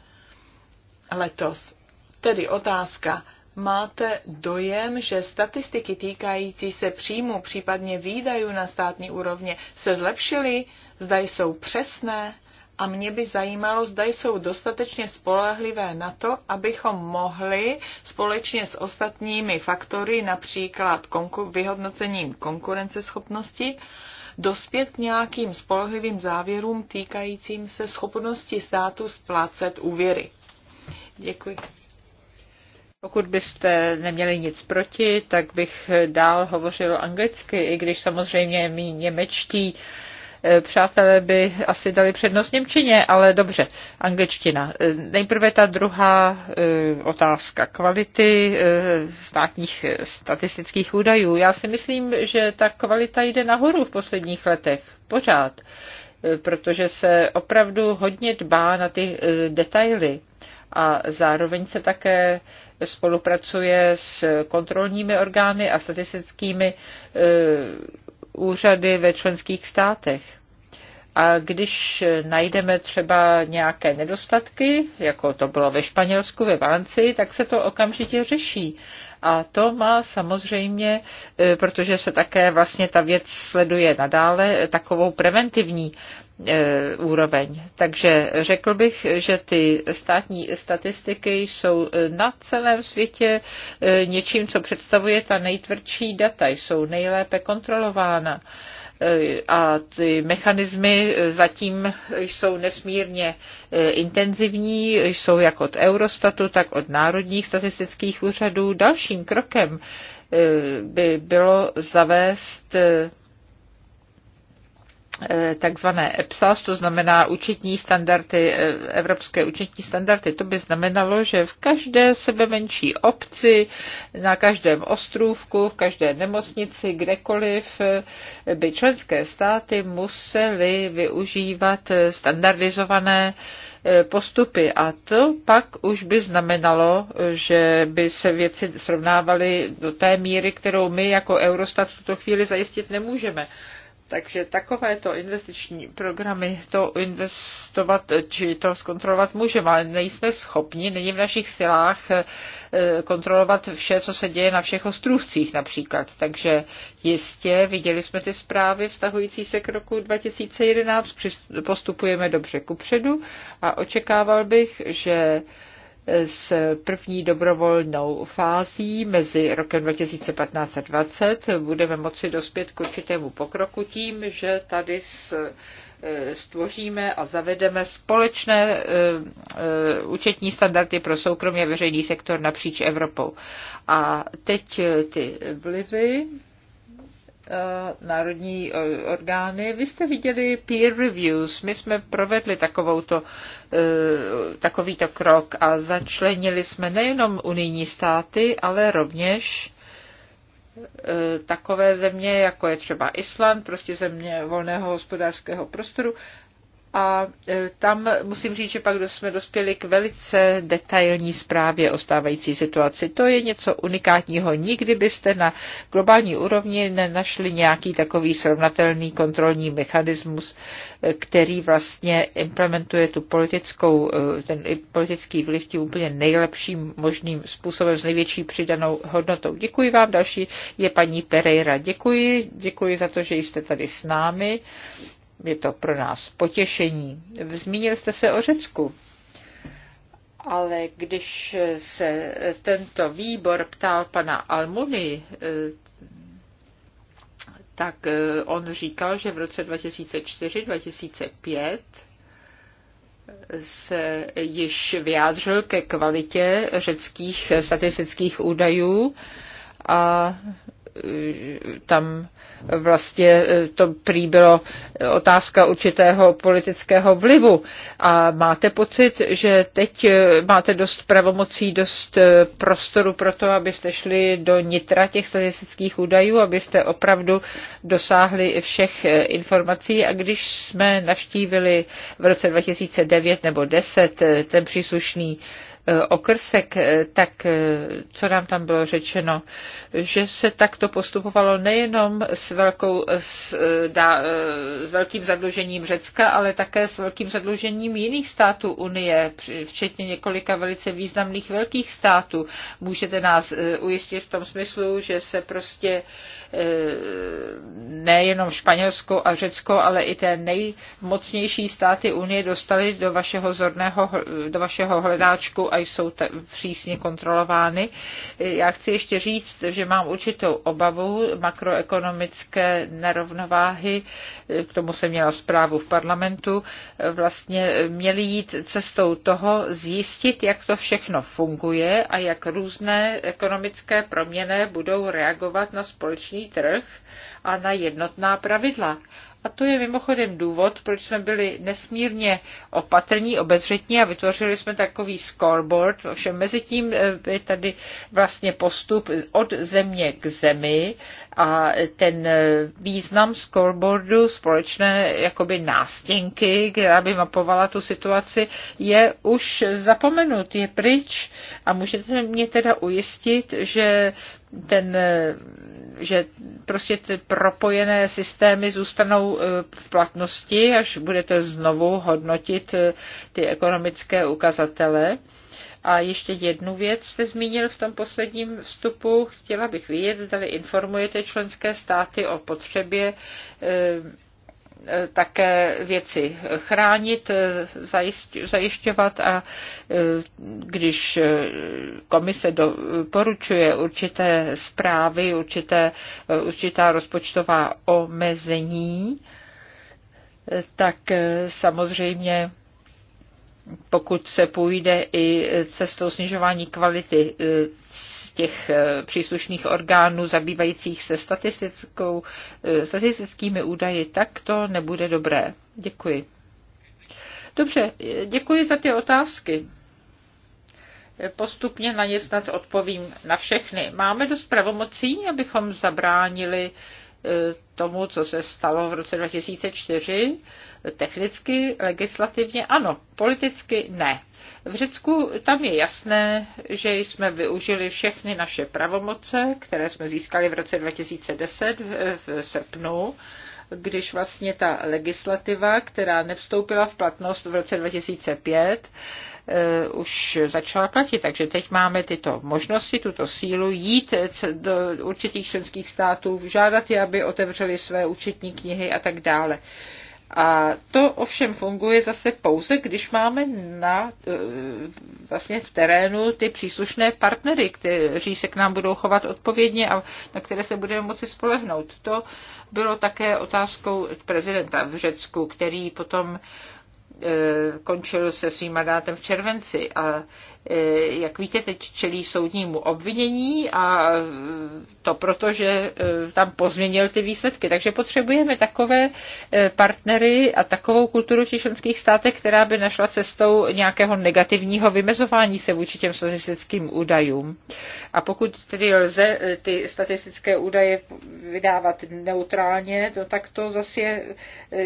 letos. Tedy otázka, máte dojem, že statistiky týkající se příjmu, případně výdajů na státní úrovně se zlepšily, zda jsou přesné a mě by zajímalo, zda jsou dostatečně spolehlivé na to, abychom mohli společně s ostatními faktory, například konkur- vyhodnocením konkurenceschopnosti, dospět k nějakým spolehlivým závěrům týkajícím se schopnosti státu splácet úvěry. Děkuji. Pokud byste neměli nic proti, tak bych dál hovořil anglicky, i když samozřejmě mý němečtí eh, přátelé by asi dali přednost Němčině, ale dobře, angličtina. Eh, nejprve ta druhá eh, otázka kvality státních statistických údajů. Já si myslím, že ta kvalita jde nahoru v posledních letech, pořád, protože se opravdu hodně dbá na ty detaily a zároveň se také spolupracuje s kontrolními orgány a statistickými e, úřady ve členských státech. A když najdeme třeba nějaké nedostatky, jako to bylo ve Španělsku, ve Valencii, tak se to okamžitě řeší. A to má samozřejmě, e, protože se také vlastně ta věc sleduje nadále, takovou preventivní E, úroveň. Takže řekl bych, že ty státní statistiky jsou e, na celém světě e, něčím, co představuje ta nejtvrdší data, jsou nejlépe kontrolována a ty mechanismy zatím jsou nesmírně intenzivní, jsou jak od Eurostatu, tak od národních statistických úřadů. Dalším krokem by bylo zavést Eh, takzvané EPSAS, to znamená účetní standardy, eh, evropské účetní standardy, to by znamenalo, že v každé sebe menší obci, na každém ostrůvku, v každé nemocnici, kdekoliv eh, by členské státy musely využívat standardizované postupy. A to pak už by znamenalo, že by se věci srovnávaly do té míry, kterou my jako Eurostat v tuto chvíli zajistit nemůžeme. Takže takovéto investiční programy to investovat či to zkontrolovat můžeme, ale nejsme schopni, není v našich silách eh, kontrolovat vše, co se děje na všech ostrůvcích například. Takže jistě viděli jsme ty zprávy vztahující se k roku 2011, postupujeme dobře kupředu a očekával bych, že s první dobrovolnou fází mezi rokem 2015 a 2020 budeme moci dospět k určitému pokroku tím, že tady s e, stvoříme a zavedeme společné e, e, účetní standardy pro soukromě veřejný sektor napříč Evropou. A teď ty vlivy Eh, národní eh, orgány. Vy jste viděli peer reviews. My jsme provedli takovouto, eh, takovýto krok a začlenili jsme nejenom unijní státy, ale rovněž takové země, jako je třeba Island, prostě země volného hospodářského prostoru, a e, tam musím říct, že pak jsme dospěli k velice detailní zprávě o stávající situaci. To je něco unikátního. Nikdy byste na globální úrovni nenašli nějaký takový srovnatelný kontrolní mechanismus, e, který vlastně implementuje tu politickou, e, ten politický vliv tím úplně nejlepším možným způsobem s největší přidanou hodnotou. Děkuji vám. Další je paní Pereira. Děkuji. Děkuji za to, že jste tady s námi je to pro nás potěšení. Zmínil jste se o Řecku. Ale když se tento výbor ptal pana Almuny, eh, tak eh, on říkal, že v roce 2004-2005 se již vyjádřil ke kvalitě řeckých statistických údajů a tam vlastně e, to prý bylo otázka určitého politického vlivu. A máte pocit, že teď e, máte dost pravomocí, dost e, prostoru pro to, abyste šli do nitra těch statistických údajů, abyste opravdu dosáhli všech informací. A když jsme navštívili v roce 2009 nebo 10 ten příslušný okrsek, eh, tak eh, co nám tam bylo řečeno, že se takto postupovalo nejenom s, velkou, s, eh, da, s velkým zadlužením Řecka, ale také s velkým zadlužením jiných států Unie, včetně několika velice významných velkých států. Můžete nás ujistit v tom smyslu, že se prostě nejenom Španělsko a Řecko, ale i té nejmocnější státy Unie dostaly do vašeho zorného, do vašeho hledáčku a jsou přísně kontrolovány. Já chci ještě říct, že mám určitou obavu makroekonomické nerovnováhy, k tomu jsem měla zprávu v parlamentu, vlastně měly jít cestou toho zjistit, jak to všechno funguje a jak různé ekonomické proměny budou reagovat na společný trh a na jednotná pravidla. A to je mimochodem důvod, proč jsme byli nesmírně opatrní, obezřetní a vytvořili jsme takový scoreboard. Ovšem mezi tím eh, je tady vlastně postup od země k zemi a ten eh, význam scoreboardu společné jakoby nástěnky, která by mapovala tu situaci, je už zapomenut, je pryč. A můžete mě teda ujistit, že ten, eh, že prostě ty propojené systémy zůstanou eh, v platnosti, až budete znovu hodnotit eh, ty ekonomické ukazatele. A ještě jednu věc jste zmínil v tom posledním vstupu. Chtěla bych vědět, zda informujete členské státy o potřebě E, také věci chránit, e, zajišťovat a e, když komise doporučuje určité zprávy, určité, určitá rozpočtová omezení, tak samozřejmě pokud se půjde i cestou snižování kvality eh, z těch eh, příslušných orgánů zabývajících se statistickou, eh, statistickými údaji, tak to nebude dobré. Děkuji. Dobře, děkuji za ty otázky. Postupně na ně snad odpovím na všechny. Máme dost pravomocí, abychom zabránili tomu, co se stalo v roce 2004 Technicky, legislativně ano, politicky ne. V Řecku tam je jasné, že jsme využili všechny naše pravomoce, které jsme získali v roce 2010 v srpnu, když vlastně ta legislativa, která nevstoupila v platnost v roce 2005, eh, už začala platit. Takže teď máme tyto možnosti, tuto sílu jít do určitých členských států, žádat je, aby otevřeli své účetní knihy a tak dále. A to ovšem funguje zase pouze, když máme na, e, vlastně v terénu ty příslušné partnery, kteří se k nám budou chovat odpovědně a na které se budeme moci spolehnout. To bylo také otázkou prezidenta v Řecku, který potom Eh, končil se svým mandátem v červenci a eh, jak víte, teď čelí soudnímu obvinění a eh, to proto, že tam pozměnil ty výsledky. Takže potřebujeme takové partnery a takovou kulturu v členských státech, která by našla cestou nějakého negativního vymezování se vůči těm statistickým údajům. A pokud tedy lze ty statistické údaje vydávat neutrálně, no tak to zase je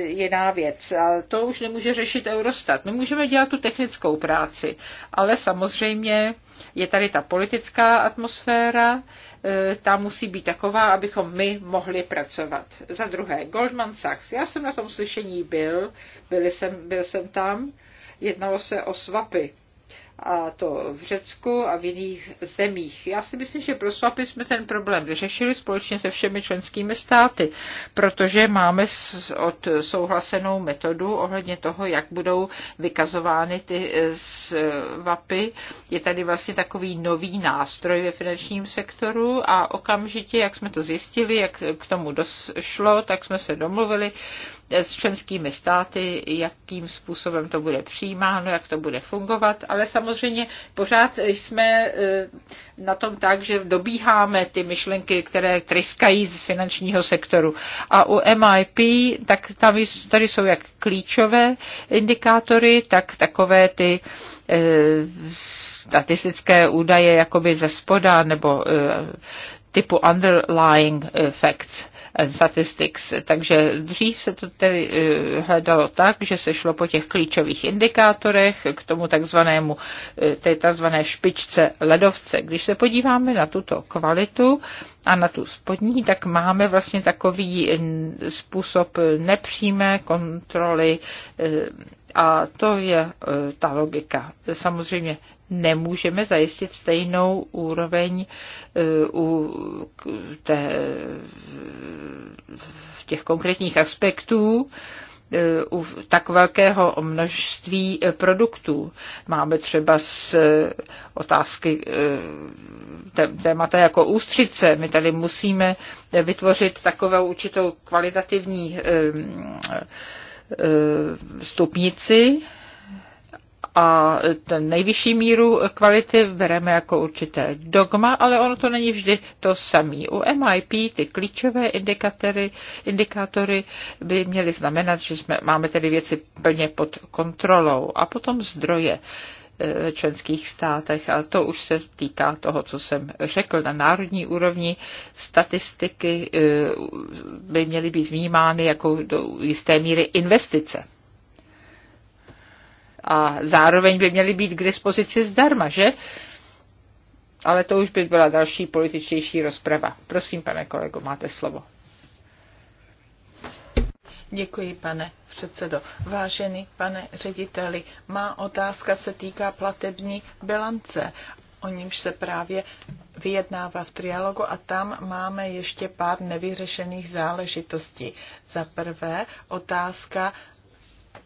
jiná věc. A to už nemůže řešit řešit Eurostat. My můžeme dělat tu technickou práci, ale samozřejmě je tady ta politická atmosféra, e, ta musí být taková, abychom my mohli pracovat. Za druhé, Goldman Sachs. Já jsem na tom slyšení byl, byli jsem, byl jsem tam, jednalo se o svapy a to v Řecku a v jiných zemích. Já si myslím, že pro swapy jsme ten problém vyřešili společně se všemi členskými státy, protože máme od souhlasenou metodu ohledně toho, jak budou vykazovány ty eh, swapy. Je tady vlastně takový nový nástroj ve finančním sektoru a okamžitě, jak jsme to zjistili, jak k tomu došlo, tak jsme se domluvili s členskými státy, jakým způsobem to bude přijímáno, jak to bude fungovat, ale samozřejmě pořád jsme eh, na tom tak, že dobíháme ty myšlenky, které tryskají z finančního sektoru. A u MIP, tak tam, tady jsou jak klíčové indikátory, tak takové ty eh, statistické údaje jakoby ze spoda nebo eh, typu underlying facts. Statistics. Takže dřív se to tedy eh, hledalo tak, že se šlo po těch klíčových indikátorech k tomu takzvanému, eh, té takzvané špičce ledovce. Když se podíváme na tuto kvalitu a na tu spodní, tak máme vlastně takový způsob nepřímé kontroly eh, a to je e, ta logika. Samozřejmě nemůžeme zajistit stejnou úroveň e, u té, e, těch konkrétních aspektů, u tak velkého množství produktů. Máme třeba z otázky témata jako ústřice. My tady musíme vytvořit takovou určitou kvalitativní Eh, stupnici a ten nejvyšší míru kvality bereme jako určité dogma, ale ono to není vždy to samé. U MIP ty klíčové indikatory, indikátory by měly znamenat, že jsme, máme tedy věci plně pod kontrolou. A potom zdroje. Eh, členských státech. A to už se týká toho, co jsem řekl. Na národní úrovni statistiky eh, by měly být vnímány jako do jisté míry investice a zároveň by měly být k dispozici zdarma, že? Ale to už by byla další političtější rozprava. Prosím, pane kolego, máte slovo. Děkuji, pane předsedo. Vážený pane řediteli, má otázka se týká platební bilance, o nímž se právě vyjednává v trialogu a tam máme ještě pár nevyřešených záležitostí. Za prvé otázka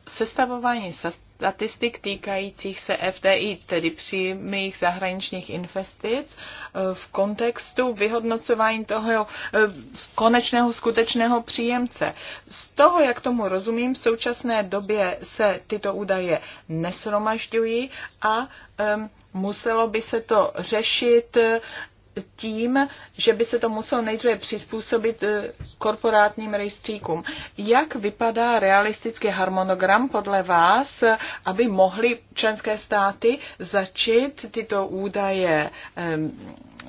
sestavování statistik týkajících se FDI, tedy přímých zahraničních investic, eh, v kontextu vyhodnocování toho eh, konečného skutečného příjemce. Z toho, jak tomu rozumím, v současné době se tyto údaje nesromažďují a um, muselo by se to řešit eh, tím, že by se to muselo nejdříve přizpůsobit eh, korporátním rejstříkům. Jak vypadá realistický harmonogram podle vás, aby mohly členské státy začít tyto údaje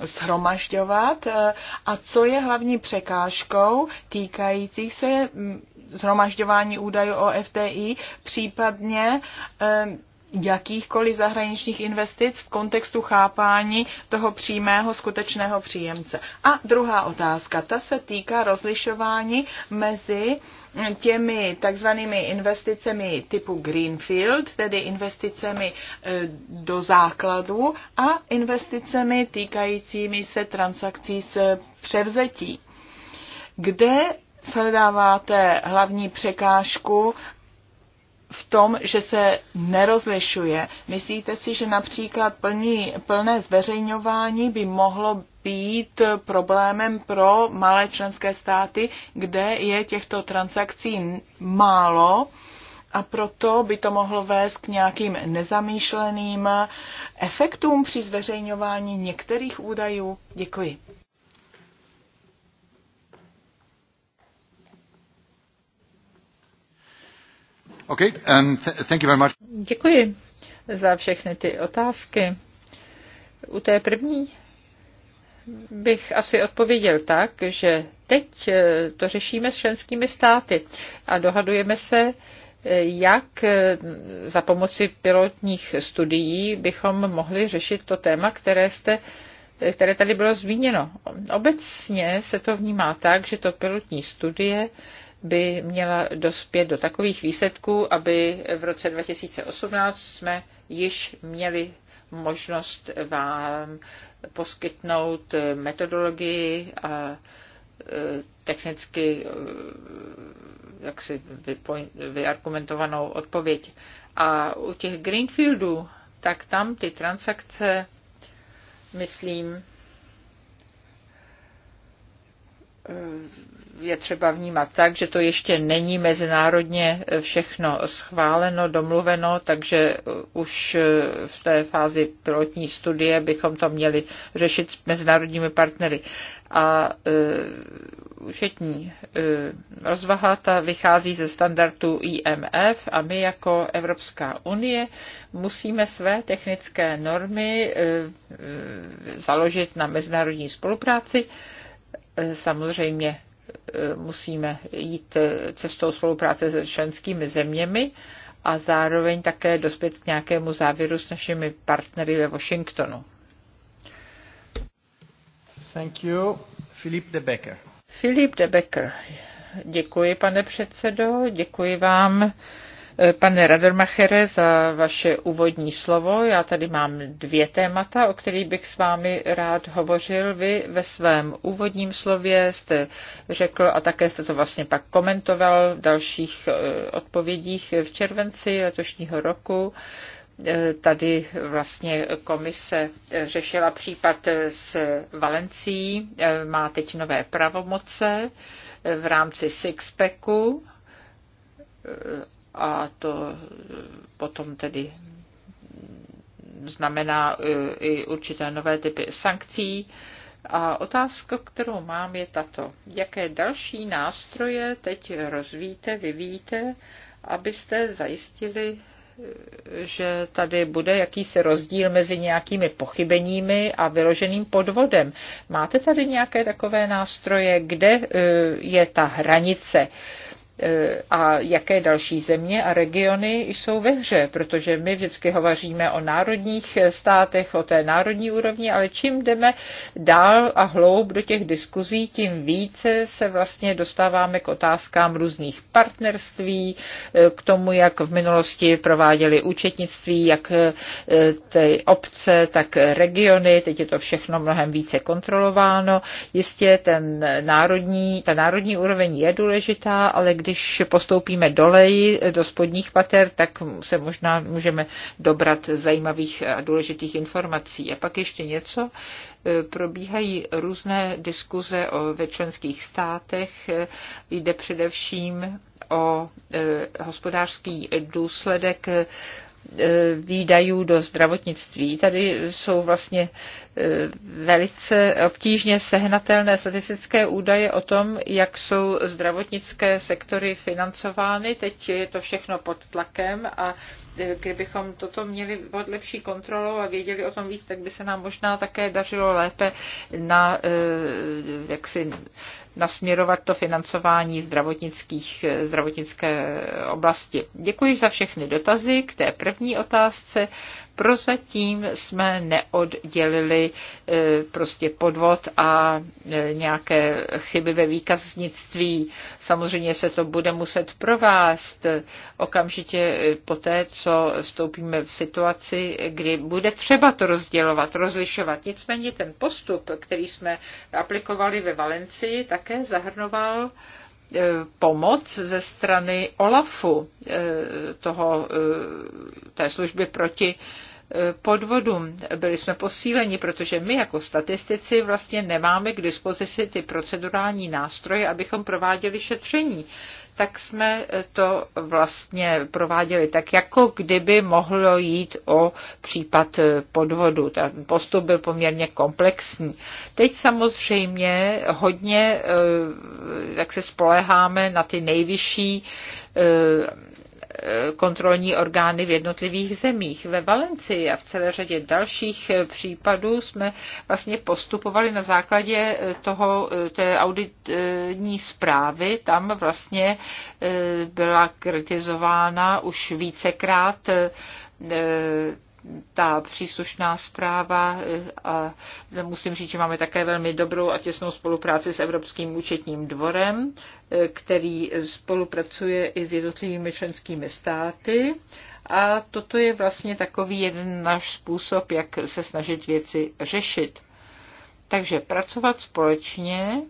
shromažďovat eh, a co je hlavní překážkou týkajících se zhromažďování mm, údajů o FTI, případně jakýchkoliv zahraničních investic v kontextu chápání toho přímého skutečného příjemce. A druhá otázka, ta se týká rozlišování mezi těmi takzvanými investicemi typu Greenfield, tedy investicemi e, do základu a investicemi týkajícími se transakcí s převzetí. Kde sledáváte hlavní překážku v tom, že se nerozlišuje. Myslíte si, že například plní, plné zveřejňování by mohlo být problémem pro malé členské státy, kde je těchto transakcí málo a proto by to mohlo vést k nějakým nezamýšleným efektům při zveřejňování některých údajů? Děkuji. Okay, and thank you very much. Děkuji za všechny ty otázky. U té první bych asi odpověděl tak, že teď eh, to řešíme s členskými státy a dohadujeme se, eh, jak eh, za pomoci pilotních studií bychom mohli řešit to téma, které jste které tady bylo zmíněno. Obecně se to vnímá tak, že to pilotní studie by měla dospět do takových výsledků, aby v roce 2018 jsme již měli možnost vám poskytnout metodologii a e, technicky e, jaksi vyargumentovanou odpověď. A u těch Greenfieldů, tak tam ty transakce, myslím, e, je třeba vnímat tak, že to ještě není mezinárodně všechno schváleno, domluveno, takže už v té fázi pilotní studie bychom to měli řešit s mezinárodními partnery. A e, účetní e, rozvaha ta vychází ze standardu IMF a my jako Evropská unie musíme své technické normy e, založit na mezinárodní spolupráci samozřejmě musíme jít cestou spolupráce se členskými zeměmi a zároveň také dospět k nějakému závěru s našimi partnery ve Washingtonu. Thank you. Philippe de Becker. Philippe de Becker. Děkuji, pane předsedo, děkuji vám Eh, pane Radermachere, za vaše úvodní slovo. Já tady mám dvě témata, o kterých bych s vámi rád hovořil. Vy ve svém úvodním slově jste řekl, a také jste to vlastně pak komentoval v dalších eh, odpovědích v červenci letošního roku, eh, tady vlastně komise řešila případ s Valencí, má teď nové pravomoce v rámci Sixpacku a to eh, potom tedy znamená eh, i určité nové typy sankcí. A otázka, kterou mám, je tato. Jaké další nástroje teď rozvíjíte, vyvíjíte, abyste zajistili, eh, že tady bude jakýsi rozdíl mezi nějakými pochybeními a vyloženým podvodem? Máte tady nějaké takové nástroje, kde je ta hranice? E, a jaké další země a regiony jsou ve hře, protože my vždycky hovaříme o národních státech, o té národní úrovni, ale čím jdeme dál a hloub do těch diskuzí, tím více se vlastně dostáváme k otázkám různých partnerství, e, k tomu, jak v minulosti prováděli účetnictví, jak e, ty obce, tak regiony, teď je to všechno mnohem více kontrolováno. Jistě ten národní, ta národní úroveň je důležitá, ale když když postoupíme dolej do spodních pater, tak se možná můžeme dobrat zajímavých a důležitých informací. A pak ještě něco. Probíhají různé diskuze o, ve členských státech. Jde především o e, hospodářský důsledek E, výdajů do zdravotnictví. Tady jsou vlastně e, velice obtížně sehnatelné statistické údaje o tom, jak jsou zdravotnické sektory financovány. Teď je to všechno pod tlakem a e, kdybychom toto měli pod lepší kontrolou a věděli o tom víc, tak by se nám možná také dařilo lépe na, jaksi, nasměrovat to financování zdravotnických, zdravotnické oblasti. Děkuji za všechny dotazy k té první otázce. Prozatím jsme neoddělili eh, prostě podvod a eh, nějaké chyby ve výkaznictví. Samozřejmě se to bude muset provést eh, okamžitě poté, co vstoupíme v situaci, kdy bude třeba to rozdělovat, rozlišovat. Nicméně ten postup, který jsme aplikovali ve Valencii, také zahrnoval E, pomoc ze strany OLAFu, e, toho, e, té služby proti podvodům. Byli jsme posíleni, protože my jako statistici vlastně nemáme k dispozici ty procedurální nástroje, abychom prováděli šetření tak jsme to vlastně prováděli tak, jako kdyby mohlo jít o případ podvodu. Ten postup byl poměrně komplexní. Teď samozřejmě hodně, eh, jak se spoleháme na ty nejvyšší eh, Eh, kontrolní orgány v jednotlivých zemích. Ve Valencii a v celé řadě dalších eh, případů jsme vlastně postupovali na základě eh, toho, té auditní zprávy. Tam vlastně byla kritizována už vícekrát ta příslušná zpráva eh, a musím říct, že máme také velmi dobrou a těsnou spolupráci s Evropským účetním dvorem, eh, který spolupracuje i s jednotlivými členskými státy. A toto je vlastně takový jeden náš způsob, jak se snažit věci řešit. Takže pracovat společně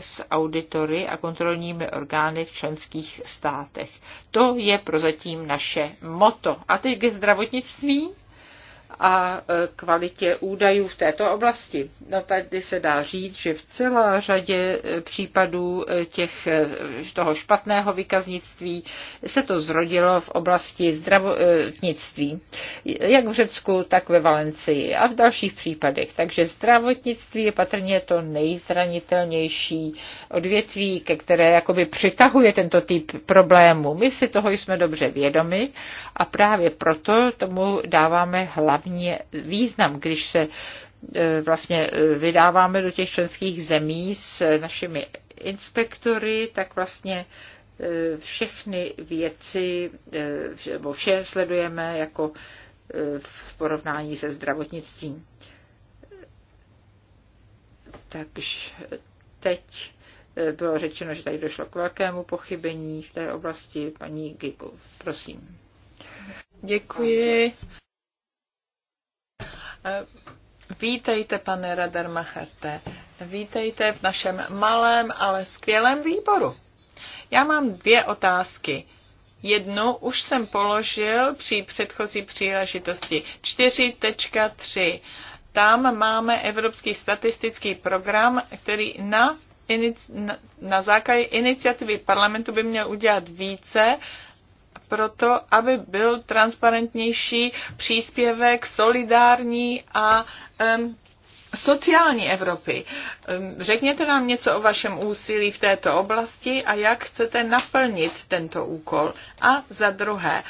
s auditory a kontrolními orgány v členských státech. To je prozatím naše moto. A teď ke zdravotnictví a e, kvalitě údajů v této oblasti. No tady se dá říct, že v celé řadě e, případů e, těch, toho špatného vykaznictví se to zrodilo v oblasti zdravotnictví, jak v Řecku, tak ve Valencii a v dalších případech. Takže zdravotnictví je patrně to nejzranitelnější odvětví, ke které jakoby přitahuje tento typ problému. My si toho jsme dobře vědomi a právě proto tomu dáváme hlavu právní význam, když se e, vlastně e, vydáváme do těch členských zemí s našimi inspektory, tak vlastně e, všechny věci, nebo vše sledujeme jako v porovnání se zdravotnictvím. Takže teď bylo řečeno, že tady došlo k velkému pochybení v té oblasti. Paní Gigu, prosím. Děkuji. Vítejte, pane Macharte. Vítejte v našem malém, ale skvělém výboru. Já mám dvě otázky. Jednu už jsem položil při předchozí příležitosti. 4.3. Tam máme Evropský statistický program, který na, na základě iniciativy parlamentu by měl udělat více proto, aby byl transparentnější příspěvek solidární a um, sociální Evropy. Um, řekněte nám něco o vašem úsilí v této oblasti a jak chcete naplnit tento úkol. A za druhé,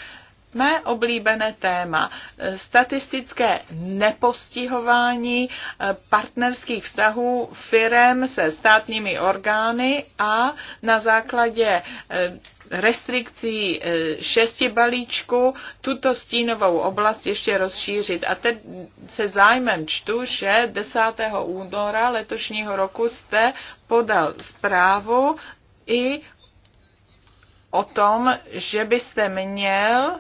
Mé oblíbené téma, eh, statistické nepostihování eh, partnerských vztahů firem se státními orgány a na základě eh, restrikcí šesti balíčku tuto stínovou oblast ještě rozšířit. A teď se zájmem čtu, že 10. února letošního roku jste podal zprávu i o tom, že byste měl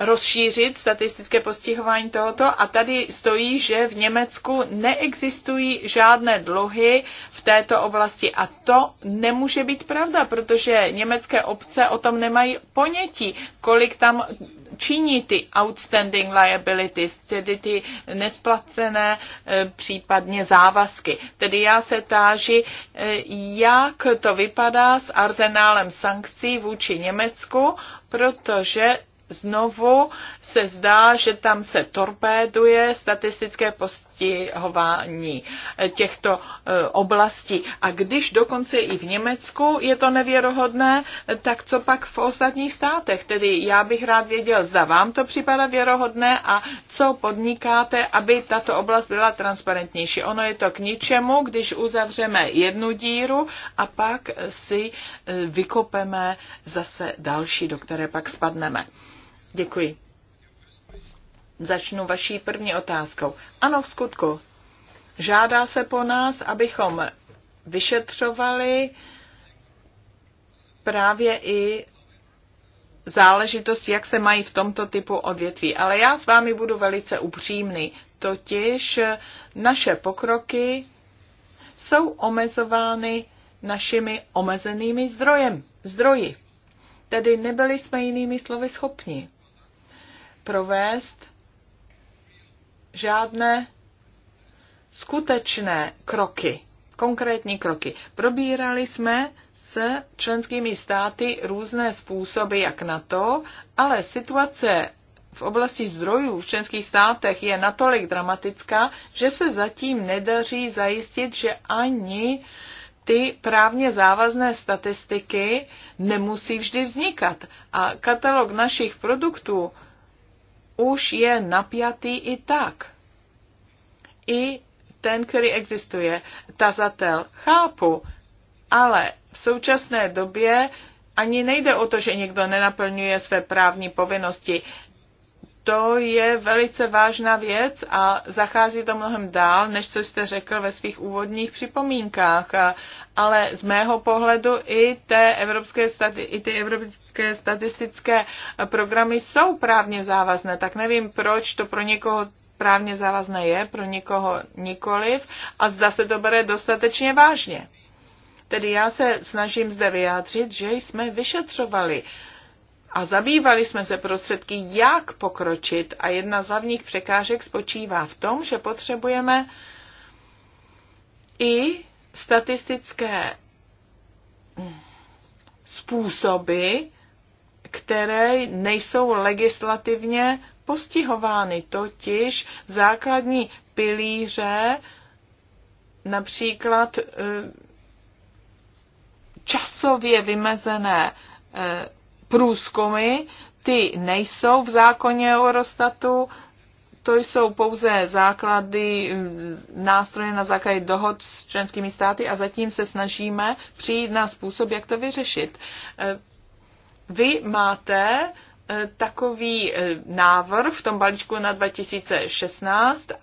rozšířit statistické postihování tohoto a tady stojí, že v Německu neexistují žádné dluhy v této oblasti a to nemůže být pravda, protože německé obce o tom nemají ponětí, kolik tam činí ty outstanding liabilities, tedy ty nesplacené e, případně závazky. Tedy já se táži, e, jak to vypadá s arzenálem sankcí vůči Německu, protože znovu se zdá, že tam se torpéduje statistické postihování těchto e, oblastí. A když dokonce i v Německu je to nevěrohodné, tak co pak v ostatních státech? Tedy já bych rád věděl, zda vám to připadá věrohodné a co podnikáte, aby tato oblast byla transparentnější. Ono je to k ničemu, když uzavřeme jednu díru a pak si e, vykopeme zase další, do které pak spadneme. Děkuji. Začnu vaší první otázkou. Ano, v skutku. Žádá se po nás, abychom vyšetřovali právě i záležitost, jak se mají v tomto typu odvětví. Ale já s vámi budu velice upřímný. Totiž naše pokroky jsou omezovány našimi omezenými zdrojem, zdroji. Tedy nebyli jsme jinými slovy schopni provést žádné skutečné kroky, konkrétní kroky. Probírali jsme s členskými státy různé způsoby, jak na to, ale situace v oblasti zdrojů v členských státech je natolik dramatická, že se zatím nedaří zajistit, že ani ty právně závazné statistiky nemusí vždy vznikat. A katalog našich produktů už je napjatý i tak. I ten, který existuje, tazatel, chápu, ale v současné době ani nejde o to, že někdo nenaplňuje své právní povinnosti to je velice vážná věc a zachází to mnohem dál, než co jste řekl ve svých úvodních připomínkách. ale z mého pohledu i, té evropské stati- i ty evropské statistické programy jsou právně závazné, tak nevím, proč to pro někoho právně závazné je, pro někoho nikoliv a zda se to bere dostatečně vážně. Tedy já se snažím zde vyjádřit, že jsme vyšetřovali uh, a zabývali jsme se prostředky, jak pokročit. A jedna z hlavních překážek spočívá v tom, že potřebujeme i statistické způsoby, které nejsou legislativně postihovány, totiž základní pilíře, například eh, časově vymezené eh, průzkumy, ty nejsou v zákoně Eurostatu, to jsou pouze základy, mm, nástroje na základě dohod s členskými státy a zatím se snažíme přijít na způsob, jak to vyřešit. E, vy máte Eh, takový eh, návrh v tom balíčku na 2016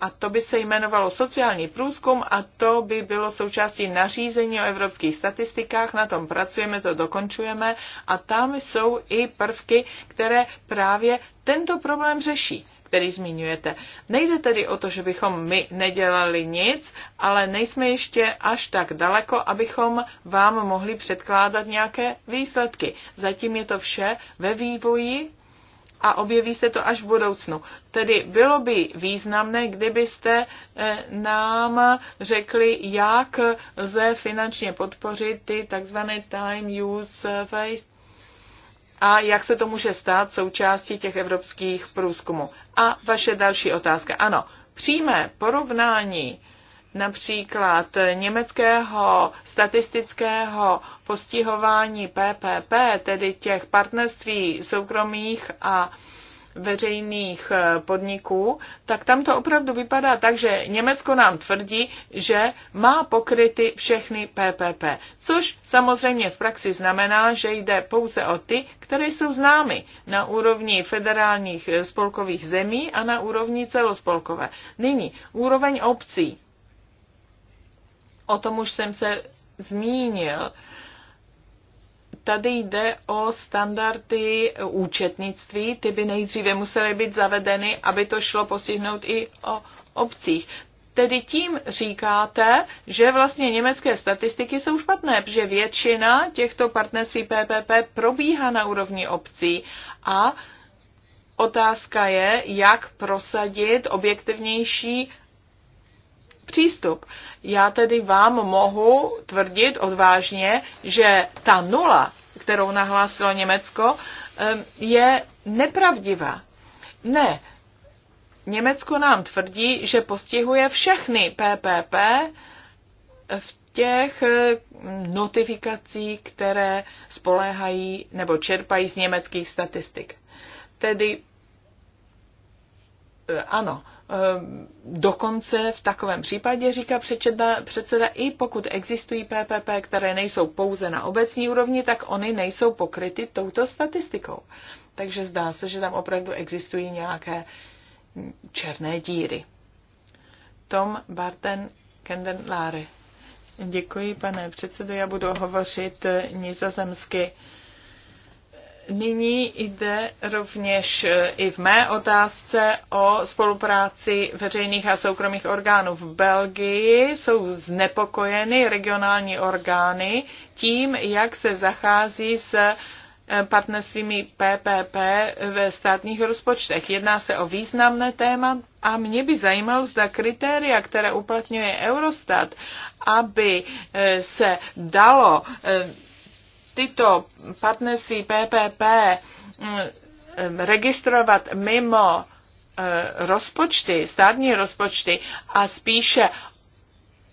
a to by se jmenovalo sociální průzkum a to by bylo součástí nařízení o evropských statistikách, na tom pracujeme, to dokončujeme a tam jsou i prvky, které právě tento problém řeší který zmiňujete. Nejde tedy o to, že bychom my nedělali nic, ale nejsme ještě až tak daleko, abychom vám mohli předkládat nějaké výsledky. Zatím je to vše ve vývoji a objeví se to až v budoucnu. Tedy bylo by významné, kdybyste eh, nám řekli, jak lze finančně podpořit ty tzv. time use face a jak se to může stát součástí těch evropských průzkumů. A vaše další otázka. Ano, přímé porovnání například německého statistického postihování PPP, tedy těch partnerství soukromých a veřejných eh, podniků, tak tam to opravdu vypadá tak, že Německo nám tvrdí, že má pokryty všechny PPP, což samozřejmě v praxi znamená, že jde pouze o ty, které jsou známy na úrovni federálních eh, spolkových zemí a na úrovni celospolkové. Nyní úroveň obcí. O tom už jsem se zmínil. Tady jde o standardy účetnictví, ty by nejdříve musely být zavedeny, aby to šlo postihnout i o obcích. Tedy tím říkáte, že vlastně německé statistiky jsou špatné, protože většina těchto partnerství PPP probíhá na úrovni obcí a otázka je, jak prosadit objektivnější přístup. Já tedy vám mohu tvrdit odvážně, že ta nula, kterou nahlásilo Německo, je nepravdivá. Ne, Německo nám tvrdí, že postihuje všechny PPP v těch eh, notifikací, které spoléhají nebo čerpají z německých statistik. Tedy eh, ano, Ehm, dokonce v takovém případě, říká předseda, předseda, i pokud existují PPP, které nejsou pouze na obecní úrovni, tak oni nejsou pokryty touto statistikou. Takže zdá se, že tam opravdu existují nějaké černé díry. Tom Barten Kendenláry. Děkuji, pane předsedo. Já budu hovořit nizozemsky. Nyní jde rovněž eh, i v mé otázce o spolupráci veřejných a soukromých orgánů. V Belgii jsou znepokojeny regionální orgány tím, jak se zachází s eh, partnerstvími PPP ve státních rozpočtech. Jedná se o významné téma a mě by zajímalo, zda kritéria, které uplatňuje Eurostat, aby eh, se dalo tyto partnerství PPP mm, mm, registrovat mimo eh, rozpočty, státní rozpočty a spíše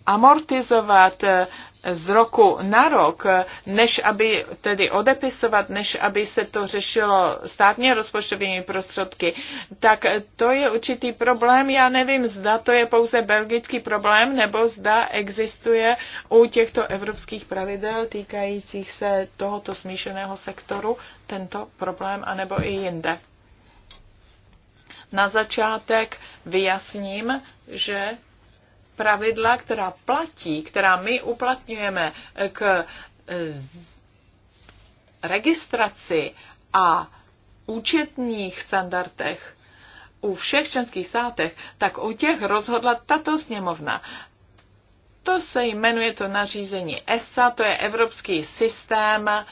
amortizovat eh, z roku na rok, než aby tedy odepisovat, než aby se to řešilo státně rozpočtovými prostředky, tak to je určitý problém. Já nevím, zda to je pouze belgický problém, nebo zda existuje u těchto evropských pravidel týkajících se tohoto smíšeného sektoru tento problém, anebo i jinde. Na začátek vyjasním, že pravidla, která platí, která my uplatňujeme k eh, registraci a účetních standardech u všech členských státech, tak o těch rozhodla tato sněmovna. To se jmenuje to nařízení ESA, to je Evropský systém eh,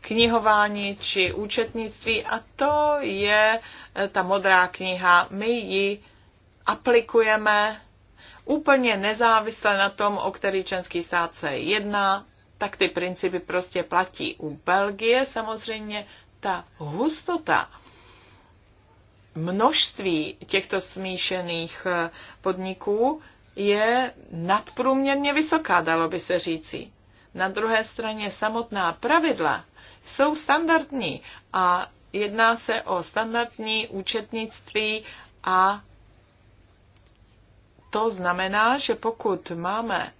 knihování či účetnictví a to je eh, ta modrá kniha. My ji aplikujeme úplně nezávisle na tom, o který členský stát se jedná, tak ty principy prostě platí. U Belgie samozřejmě ta hustota množství těchto smíšených eh, podniků je nadprůměrně vysoká, dalo by se říci. Na druhé straně samotná pravidla jsou standardní a jedná se o standardní účetnictví a to znamená, že pokud máme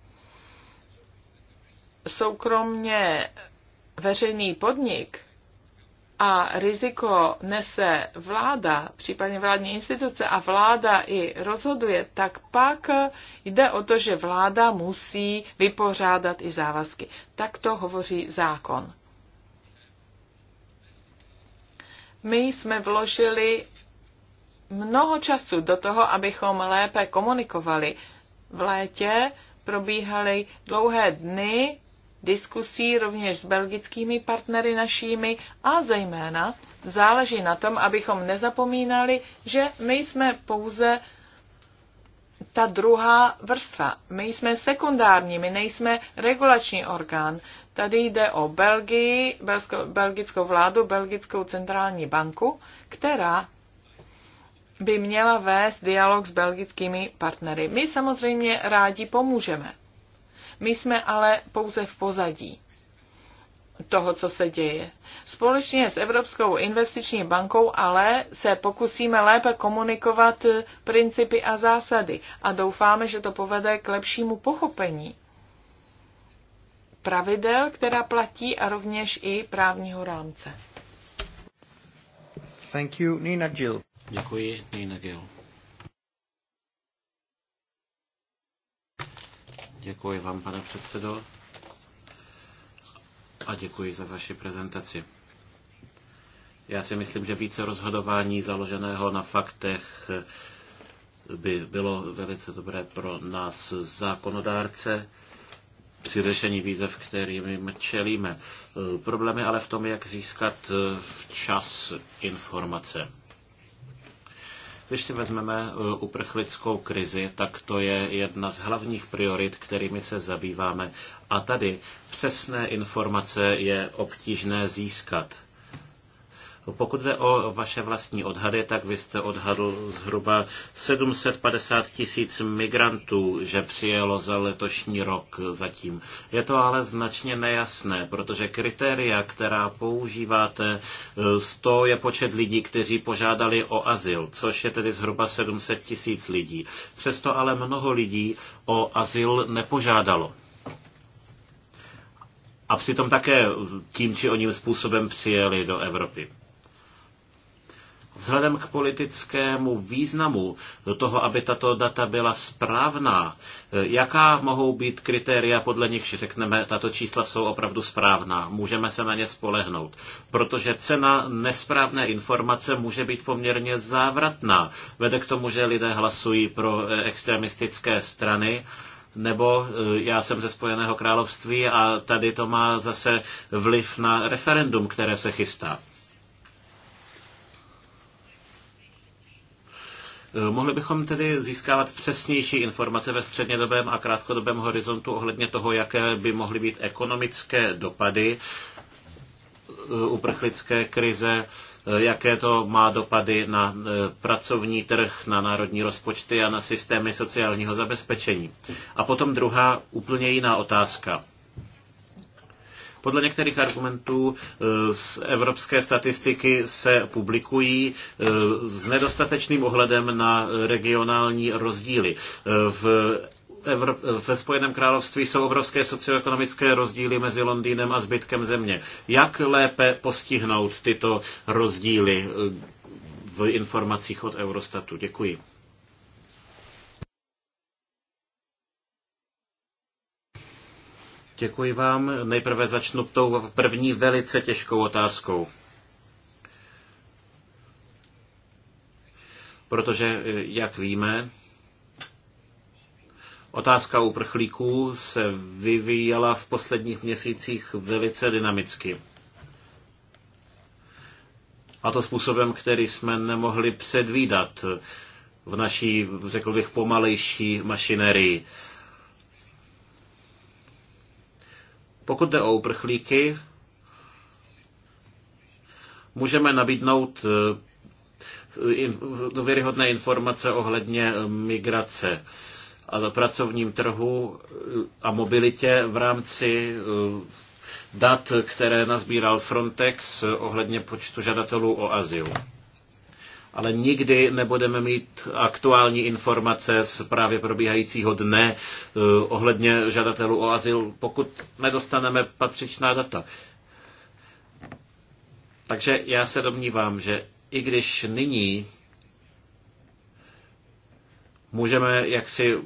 soukromně veřejný podnik a riziko nese vláda, případně vládní instituce a vláda i rozhoduje, tak pak jde o to, že vláda musí vypořádat i závazky. Tak to hovoří zákon. My jsme vložili mnoho času do toho, abychom lépe komunikovali. V létě probíhaly dlouhé dny diskusí rovněž s belgickými partnery našími a zejména záleží na tom, abychom nezapomínali, že my jsme pouze ta druhá vrstva. My jsme sekundární, my nejsme regulační orgán. Tady jde o Belgii, belsko, belgickou vládu, belgickou centrální banku, která by měla vést dialog s belgickými partnery. My samozřejmě rádi pomůžeme. My jsme ale pouze v pozadí toho, co se děje. Společně s Evropskou investiční bankou ale se pokusíme lépe komunikovat principy a zásady a doufáme, že to povede k lepšímu pochopení pravidel, která platí a rovněž i právního rámce. Thank you, Nina Jill. Děkuji, Nina Gill. Děkuji vám, pane předsedo, a děkuji za vaši prezentaci. Já si myslím, že více rozhodování založeného na faktech by bylo velice dobré pro nás zákonodárce při řešení výzev, kterým čelíme. Problém je ale v tom, jak získat včas informace. Když si vezmeme eh, uprchlickou krizi, tak to je jedna z hlavních priorit, kterými se zabýváme. A tady přesné informace je obtížné získat. Pokud jde o vaše vlastní odhady, tak vy jste odhadl zhruba 750 tisíc migrantů, že přijelo za letošní rok zatím. Je to ale značně nejasné, protože kritéria, která používáte, 100 je počet lidí, kteří požádali o azyl, což je tedy zhruba 700 tisíc lidí. Přesto ale mnoho lidí o azyl nepožádalo a přitom také tím či oním způsobem přijeli do Evropy. Vzhledem k politickému významu do toho, aby tato data byla správná, eh, jaká mohou být kritéria, podle nichž řekneme, tato čísla jsou opravdu správná, můžeme se na ně spolehnout, protože cena nesprávné informace může být poměrně závratná. Vede k tomu, že lidé hlasují pro eh, extremistické strany, nebo eh, já jsem ze Spojeného království a tady to má zase vliv na referendum, které se chystá. Eh, mohli bychom tedy získávat přesnější informace ve střednědobém a krátkodobém horizontu ohledně toho, jaké by mohly být ekonomické dopady eh, uprchlické krize, eh, jaké to má dopady na pracovní trh, na národní rozpočty a na systémy sociálního zabezpečení. A potom druhá úplně jiná otázka. Podle některých argumentů eh, z evropské statistiky se publikují eh, s nedostatečným ohledem na regionální rozdíly. Eh, v Evrop- ve Spojeném království jsou obrovské socioekonomické rozdíly mezi Londýnem a zbytkem země. Jak lépe postihnout tyto rozdíly v informacích od Eurostatu? Děkuji. Děkuji vám. Nejprve začnu tou první velice těžkou otázkou. Protože, jak víme, otázka uprchlíků se vyvíjela v posledních měsících velice dynamicky. A to způsobem, který jsme nemohli předvídat v naší, řekl bych, pomalejší mašinerii. Pokud jde o uprchlíky, můžeme nabídnout eh, důvěryhodné informace ohledně eh, migrace a pracovním trhu eh, a mobilitě v rámci dat, které nazbíral Frontex ohledně počtu žadatelů o azyl ale nikdy nebudeme mít aktuální informace z právě probíhajícího dne eh, ohledně žadatelů o azyl, pokud nedostaneme patřičná data. Takže já se domnívám, že i když nyní můžeme jaksi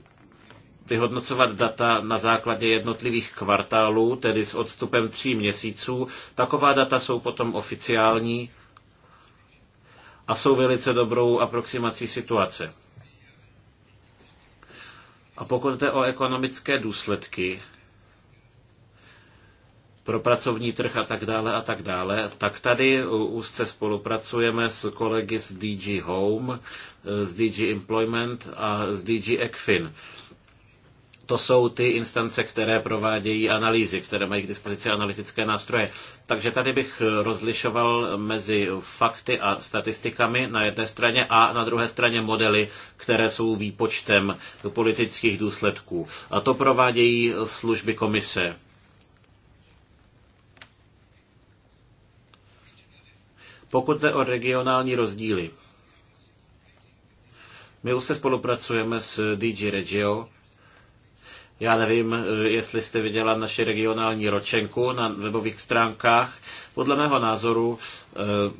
vyhodnocovat data na základě jednotlivých kvartálů, tedy s odstupem tří měsíců, taková data jsou potom oficiální a jsou velice dobrou aproximací situace. A pokud jde o ekonomické důsledky pro pracovní trh a tak dále a tak dále, tak tady úzce spolupracujeme s kolegy z DG Home, eh, z DG Employment a z DG ECFIN to jsou ty instance, které provádějí analýzy, které mají k dispozici analytické nástroje. Takže tady bych rozlišoval mezi fakty a statistikami na jedné straně a na druhé straně modely, které jsou výpočtem politických důsledků. A to provádějí služby komise. Pokud jde o regionální rozdíly, my už se spolupracujeme s DG Regio, já nevím, eh, jestli jste viděla naši regionální ročenku na webových stránkách. Podle mého názoru eh,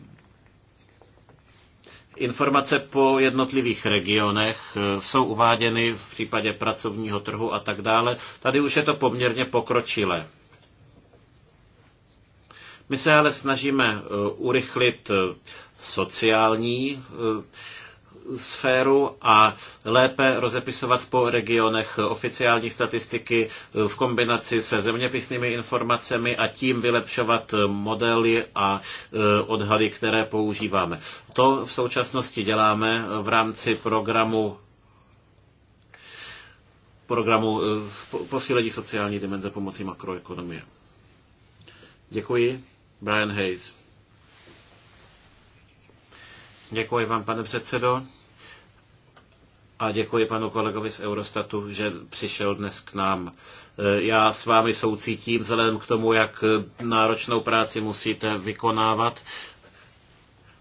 Informace po jednotlivých regionech eh, jsou uváděny v případě pracovního trhu a tak dále. Tady už je to poměrně pokročilé. My se ale snažíme urychlit sociální sféru a lépe rozepisovat po regionech oficiální statistiky v kombinaci se zeměpisnými informacemi a tím vylepšovat modely a e, odhady, které používáme. To v současnosti děláme v rámci programu programu e, posílení sociální dimenze pomocí makroekonomie. Děkuji. Brian Hayes. Děkuji vám, pane předsedo. A děkuji panu kolegovi z Eurostatu, že přišel dnes k nám. Já s vámi soucítím vzhledem k tomu, jak náročnou práci musíte vykonávat,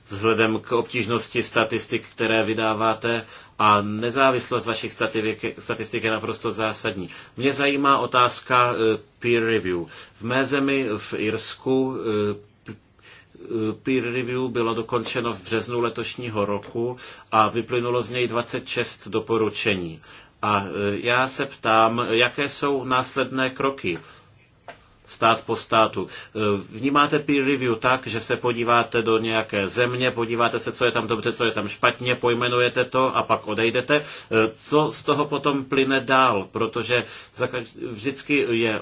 vzhledem k obtížnosti statistik, které vydáváte a nezávislost vašich statistik je naprosto zásadní. Mě zajímá otázka eh, peer review. V mé zemi v Irsku eh, Eh, peer review bylo dokončeno v březnu letošního roku a vyplynulo z něj 26 doporučení. A eh, já se ptám, jaké jsou následné kroky stát po státu. E, vnímáte peer review tak, že se podíváte do nějaké země, podíváte se, co je tam dobře, co je tam špatně, pojmenujete to a pak odejdete. E, co z toho potom plyne dál? Protože vždycky je,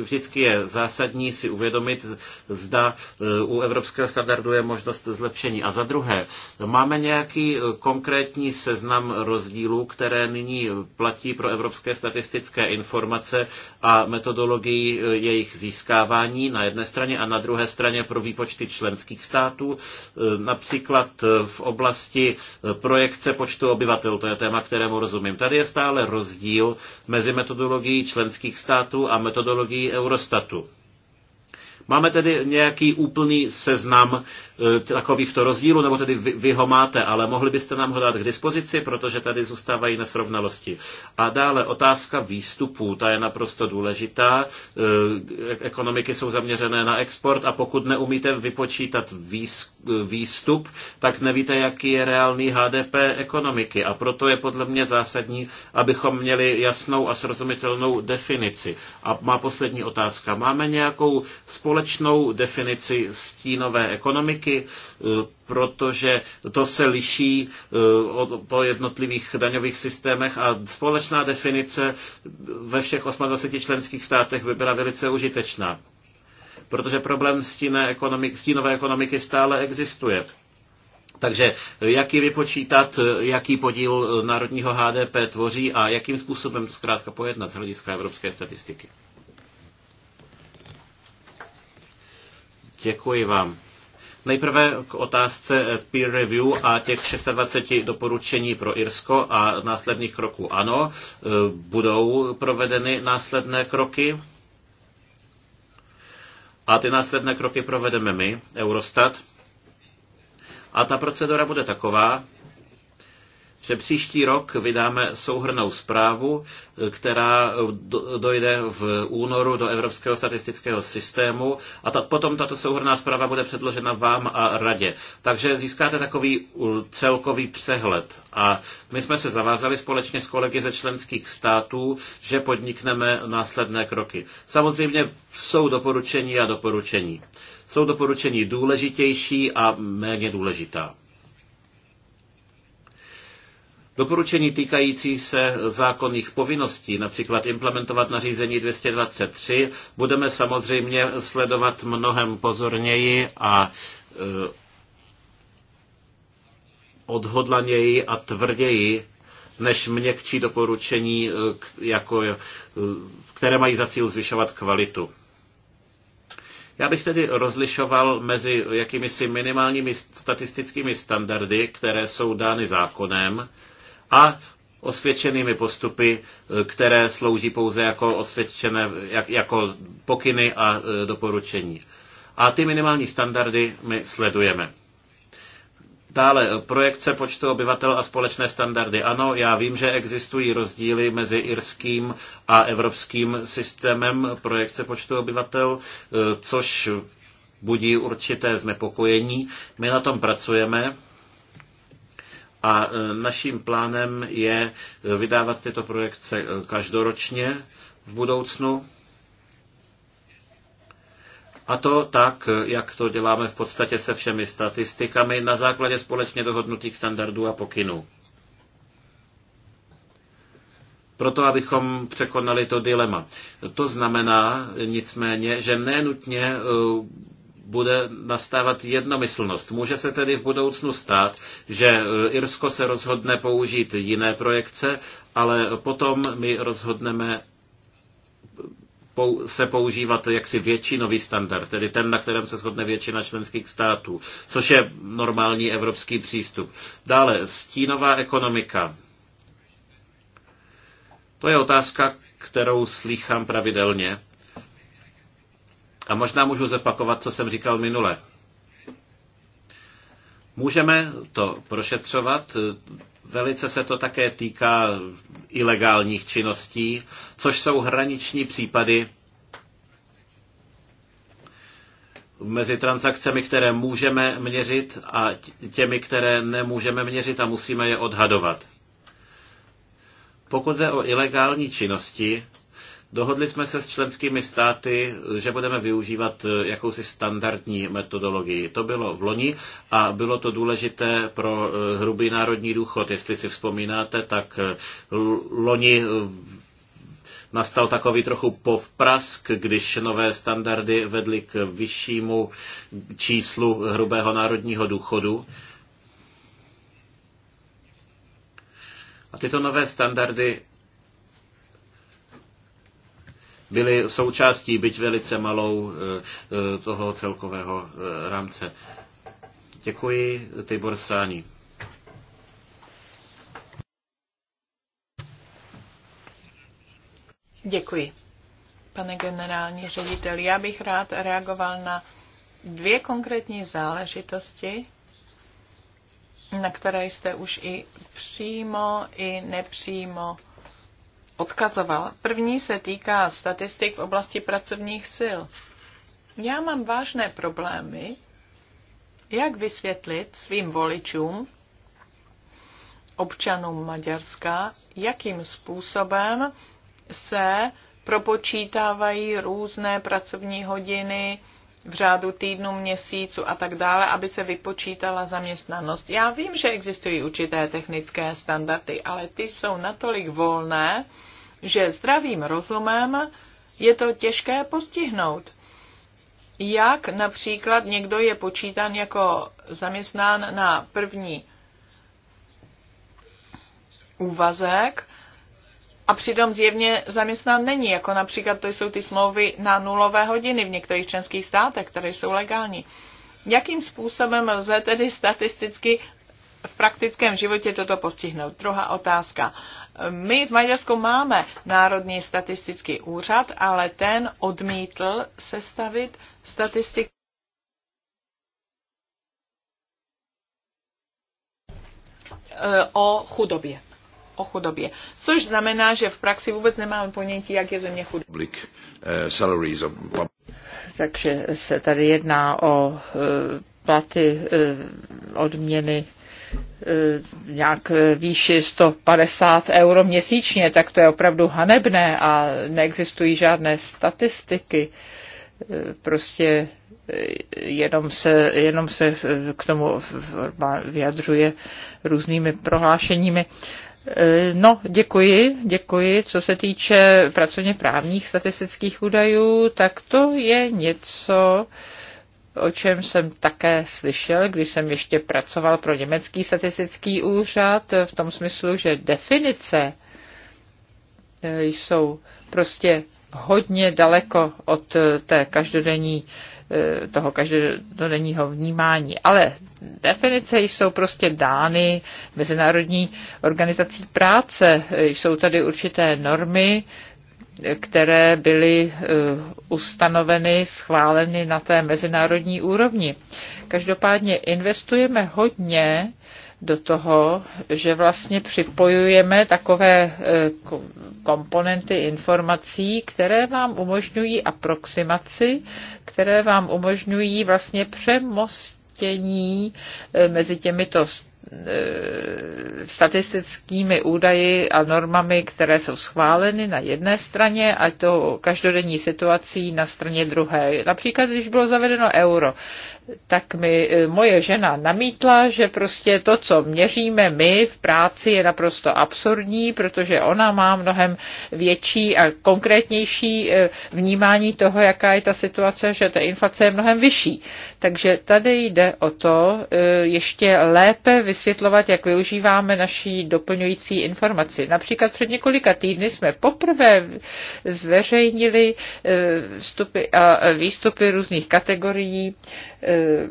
vždycky je zásadní si uvědomit, zda e, u evropského standardu je možnost zlepšení. A za druhé, máme nějaký konkrétní seznam rozdílů, které nyní platí pro evropské statistické informace a metodologii jejich jejich získávání na jedné straně a na druhé straně pro výpočty členských států, e, například e, v oblasti e, projekce počtu obyvatel, to je téma, kterému rozumím. Tady je stále rozdíl mezi metodologií členských států a metodologií Eurostatu. Máme tedy nějaký úplný seznam eh, takovýchto rozdílů, nebo tedy vy, vy ho máte, ale mohli byste nám ho dát k dispozici, protože tady zůstávají nesrovnalosti. A dále otázka výstupů, ta je naprosto důležitá. Eh, e, ekonomiky jsou zaměřené na export a pokud neumíte vypočítat výstup, tak nevíte, jaký je reálný HDP ekonomiky. A proto je podle mě zásadní, abychom měli jasnou a srozumitelnou definici. A má poslední otázka. Máme nějakou společnost společnou definici stínové ekonomiky, e, protože to se liší e, po jednotlivých daňových systémech a společná definice ve všech 28 členských státech by byla velice užitečná, protože problém stíné ekonomik, stínové ekonomiky stále existuje. Takže jak ji vypočítat, jaký podíl národního HDP tvoří a jakým způsobem zkrátka pojednat z hlediska evropské statistiky. Děkuji vám. Nejprve k otázce peer review a těch 26 doporučení pro Irsko a následných kroků. Ano, e, budou provedeny následné kroky. A ty následné kroky provedeme my, Eurostat. A ta procedura bude taková, že prostě příští rok vydáme souhrnou zprávu, e, která e, dojde v únoru do Evropského statistického systému a ta, potom tato souhrná zpráva bude předložena vám a radě. Takže získáte takový celkový přehled. A my jsme se zavázali společně s kolegy ze členských států, že podnikneme následné kroky. Samozřejmě jsou doporučení a doporučení. Jsou doporučení důležitější a méně důležitá. Doporučení týkající se zákonných povinností, například implementovat nařízení 223, budeme samozřejmě sledovat mnohem pozorněji a eh, odhodlaněji a tvrději než měkčí doporučení, eh, jako, eh, které mají za cíl zvyšovat kvalitu. Já bych tedy rozlišoval mezi jakýmisi minimálními statistickými standardy, které jsou dány zákonem, a osvědčenými postupy, eh, které slouží pouze jako osvědčené, jak, jako pokyny a eh, doporučení. A ty minimální standardy my sledujeme. Dále eh, projekce počtu obyvatel a společné standardy. Ano, já vím, že existují rozdíly mezi irským a evropským systémem projekce počtu obyvatel, což budí určité znepokojení. My na tom pracujeme a e, naším plánem je e, vydávat tyto projekce e, každoročně v budoucnu. A to tak, jak to děláme v podstatě se všemi statistikami na základě společně dohodnutých standardů a pokynů. Proto, abychom překonali to dilema. To znamená nicméně, že nenutně bude nastávat jednomyslnost. Může se tedy v budoucnu stát, že e, Irsko se rozhodne použít jiné projekce, ale potom my rozhodneme se používat jaksi většinový standard, tedy ten, na kterém se shodne většina členských států, což je normální evropský přístup. Dále, stínová ekonomika. To je otázka, kterou slýchám pravidelně. A možná můžu zopakovat, co jsem říkal minule. Můžeme to prošetřovat. Velice se to také týká ilegálních činností, což jsou hraniční případy mezi transakcemi, které můžeme měřit a těmi, které nemůžeme měřit a musíme je odhadovat. Pokud jde o ilegální činnosti, Dohodli jsme se s členskými státy, že budeme využívat eh, jakousi standardní metodologii. To bylo v loni a bylo to důležité pro eh, hrubý národní důchod. Jestli si vzpomínáte, tak eh, loni nastal takový trochu povprask, když nové standardy vedly k vyššímu číslu hrubého národního důchodu. A tyto nové standardy byly součástí, byť velice malou, eh, eh, toho celkového eh, rámce. Děkuji, Tibor Sání. Děkuji. Pane generální ředitel. já bych rád reagoval na dvě konkrétní záležitosti, na které jste už i přímo, i nepřímo odkazoval. První se týká statistik v oblasti pracovních sil. Já mám vážné problémy, jak vysvětlit svým voličům, občanům Maďarska, jakým způsobem se propočítávají různé pracovní hodiny v řádu týdnu, měsíců a tak dále, aby se vypočítala zaměstnanost. Já vím, že existují určité technické standardy, ale ty jsou natolik volné, že zdravým rozumem je to těžké postihnout. Jak například někdo je počítán jako zaměstnán na první úvazek a přitom zjevně zaměstnán není, jako například to jsou ty smlouvy na nulové hodiny v některých členských státech, které jsou legální. Jakým způsobem lze tedy statisticky v praktickém životě toto postihnout? Druhá otázka. My v Maďarsku máme Národní statistický úřad, ale ten odmítl sestavit statistiku e, o chudobě. O chudobě. Což znamená, že v praxi vůbec nemáme ponětí, jak je země chudá. E, Takže se tady jedná o e, platy, odměny Eh, nějak eh, výši 150 euro měsíčně, tak to je opravdu hanebné a neexistují žádné statistiky. Eh, prostě jenom se, jenom se k tomu vyjadřuje různými prohlášeními. No, děkuji, děkuji. Co se týče pracovně právních statistických údajů, tak to je něco, o čem jsem také slyšel, když jsem ještě pracoval pro Německý statistický úřad, v tom smyslu, že definice eh, jsou prostě hodně daleko od eh, té každodenní eh, toho každodenního vnímání. Ale definice jsou prostě dány Mezinárodní organizací práce. Jsou tady určité normy, které byly eh, ustanoveny, schváleny na té mezinárodní úrovni. Každopádně investujeme hodně do toho, že vlastně připojujeme takové eh, komponenty informací, které vám umožňují aproximaci, které vám umožňují vlastně přemostění eh, mezi těmito E, statistickými údaji a normami, které jsou schváleny na jedné straně a to každodenní situací na straně druhé. Například, když bylo zavedeno euro, tak mi e, moje žena namítla, že prostě to, co měříme my v práci, je naprosto absurdní, protože ona má mnohem větší a konkrétnější e, vnímání toho, jaká je ta situace, že ta inflace je mnohem vyšší. Takže tady jde o to e, ještě lépe vysvětlovat, jak využíváme naší doplňující informaci. Například před několika týdny jsme poprvé zveřejnili vstupy a výstupy různých kategorií, Eh,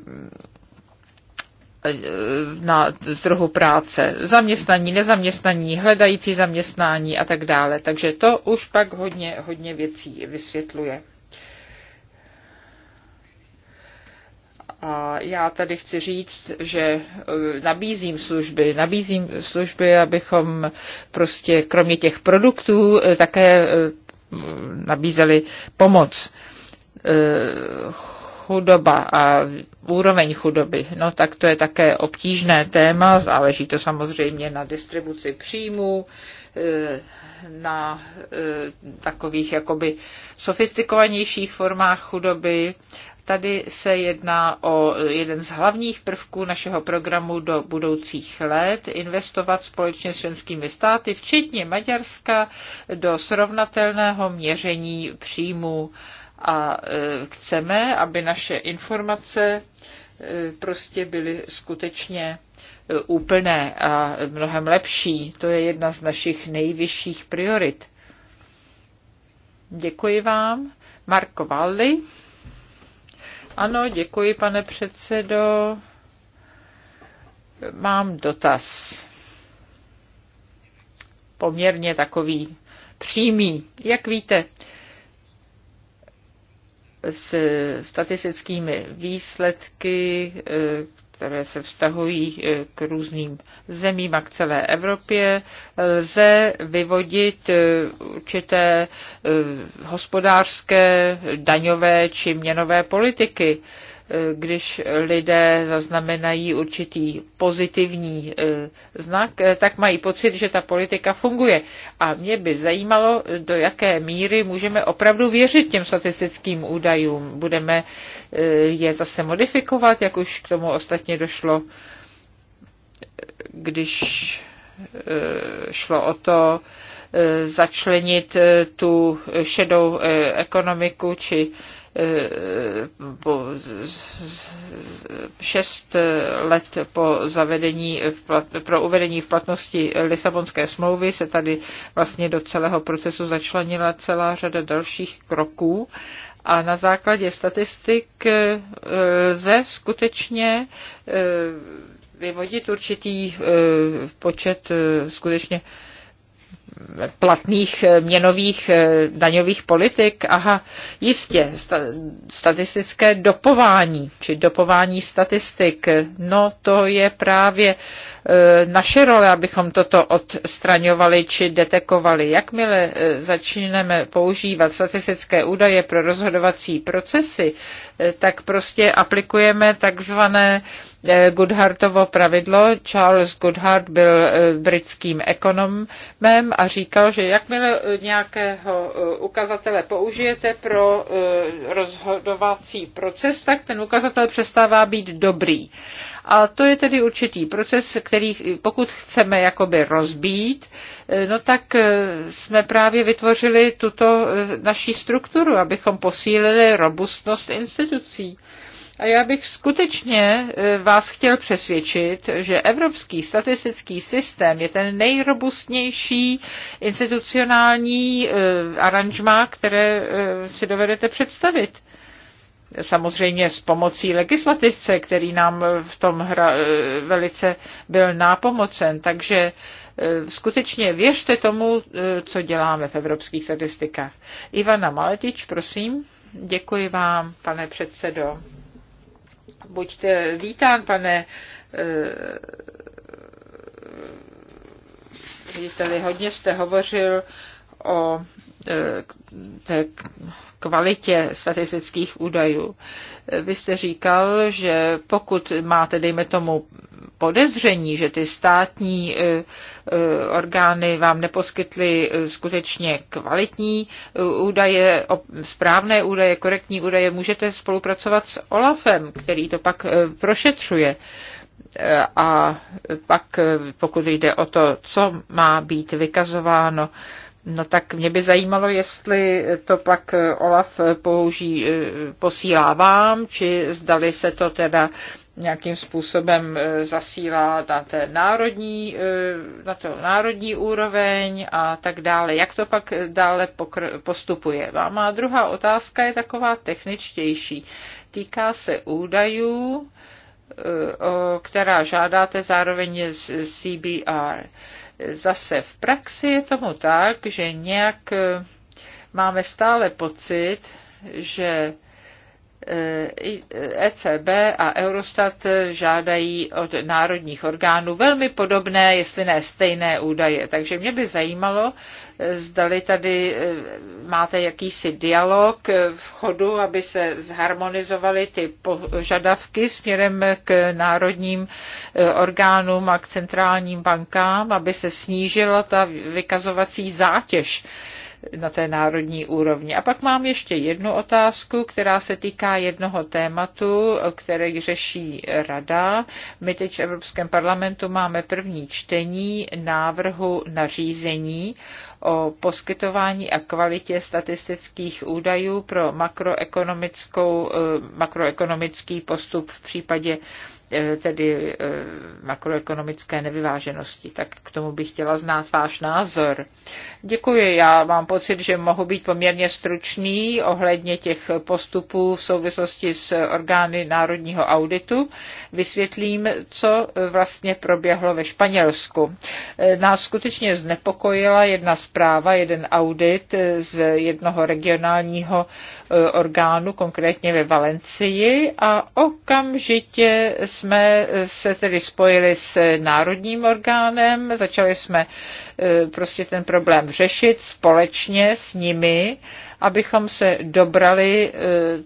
na trhu práce. Zaměstnaní, nezaměstnaní, hledající zaměstnání a tak dále. Takže to už pak hodně, hodně věcí vysvětluje. A já tady chci říct, že eh, nabízím služby, nabízím služby, abychom prostě kromě těch produktů eh, také nabízeli pomoc chudoba a úroveň chudoby. No tak to je také obtížné téma, záleží to samozřejmě na distribuci příjmů, eh, na eh, takových jakoby sofistikovanějších formách chudoby. Tady se jedná o jeden z hlavních prvků našeho programu do budoucích let, investovat společně s členskými státy, včetně Maďarska, do srovnatelného měření příjmů a e, chceme, aby naše informace e, prostě byly skutečně e, úplné a mnohem lepší. To je jedna z našich nejvyšších priorit. Děkuji vám. Marko Valli. Ano, děkuji, pane předsedo. Mám dotaz. Poměrně takový přímý. Jak víte, s statistickými výsledky, eh, které se vztahují eh, k různým zemím a k celé Evropě, lze vyvodit eh, určité hospodářské, daňové či měnové politiky když lidé zaznamenají určitý pozitivní e, znak, e, tak mají pocit, že ta politika funguje. A mě by zajímalo, do jaké míry můžeme opravdu věřit těm statistickým údajům. Budeme e, je zase modifikovat, jak už k tomu ostatně došlo, když šlo o to, začlenit tu šedou ekonomiku či šest let po zavedení pro uvedení v platnosti Lisabonské smlouvy se tady vlastně do celého procesu začlenila celá řada dalších kroků a na základě statistik eh, lze skutečně eh, vyvodit určitý eh, počet skutečně platných eh, měnových eh, daňových politik? Aha, jistě, statistické dopování, či dopování statistik, no to je právě E, naše role, abychom toto odstraňovali či detekovali. Jakmile e, začneme používat statistické údaje pro rozhodovací procesy, e, tak prostě aplikujeme takzvané Goodhartovo pravidlo. Charles Goodhart byl britským ekonomem a říkal, že jakmile nějakého ukazatele použijete pro rozhodovací proces, tak ten ukazatel přestává být dobrý. A to je tedy určitý proces, který pokud chceme jakoby rozbít, no tak e, jsme právě vytvořili tuto e, naší strukturu, abychom posílili robustnost institucí. A já bych skutečně e, vás chtěl přesvědčit, že evropský statistický systém je ten nejrobustnější institucionální aranžma, které si dovedete představit samozřejmě s pomocí legislativce, který nám v tom hra, eh, velice byl nápomocen. Takže eh, skutečně věřte tomu, eh, co děláme v evropských statistikách. Ivana Maletič, prosím. Děkuji vám, pane předsedo. Buďte vítán, pane Víte, Hodně jste hovořil o e, té kvalitě statistických údajů. Vy jste říkal, že pokud máte, dejme tomu, podezření, že ty státní e, e, orgány vám neposkytly skutečně kvalitní údaje, správné údaje, korektní údaje, můžete spolupracovat s OLAFem, který to pak prošetřuje a pak pokud jde o to, co má být vykazováno No tak mě by zajímalo, jestli to pak Olaf použí, eh, posílá vám, či zdali se to teda nějakým způsobem eh, zasílá na, té národní, eh, na to národní úroveň a tak dále. Jak to pak dále postupuje? A má druhá otázka je taková techničtější. Týká se údajů, která žádáte zároveň z CBR. Zase v praxi je tomu tak, že nějak eh, máme stále pocit, že ECB eh, eh, e a Eurostat žádají od národních orgánů velmi podobné, jestli ne stejné údaje. Takže mě by zajímalo, zdali tady eh, máte jakýsi dialog v chodu, aby se zharmonizovaly ty požadavky směrem k národním eh, orgánům a k centrálním bankám, aby se snížila ta vykazovací zátěž na té národní úrovni. A pak mám ještě jednu otázku, která se týká jednoho tématu, které řeší Rada. My teď v Evropském parlamentu máme první čtení návrhu nařízení o poskytování a kvalitě statistických údajů pro makroekonomickou, eh, makroekonomický postup v případě eh, tedy eh, makroekonomické nevyváženosti. Tak k tomu bych chtěla znát váš názor. Děkuji. Já mám pocit, že mohu být poměrně stručný ohledně těch postupů v souvislosti s orgány národního auditu. Vysvětlím, co vlastně proběhlo ve Španělsku. Nás skutečně znepokojila jedna z zpráva, jeden audit z jednoho regionálního e, orgánu, konkrétně ve Valencii a okamžitě jsme se tedy spojili s národním orgánem, začali jsme e, prostě ten problém řešit společně s nimi abychom se dobrali e,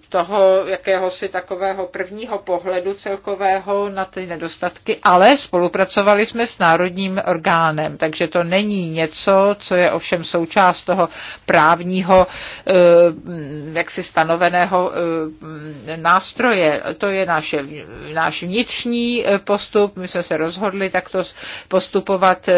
toho jakéhosi takového prvního pohledu celkového na ty nedostatky, ale spolupracovali jsme s národním orgánem, takže to není něco, co je ovšem součást toho právního e, jaksi stanoveného e, nástroje. To je naše, náš vnitřní postup, my jsme se rozhodli takto postupovat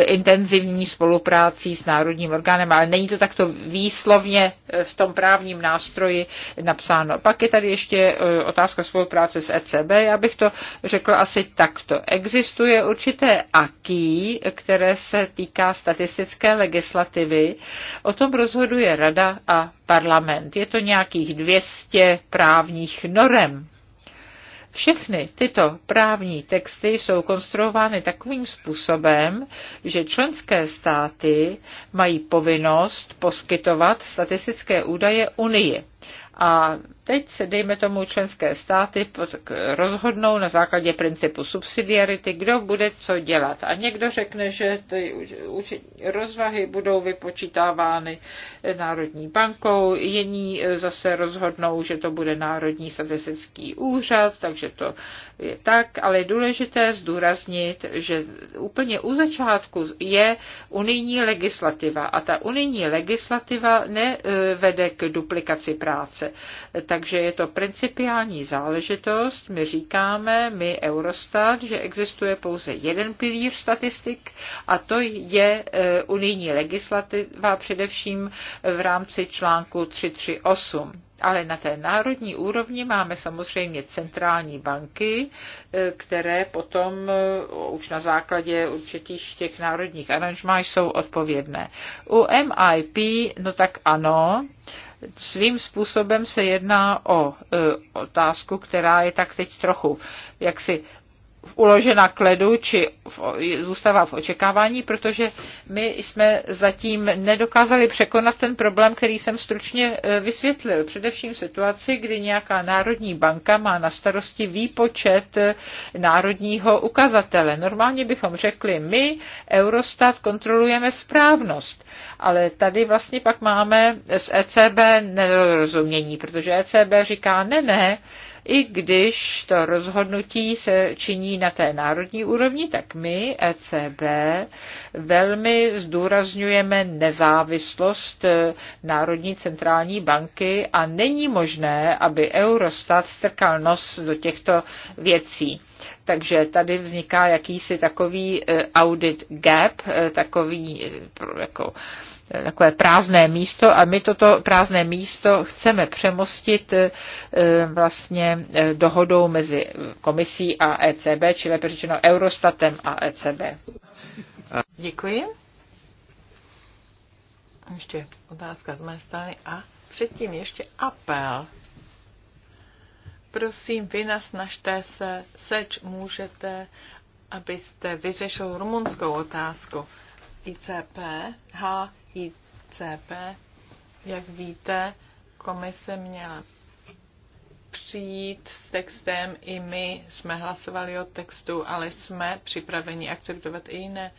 intenzivní spoluprácí s národním orgánem, ale není to takto výslovně v tom právním nástroji napsáno. Pak je tady ještě e, otázka spolupráce s ECB. Já bych to řekl asi takto. Existuje určité aký, které se týká statistické legislativy. O tom rozhoduje Rada a parlament. Je to nějakých 200 právních norem všechny tyto právní texty jsou konstruovány takovým způsobem, že členské státy mají povinnost poskytovat statistické údaje Unii. A teď se, dejme tomu, členské státy rozhodnou na základě principu subsidiarity, kdo bude co dělat. A někdo řekne, že ty rozvahy budou vypočítávány eh, Národní bankou, jiní eh, zase rozhodnou, že to bude Národní statistický úřad, takže to je tak, ale je důležité zdůraznit, že úplně u začátku je unijní legislativa a ta unijní legislativa nevede eh, k duplikaci práce takže je to principiální záležitost. My říkáme, my Eurostat, že existuje pouze jeden pilíř statistik a to je e, unijní legislativa především v rámci článku 338 ale na té národní úrovni máme samozřejmě centrální banky, e, které potom e, už na základě určitých těch národních aranžmá jsou odpovědné. U MIP, no tak ano, svým způsobem se jedná o e, otázku, která je tak teď trochu jaksi uložena k ledu či v, zůstává v očekávání, protože my jsme zatím nedokázali překonat ten problém, který jsem stručně e, vysvětlil. Především situaci, kdy nějaká národní banka má na starosti výpočet e, národního ukazatele. Normálně bychom řekli, my, Eurostat, kontrolujeme správnost, ale tady vlastně pak máme z ECB nedorozumění, protože ECB říká, ne, ne, i když to rozhodnutí se činí na té národní úrovni, tak my, ECB, velmi zdůrazňujeme nezávislost eh, Národní centrální banky a není možné, aby Eurostat strkal nos do těchto věcí. Takže tady vzniká jakýsi takový eh, audit gap, eh, takový eh, jako takové prázdné místo a my toto prázdné místo chceme přemostit vlastně dohodou mezi komisí a ECB, či přečeno Eurostatem a ECB. Děkuji. Ještě otázka z mé strany a předtím ještě apel Prosím, vy nás našte se, seč můžete, abyste vyřešil rumunskou otázku. ICP, HICP, jak víte, komise měla přijít s textem, i my jsme hlasovali o textu, ale jsme připraveni akceptovat i jiné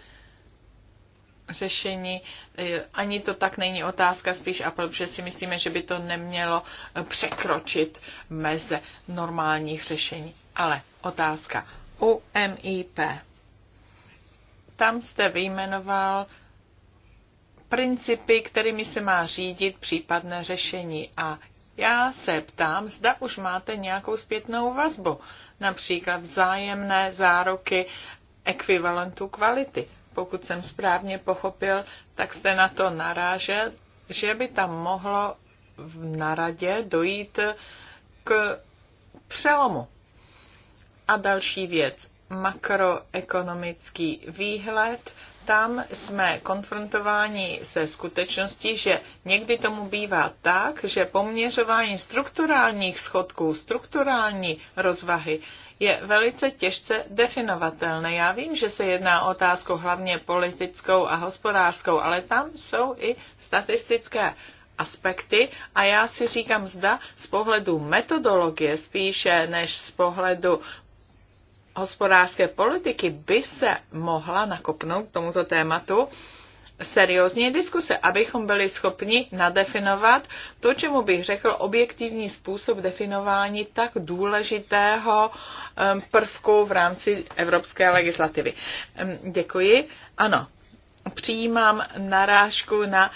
řešení. E, ani to tak není otázka, spíš a protože si myslíme, že by to nemělo překročit meze normálních řešení. Ale otázka. U MIP. Tam jste vyjmenoval principy, kterými se má řídit případné řešení. A já se ptám, zda už máte nějakou zpětnou vazbu, například vzájemné záruky ekvivalentu kvality pokud jsem správně pochopil, tak jste na to narážel, že by tam mohlo v naradě dojít k přelomu. A další věc, makroekonomický výhled tam jsme konfrontováni se skutečností, že někdy tomu bývá tak, že poměřování strukturálních schodků, strukturální rozvahy je velice těžce definovatelné. Já vím, že se jedná o otázku hlavně politickou a hospodářskou, ale tam jsou i statistické aspekty a já si říkám, zda z pohledu metodologie spíše než z pohledu hospodářské politiky by se mohla nakopnout k tomuto tématu seriózní diskuse, abychom byli schopni nadefinovat to, čemu bych řekl objektivní způsob definování tak důležitého prvku v rámci evropské legislativy. Děkuji. Ano, přijímám narážku na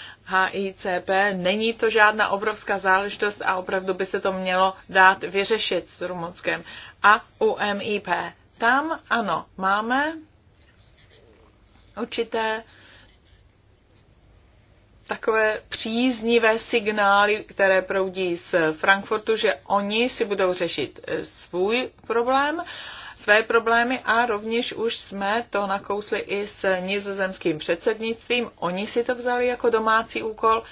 HICP. Není to žádná obrovská záležitost a opravdu by se to mělo dát vyřešit s Rumunskem. A UMIP. Tam ano, máme určité takové příznivé signály, které proudí z Frankfurtu, že oni si budou řešit eh, svůj problém, své problémy a rovněž už jsme to nakousli i s nizozemským předsednictvím. Oni si to vzali jako domácí úkol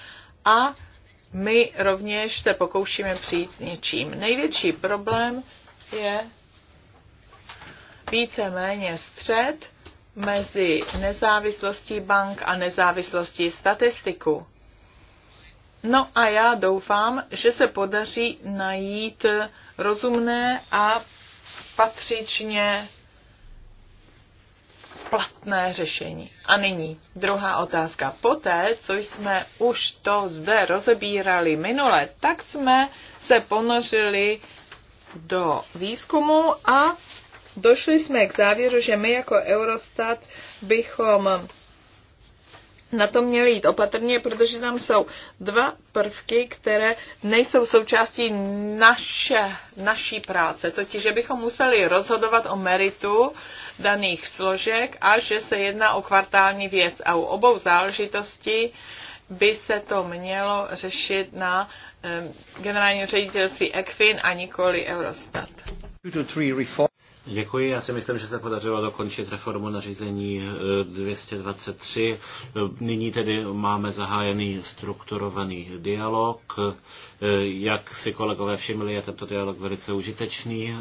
a my rovněž se pokoušíme přijít s něčím. Největší problém je víceméně střed mezi nezávislostí bank a nezávislostí statistiku. No a já doufám, že se podaří najít rozumné a patřičně platné řešení. A nyní druhá otázka. Poté, co jsme už to zde rozebírali minule, tak jsme se ponořili do výzkumu a došli jsme k závěru, že my jako Eurostat bychom na to měli jít opatrně, protože tam jsou dva prvky, které nejsou součástí naše, naší práce. Totiž, že bychom museli rozhodovat o meritu daných složek a že se jedná o kvartální věc. A u obou záležitostí by se to mělo řešit na eh, generálním ředitelství ECFIN a nikoli Eurostat. Děkuji. Já si myslím, že se podařilo dokončit reformu nařízení 223. Eh, eh, nyní tedy máme zahájený strukturovaný dialog. Eh, jak si kolegové všimli, je tento dialog velice užitečný.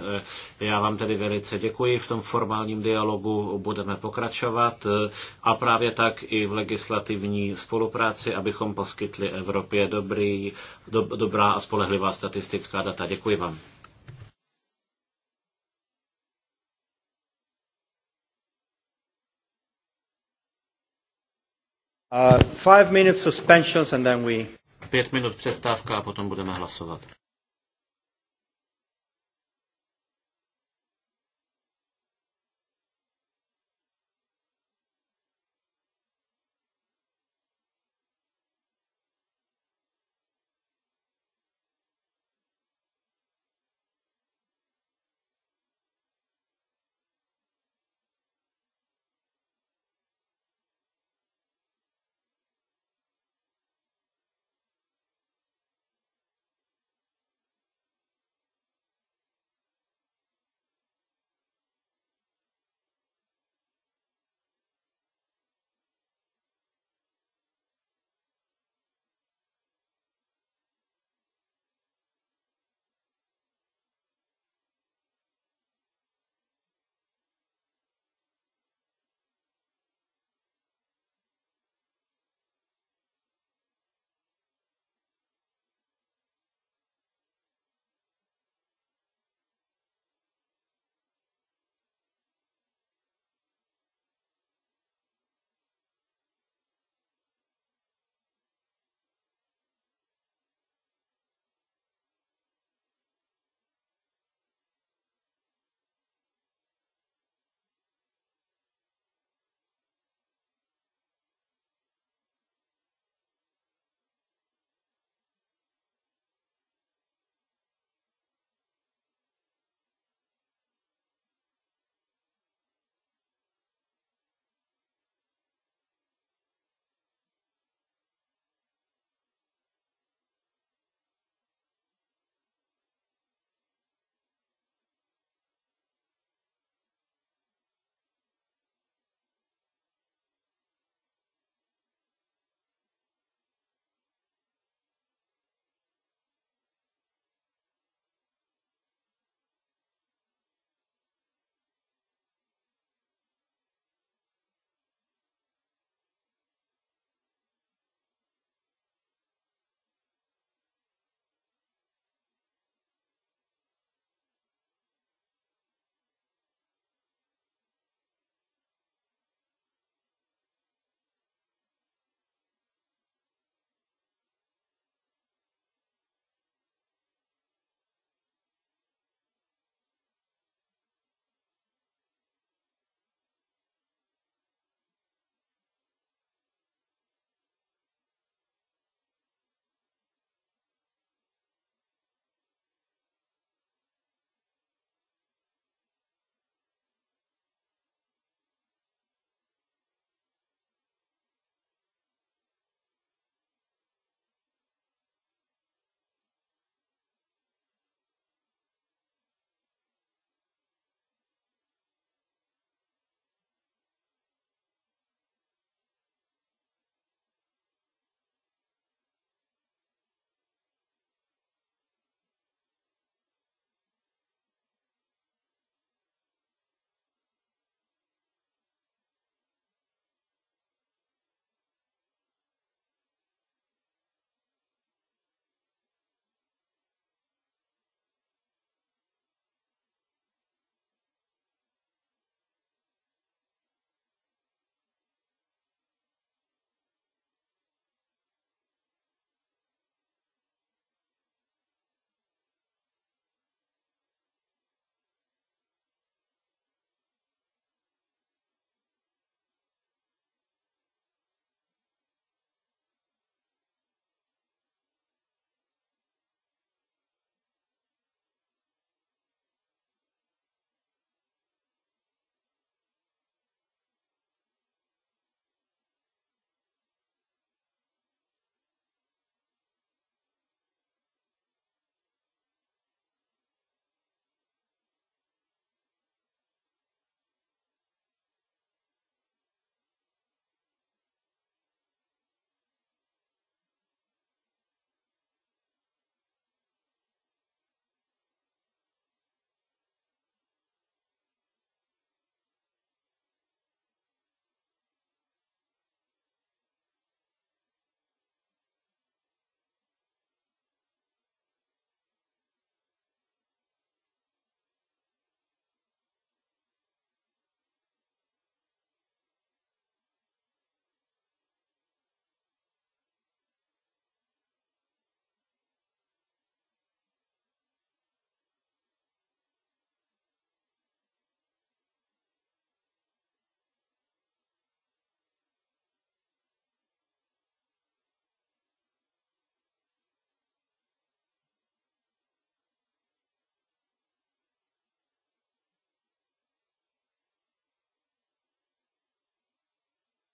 Já vám tedy velice děkuji. V tom formálním dialogu budeme pokračovat a právě tak i v legislativní spolupráci, abychom poskytli Evropě dobrý, do, dobrá a spolehlivá statistická data. Děkuji vám. Uh, five minutes suspensions and then we... Pět minut přestávka a potom budeme hlasovat.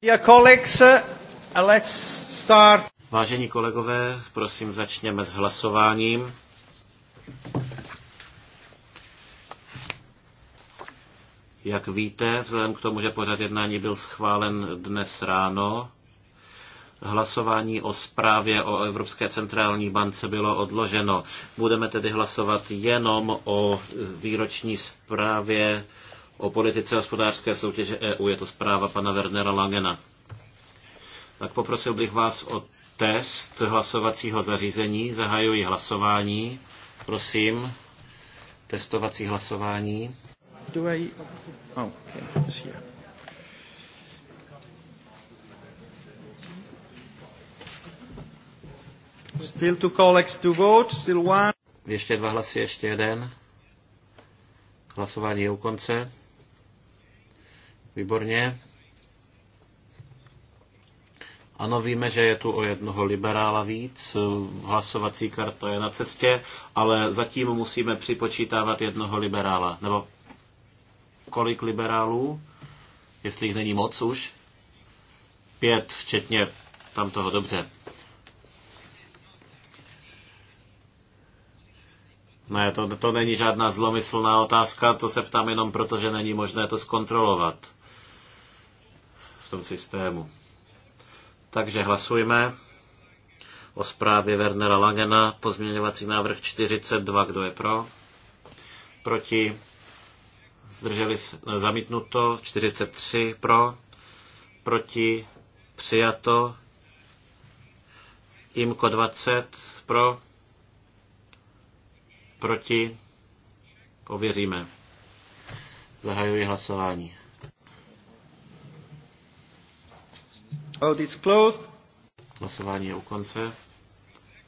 Uh, Vážení kolegové, prosím začněme s hlasováním. Jak víte, vzhledem k tomu, že pořad jednání byl schválen dnes ráno, hlasování o zprávě o Evropské centrální bance bylo odloženo. Budeme tedy hlasovat jenom o výroční zprávě o politice a hospodářské soutěže EU. Je to zpráva pana Wernera Langena. Tak poprosil bych vás o test hlasovacího zařízení. Zahajuji hlasování. Prosím, testovací hlasování. Do I... oh, okay. Still two colleagues to vote, still one. Ještě dva hlasy, ještě jeden. Hlasování je u konce. Výborně. Ano, víme, že je tu o jednoho liberála víc, hlasovací karta je na cestě, ale zatím musíme připočítávat jednoho liberála. Nebo kolik liberálů, jestli jich není moc už? Pět, včetně tam toho, dobře. Ne, to, to není žádná zlomyslná otázka, to se ptám jenom proto, že není možné to zkontrolovat tom systému. Takže hlasujeme o zprávě Wernera Langena, pozměňovací návrh 42, kdo je pro, proti, zdrželi eh, zamítnuto, 43 pro, proti, přijato, IMKO 20 pro, proti, ověříme. Zahajuji hlasování. Vote is closed. Hlasování je u konce.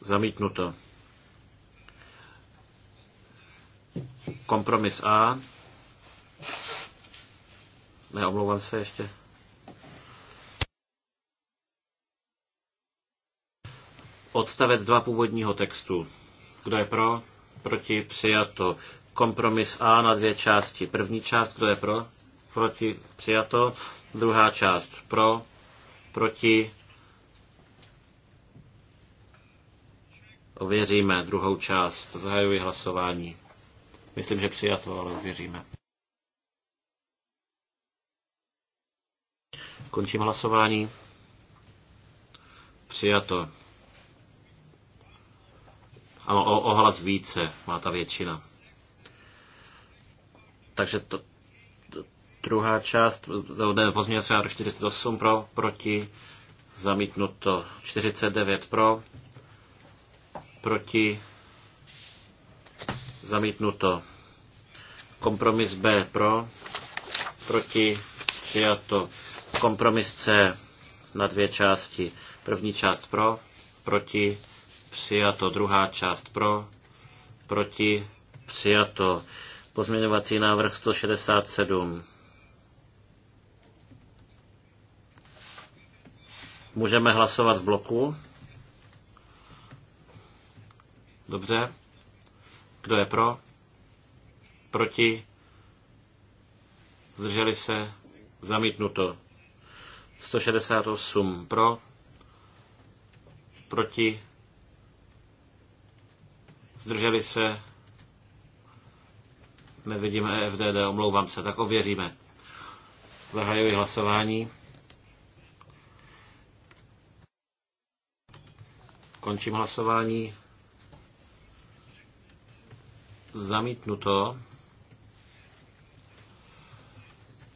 Zamítnuto. Kompromis A. Neomlouvám se ještě. Odstavec 2 původního textu. Kdo je pro? Proti přijato. Kompromis A na dvě části. První část, kdo je pro? Proti přijato. Druhá část pro, proti. Ověříme druhou část. Zahajuji hlasování. Myslím, že přijato, ale ověříme. Končím hlasování. Přijato. Ano, o, o hlas více má ta většina. Takže to, Druhá část, ne, pozměňovací návrh 48 pro, proti, zamítnuto 49 pro, proti, zamítnuto. Kompromis B pro, proti, přijato. Kompromis C na dvě části. První část pro, proti, přijato. Druhá část pro, proti, přijato. Pozměňovací návrh 167 Můžeme hlasovat v bloku. Dobře. Kdo je pro? Proti? Zdrželi se? Zamítnuto. 168 pro. Proti? Zdrželi se? Nevidíme EFDD, omlouvám se, tak ověříme. Zahajuji hlasování. Končím hlasování. Zamítnuto.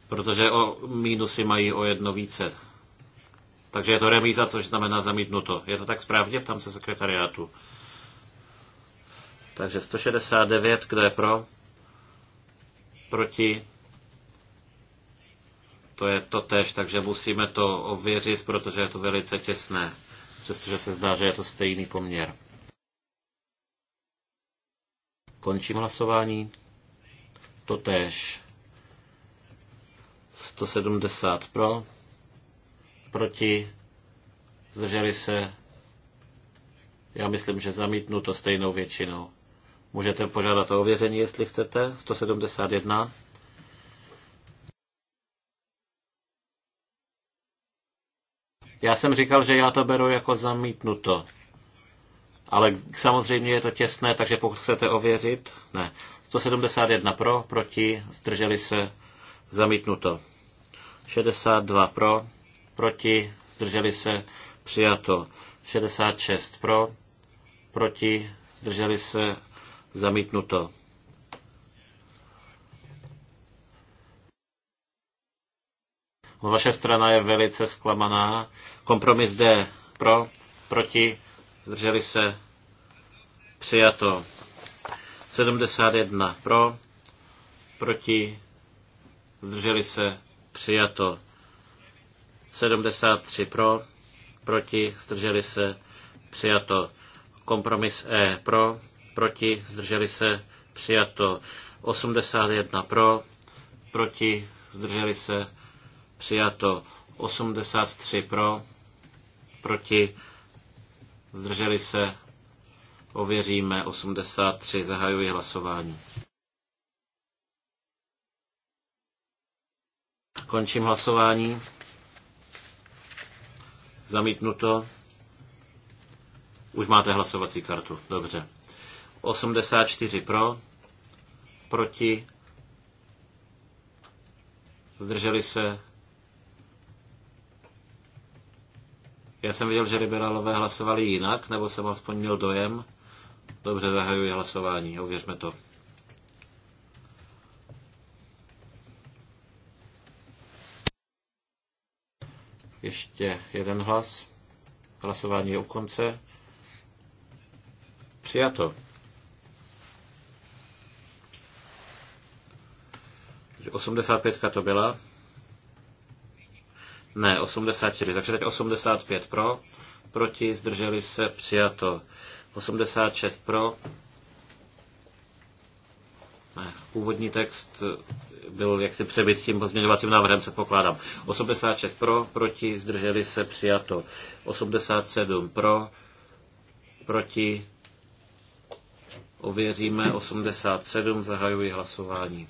Protože o mínusy mají o jedno více. Takže je to remíza, což znamená zamítnuto. Je to tak správně? Ptám se sekretariátu. Takže 169, kdo je pro? Proti? To je to tež, takže musíme to ověřit, protože je to velice těsné přestože se zdá, že je to stejný poměr. Končím hlasování. Totež. 170 pro, proti, zdrželi se, já myslím, že zamítnu to stejnou většinou. Můžete požádat o ověření, jestli chcete. 171. Já jsem říkal, že já to beru jako zamítnuto. Ale samozřejmě je to těsné, takže pokud chcete ověřit, ne. 171 pro, proti, zdrželi se, zamítnuto. 62 pro, proti, zdrželi se, přijato. 66 pro, proti, zdrželi se, zamítnuto. No, vaše strana je velice zklamaná. Kompromis D pro, proti, zdrželi se, přijato. 71 pro, proti, zdrželi se, přijato. 73 pro, proti, zdrželi se, přijato. Kompromis E pro, proti, zdrželi se, přijato. 81 pro, proti, zdrželi se, přijato 83 pro, proti, zdrželi se, ověříme 83, zahajuji hlasování. Končím hlasování. Zamítnuto. Už máte hlasovací kartu, dobře. 84 pro, proti, zdrželi se, Já jsem viděl, že liberálové hlasovali jinak, nebo jsem aspoň měl dojem. Dobře, zahajuji hlasování, ověřme to. Ještě jeden hlas. Hlasování je u konce. Přijato. Takže 85 to byla. Ne, 84. Takže teď 85 pro. Proti zdrželi se přijato. 86 pro. Ne, původní text byl jaksi přebyt tím pozměňovacím návrhem, se pokládám. 86 pro, proti zdrželi se přijato. 87 pro, proti ověříme 87, zahajuji hlasování.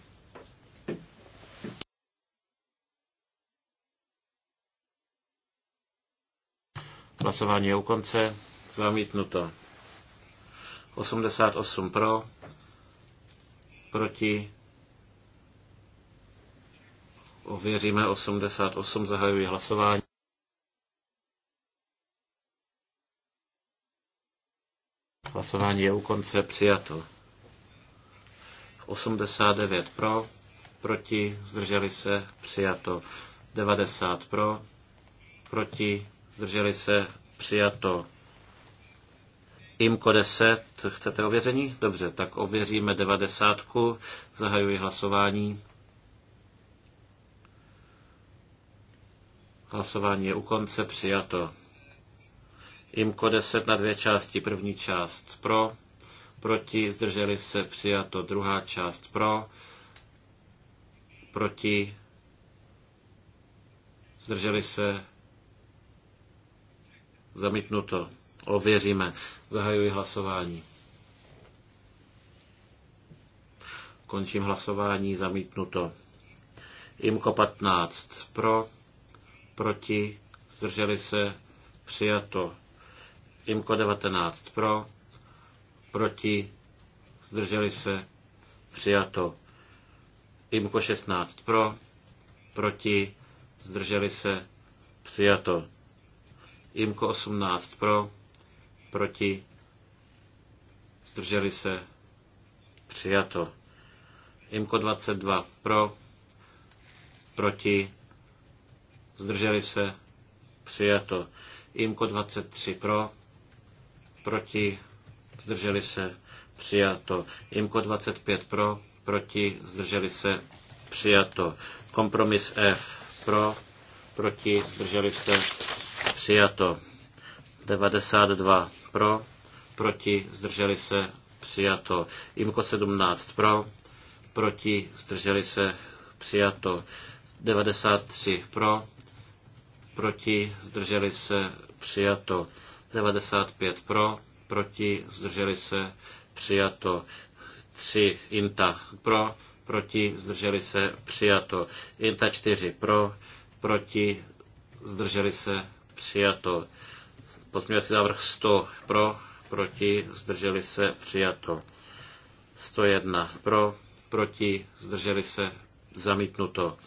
Hlasování je u konce. Zamítnuto. 88 pro, proti. Ověříme 88, zahajuji hlasování. Hlasování je u konce přijato. 89 pro, proti, zdrželi se, přijato. 90 pro, proti, Zdrželi se? Přijato. IMKO 10. Chcete ověření? Dobře, tak ověříme 90. Zahajuji hlasování. Hlasování je u konce. Přijato. IMKO 10 na dvě části. První část pro, proti, zdrželi se, přijato. Druhá část pro, proti, zdrželi se, Zamítnuto. Ověříme. Zahajuji hlasování. Končím hlasování. Zamítnuto. IMKO 15. Pro, proti, zdrželi se, přijato. IMKO 19. Pro, proti, zdrželi se, přijato. IMKO 16. Pro, proti, zdrželi se, přijato. IMKO 18 pro, proti, zdrželi se, přijato. IMKO 22 pro, proti, zdrželi se, přijato. IMKO 23 pro, proti, zdrželi se, přijato. IMKO 25 pro, proti, zdrželi se, přijato. Kompromis F pro, proti, zdrželi se, Přijato. 92 pro, proti, zdrželi se, přijato. Imko 17 pro, proti, zdrželi se, přijato. 93 pro, proti, zdrželi se, přijato. 95 pro, proti, zdrželi se, přijato. 3 inta pro, proti, zdrželi se, přijato. Inta 4 pro, proti, zdrželi se, přijato. Pozměňovací návrh 100 pro, proti, zdrželi se, přijato. 101 pro, proti, zdrželi se, zamítnuto.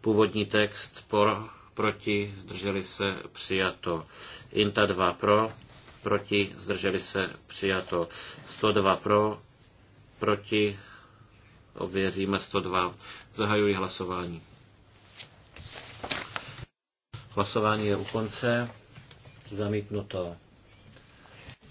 Původní text pro, proti, zdrželi se, přijato. Inta 2 pro, proti, zdrželi se, přijato. 102 pro, proti, ověříme 102. Zahajuji hlasování. Hlasování je u konce. Zamítnuto.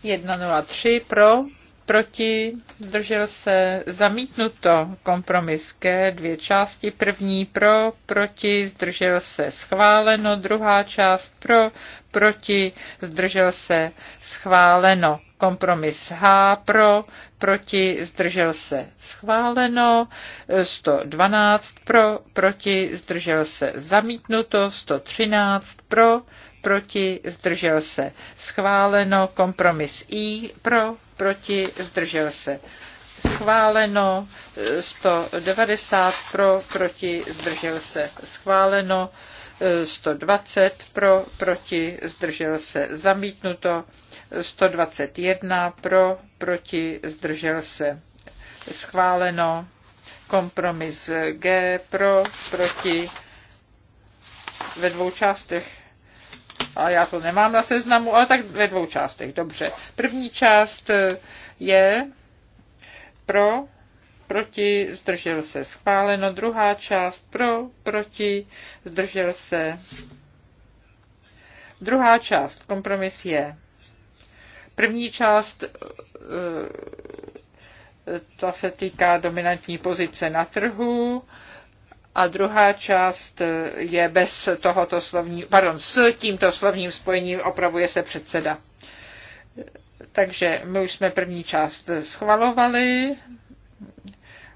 1.03 pro, proti, zdržel se, zamítnuto, kompromis G, dvě části, první pro, proti, zdržel se, schváleno, druhá část pro, proti, zdržel se, schváleno, kompromis H, pro, proti, zdržel se, schváleno, 112 pro, proti, zdržel se, zamítnuto, 113 pro, proti, zdržel se. Schváleno kompromis I, pro, proti, zdržel se. Schváleno 190 eh, pro, proti, zdržel se. Schváleno 120 eh, pro, proti, zdržel se. Zamítnuto 121 eh, pro, proti, zdržel se. Schváleno kompromis G pro, proti, ve dvou částech a já to nemám na seznamu, ale tak ve dvou částech, dobře. První část eh, je pro, proti, zdržel se, schváleno. Druhá část pro, proti, zdržel se. Druhá část, kompromis je. První část eh, eh, ta se týká dominantní pozice na trhu a druhá část eh, je bez tohoto slovní, pardon, s tímto slovním spojením opravuje se předseda. Takže my už jsme první část schvalovali,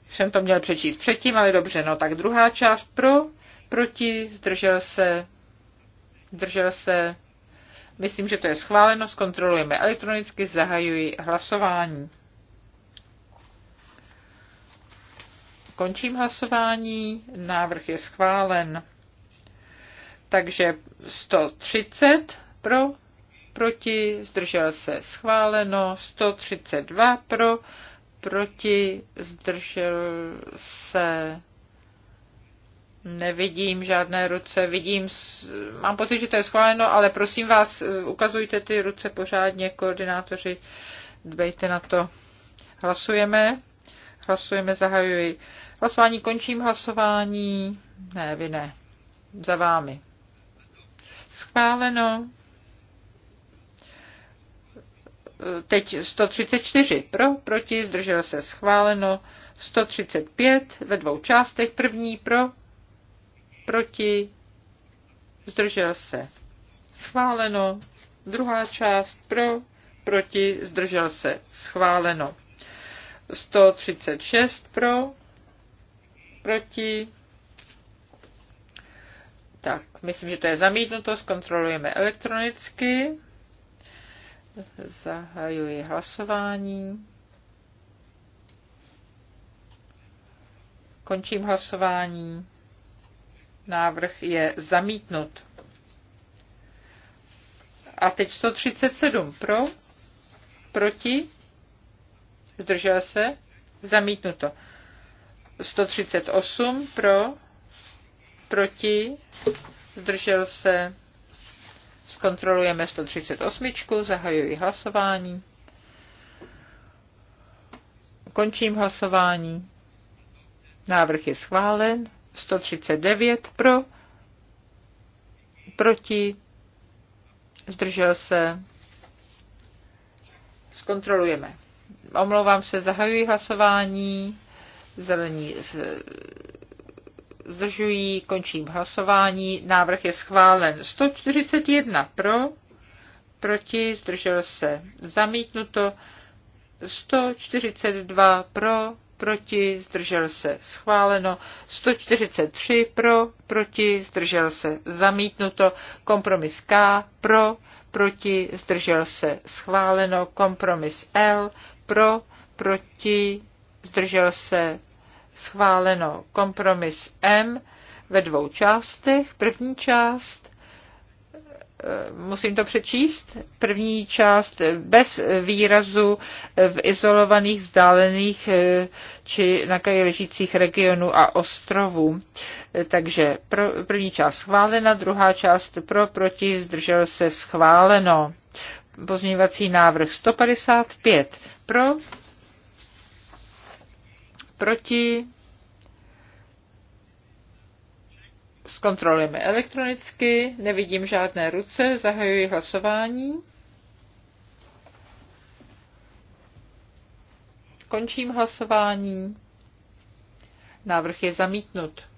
jsem to měl přečíst předtím, ale dobře, no tak druhá část pro, proti, zdržel se, zdržel se, myslím, že to je schváleno, zkontrolujeme elektronicky, zahajuji hlasování. Končím hlasování. Návrh je schválen. Takže 130 pro, proti, zdržel se schváleno, 132 pro, proti, zdržel se Nevidím žádné ruce, vidím, mám pocit, že to je schváleno, ale prosím vás, eh, ukazujte ty ruce pořádně, koordinátoři, dbejte na to. Hlasujeme. Hlasujeme, zahajuji. Hlasování končím hlasování. Ne, vy ne. Za vámi. Schváleno. Teď 134 pro, proti, zdržel se schváleno. 135 ve dvou částech. První pro, proti, zdržel se schváleno. Druhá část pro, proti, zdržel se schváleno. 136 pro, proti. Tak, myslím, že to je zamítnuto, zkontrolujeme elektronicky. Zahajuji hlasování. Končím hlasování. Návrh je zamítnut. A teď 137 pro, proti, zdržel se, zamítnuto. 138 pro, proti, zdržel se, zkontrolujeme 138, zahajuji hlasování. Končím hlasování. Návrh je schválen. 139 pro, proti, zdržel se. Zkontrolujeme. Omlouvám se, zahajuji hlasování. Zelení zdržují, končím hlasování. Návrh je schválen. 141 pro, proti, zdržel se. Zamítnuto. 142 pro, proti, zdržel se, schváleno, 143 pro, proti, zdržel se, zamítnuto, kompromis K, pro, proti, zdržel se, schváleno, kompromis L, pro, proti, zdržel se schváleno kompromis M ve dvou částech. První část, eh, musím to přečíst, první část bez výrazu v izolovaných, vzdálených eh, či na kraji ležících regionů a ostrovů. Eh, takže první část schválena, druhá část pro, proti, zdržel se schváleno. Pozměňovací návrh 155 pro, proti, zkontrolujeme elektronicky, nevidím žádné ruce, zahajuji hlasování. Končím hlasování. Návrh je zamítnut.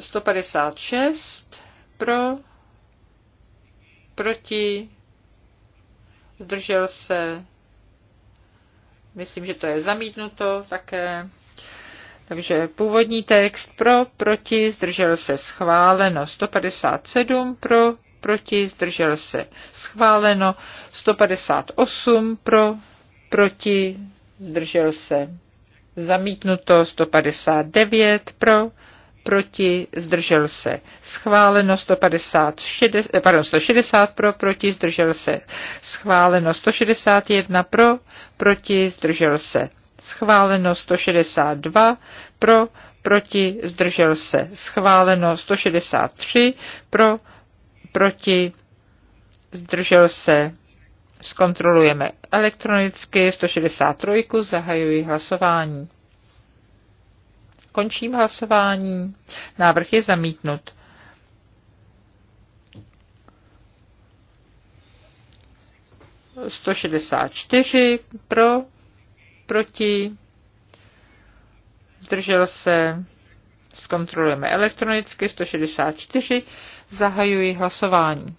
156 pro, proti, zdržel se, myslím, že to je zamítnuto také. Takže původní text pro, proti, zdržel se, schváleno. 157 pro, proti, zdržel se, schváleno. 158 pro, proti, zdržel se, zamítnuto. 159 pro, proti, zdržel se. Schváleno 150, šede, pardon, 160 pro, proti, zdržel se. Schváleno 161 pro, proti, zdržel se. Schváleno 162 pro, proti, zdržel se. Schváleno 163 pro, proti, zdržel se. Zkontrolujeme elektronicky 163, zahajuji hlasování. Končím hlasování. Návrh je zamítnut. Sto šedesát čtyři pro, proti, zdržel se, zkontrolujeme elektronicky, 164, zahajuji hlasování.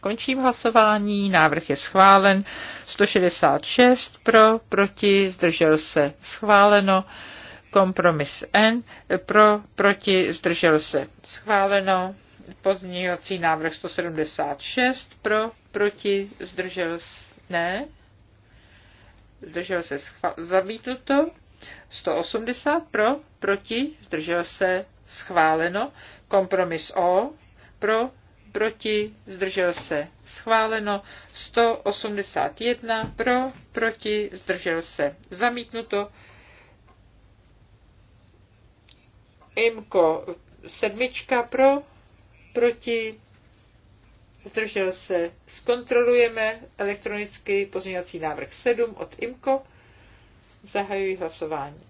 Končím hlasování, návrh je schválen. 166 pro, proti, zdržel se, schváleno. Kompromis N, pro, proti, zdržel se, schváleno. Pozměňovací návrh 176 pro, proti, zdržel se, ne. Zdržel se, schvál, zamítnuto. 180 pro, proti, zdržel se, schváleno. Kompromis O, pro, proti, zdržel se, schváleno, 181 pro, proti, zdržel se, zamítnuto, IMKO sedmička pro, proti, zdržel se, zkontrolujeme elektronicky pozměňovací návrh 7 od IMKO, zahajuji hlasování.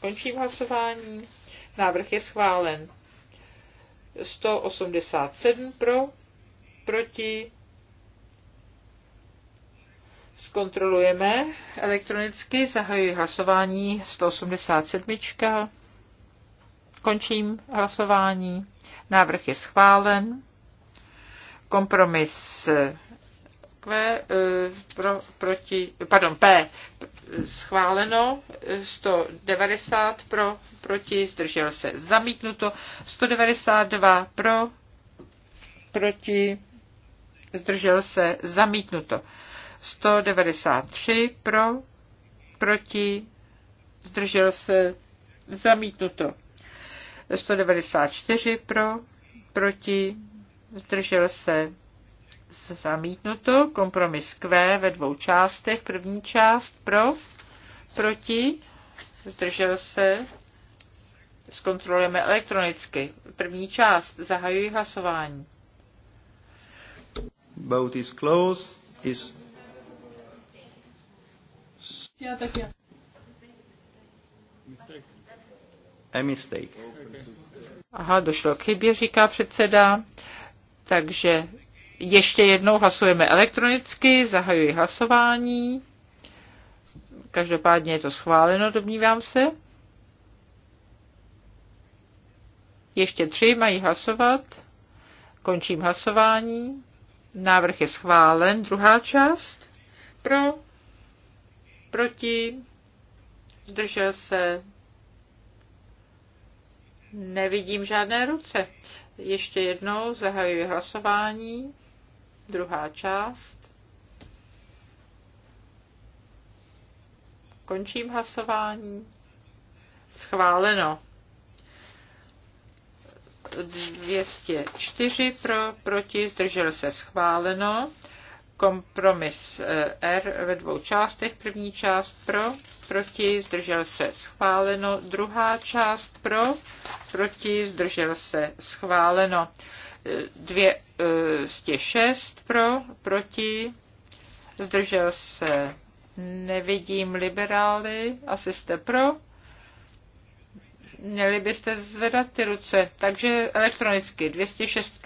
Končím hlasování, návrh je schválen. 187 pro, proti. Zkontrolujeme elektronicky, zahajuji hlasování 187. Končím hlasování. Návrh je schválen. Kompromis církve pro, proti, pardon, P schváleno, 190 pro, proti, zdržel se zamítnuto, 192 pro, proti, zdržel se zamítnuto, 193 pro, proti, zdržel se zamítnuto, 194 pro, proti, zdržel se zamítnuto. Kompromis Q ve dvou částech. První část pro, proti, zdržel se. Zkontrolujeme elektronicky. První část. Zahajuji hlasování. Vote is closed. Is... Já tak já. A mistake. Aha, došlo k chybě, říká předseda. Takže ještě jednou hlasujeme elektronicky, zahajuji hlasování. Každopádně je to schváleno, domnívám se. Ještě tři mají hlasovat. Končím hlasování. Návrh je schválen. Druhá část. Pro. Proti. Zdržel se. Nevidím žádné ruce. Ještě jednou zahajuji hlasování. Druhá část. Končím hlasování. Schváleno. 204 pro, proti, zdržel se schváleno. Kompromis eh, R ve dvou částech. První část pro, proti, zdržel se schváleno. Druhá část pro, proti, zdržel se schváleno. 206 eh, eh, pro, proti, zdržel se, nevidím liberály, asi jste pro, měli byste zvedat ty ruce, takže elektronicky 206.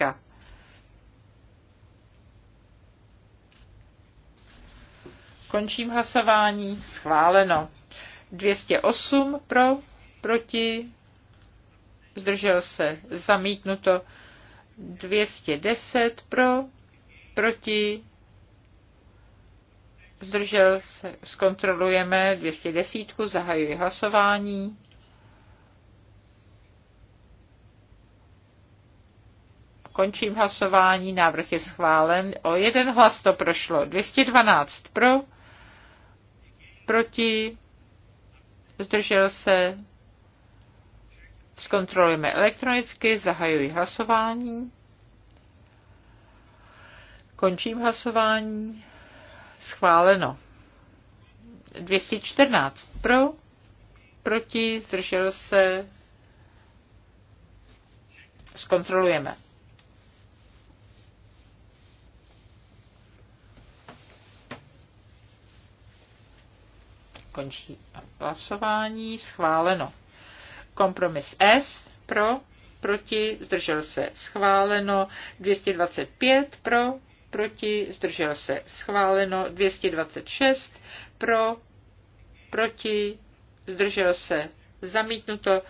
Končím hlasování, schváleno. 208 pro, proti, zdržel se, zamítnuto 210 pro, proti, zdržel se, zkontrolujeme 210, zahajuji hlasování. Končím hlasování, návrh je schválen. O jeden hlas to prošlo. 212 pro, proti, zdržel se, Zkontrolujeme elektronicky, zahajuji hlasování. Končím hlasování. Schváleno. 214 pro, proti, zdržel se. Zkontrolujeme. Končí hlasování. Schváleno. Kompromis S pro, proti, zdržel se schváleno. 225 pro, proti, zdržel se schváleno. 226 pro, proti, zdržel se zamítnuto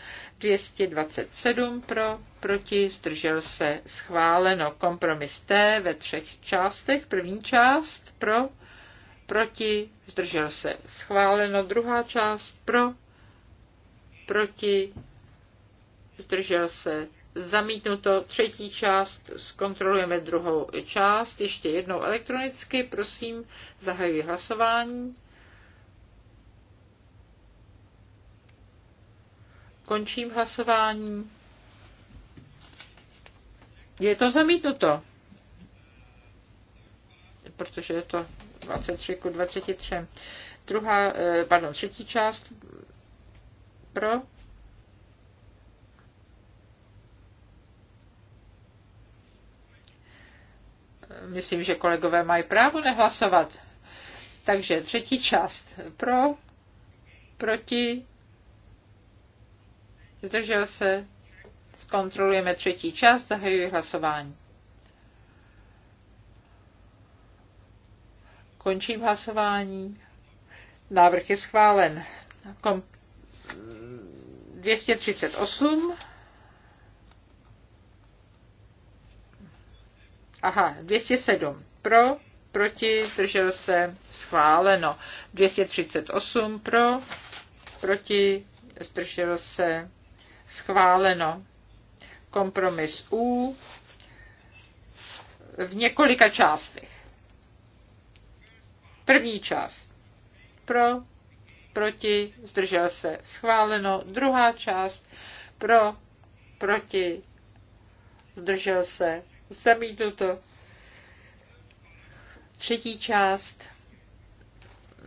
227 pro, proti, zdržel se, schváleno. Kompromis T ve třech částech. První část pro, proti, zdržel se, schváleno. Druhá část pro, proti, zdržel se, zamítnuto. Třetí část, zkontrolujeme druhou část, ještě jednou elektronicky, prosím, zahajuji hlasování. Končím hlasování. Je to zamítnuto, protože je to 23 23. Druhá, eh, pardon, třetí část pro, myslím, že kolegové mají právo nehlasovat. Takže třetí část pro, proti, zdržel se, zkontrolujeme třetí část, zahajuji hlasování. Končím hlasování. Návrh je schválen. Kom- 238. Aha, 207 pro, proti, držel se, schváleno. 238 pro, proti, zdržel se, schváleno. Kompromis U v několika částech. První část pro, proti, zdržel se, schváleno. Druhá část, pro, proti, zdržel se, zamítnuto. Třetí část,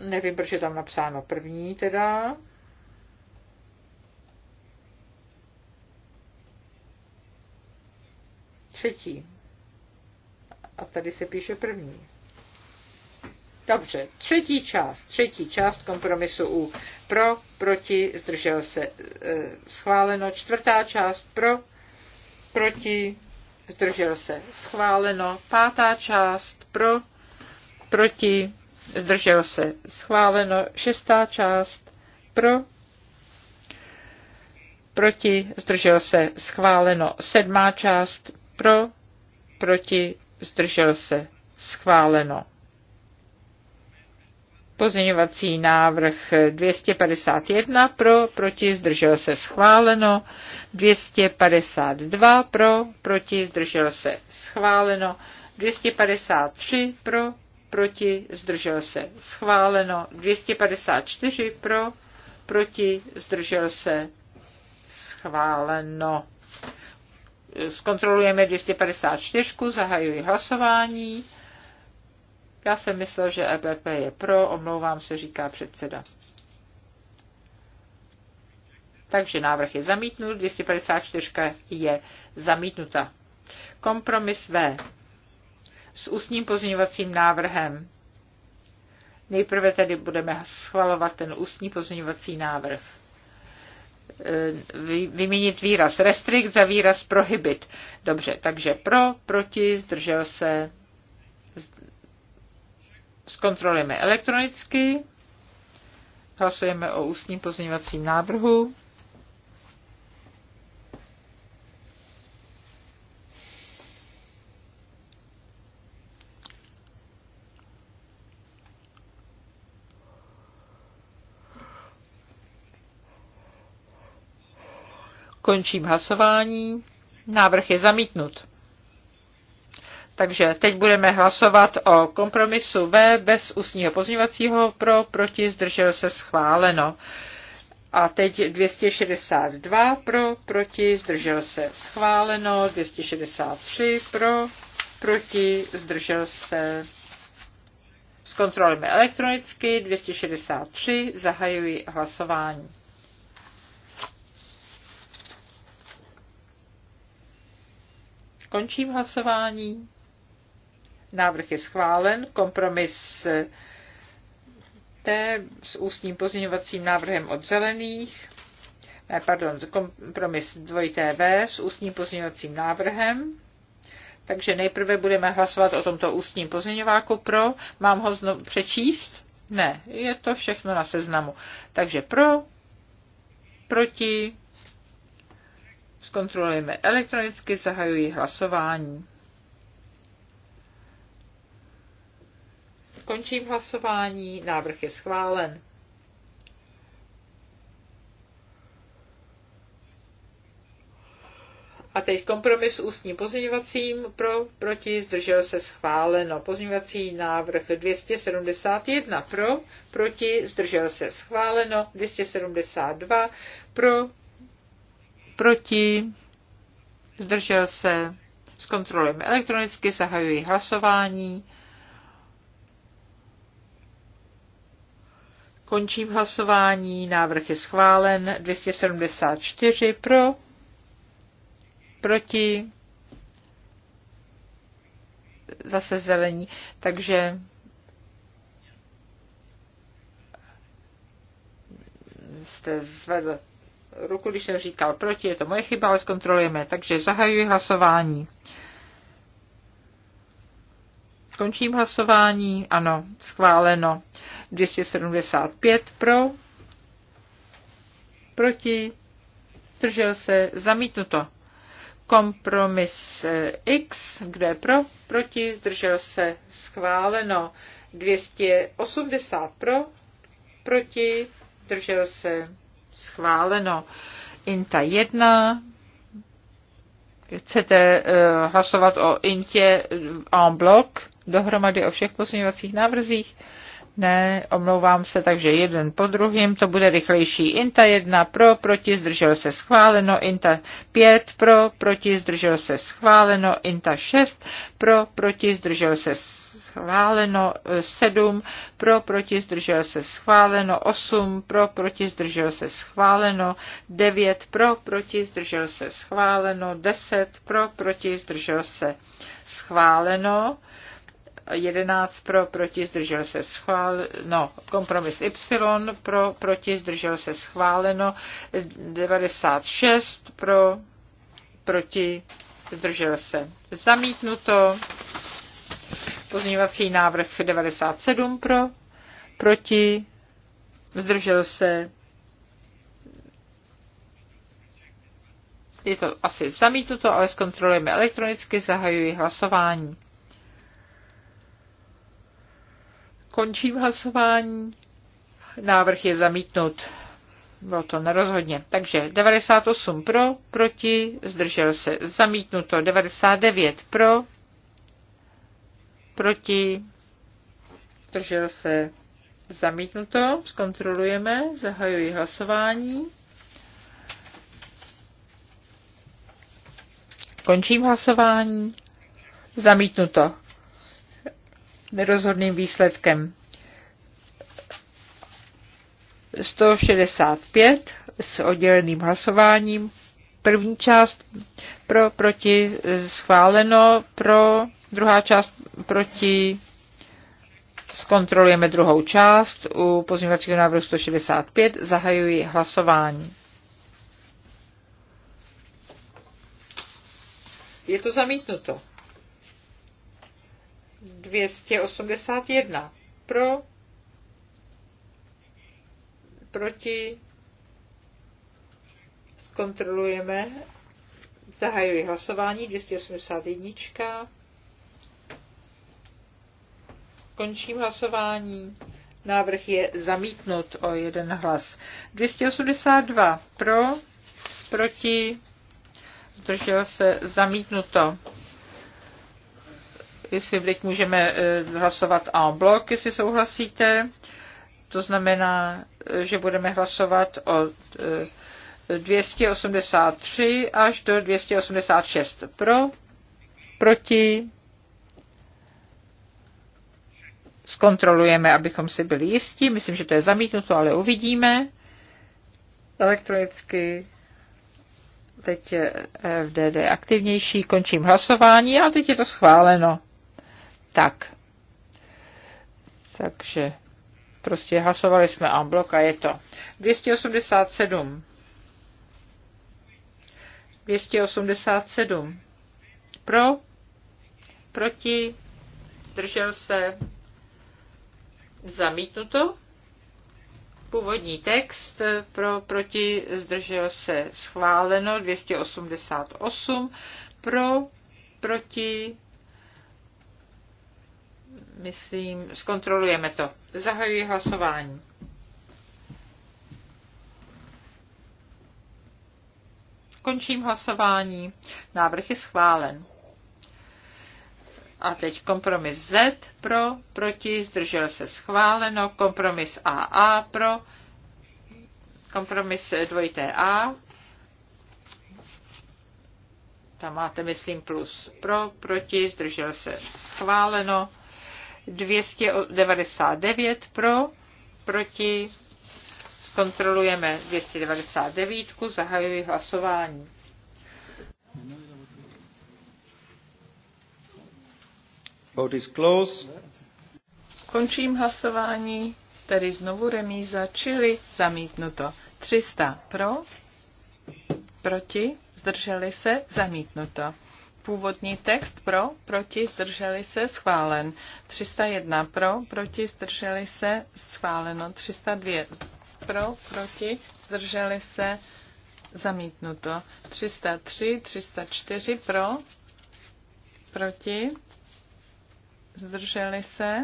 nevím, proč je tam napsáno první teda. Třetí. A tady se píše první. Dobře, třetí část, třetí část kompromisu U. Pro, proti, zdržel se, e, schváleno. Čtvrtá část pro, proti, zdržel se, schváleno. Pátá část pro, proti, zdržel se, schváleno. Šestá část pro, proti, zdržel se, schváleno. Sedmá část pro, proti, zdržel se, schváleno. Pozměňovací návrh 251 pro, proti, zdržel se schváleno. 252 pro, proti, zdržel se schváleno. 253 pro, proti, zdržel se schváleno. 254 pro, proti, zdržel se schváleno. Zkontrolujeme 254, zahajuji hlasování. Já jsem myslel, že EPP je pro, omlouvám se, říká předseda. Takže návrh je zamítnut, 254 je zamítnuta. Kompromis V s ústním pozměňovacím návrhem. Nejprve tedy budeme schvalovat ten ústní pozměňovací návrh. E, vyměnit výraz restrikt za výraz prohibit. Dobře, takže pro, proti, zdržel se, zkontrolujeme elektronicky, hlasujeme o ústním pozměňovacím návrhu. Končím hlasování. Návrh je zamítnut. Takže teď budeme hlasovat o kompromisu V bez ústního pozměňovacího pro, proti, zdržel se schváleno. A teď 262 pro, proti, zdržel se schváleno, 263 pro, proti, zdržel se. Zkontrolujeme elektronicky, 263, zahajuji hlasování. Končím hlasování. Návrh je schválen. Kompromis T s ústním pozměňovacím návrhem od zelených. Ne, pardon, kompromis 2TV s ústním pozměňovacím návrhem. Takže nejprve budeme hlasovat o tomto ústním pozměňováku pro. Mám ho znovu přečíst? Ne, je to všechno na seznamu. Takže pro, proti, zkontrolujeme elektronicky, zahajuji hlasování. Končím hlasování. Návrh je schválen. A teď kompromis ústním pozměňovacím pro, proti, zdržel se schváleno. Pozměňovací návrh 271 pro, proti, zdržel se schváleno. 272 pro, proti, zdržel se. Zkontrolujeme elektronicky, zahajuji hlasování. Končím hlasování. Návrh je schválen. 274 pro. Proti. Zase zelení. Takže jste zvedl ruku, když jsem říkal proti, je to moje chyba, ale zkontrolujeme. Takže zahajuji hlasování. Končím hlasování, ano, schváleno. 275 pro, proti, zdržel se, zamítnuto. Kompromis eh, X, kde je pro, proti, zdržel se, schváleno. 280 pro, proti, zdržel se, schváleno. Inta 1, chcete uh, hlasovat o Intě en bloc, dohromady o všech pozměňovacích návrzích. Uh, ne, omlouvám se, takže jeden po druhém, to bude rychlejší. Inta 1 pro, proti, zdržel se schváleno, Inta 5 pro, proti, zdržel se schváleno, Inta 6 pro, proti, zdržel se schváleno, 7 pro, proti, zdržel se schváleno, 8 pro, proti, zdržel se schváleno, 9 pro, proti, zdržel se schváleno, 10 pro, proti, zdržel se schváleno, 11 pro, proti, zdržel se schváleno. Kompromis Y pro, proti, zdržel se schváleno. 96 pro, proti, zdržel se zamítnuto. Pozměňovací návrh 97 pro, proti, zdržel se je to asi zamítnuto, ale zkontrolujeme elektronicky, zahajuji hlasování. Končím hlasování. Návrh je zamítnut. Bylo to nerozhodně. Takže 98 pro, proti, zdržel se. Zamítnuto 99 pro, proti, zdržel se. Zamítnuto. Zkontrolujeme. Zahajuji hlasování. Končím hlasování. Zamítnuto. Nerozhodným výsledkem. 165 s odděleným hlasováním. První část pro, proti schváleno, pro druhá část proti zkontrolujeme druhou část u pozměňovacího návrhu 165. Zahajuji hlasování. Je to zamítnuto. 281 pro, proti, zkontrolujeme, zahajuji hlasování 281. Končím hlasování. Návrh je zamítnut o jeden hlas. 282 pro, proti, zdržel se zamítnuto jestli teď můžeme eh, hlasovat en blok, jestli souhlasíte. To znamená, eh, že budeme hlasovat od eh, 283 až do 286 pro, proti. Zkontrolujeme, abychom si byli jistí. Myslím, že to je zamítnuto, ale uvidíme. Elektronicky teď je FDD aktivnější, končím hlasování a teď je to schváleno tak. Takže prostě hlasovali jsme en blok a je to 287. 287. Pro, proti, držel se, zamítnuto. Původní text pro, proti, zdržel se, schváleno. 288. Pro, proti, myslím, zkontrolujeme to. Zahajuji hlasování. Končím hlasování. Návrh je schválen. A teď kompromis Z pro, proti, zdržel se schváleno, kompromis AA pro, kompromis dvojité A. Tam máte, myslím, plus pro, proti, zdržel se schváleno. 299 pro, proti, zkontrolujeme 299, zahajuji hlasování. Vote is close. Končím hlasování, tedy znovu remíza, čili zamítnuto. 300 pro, proti, zdrželi se, zamítnuto. Původní text pro, proti, zdrželi se, schválen. 301 pro, proti, zdrželi se, schváleno. 302 pro, proti, zdrželi se, zamítnuto. 303, 304 pro, proti, zdrželi se,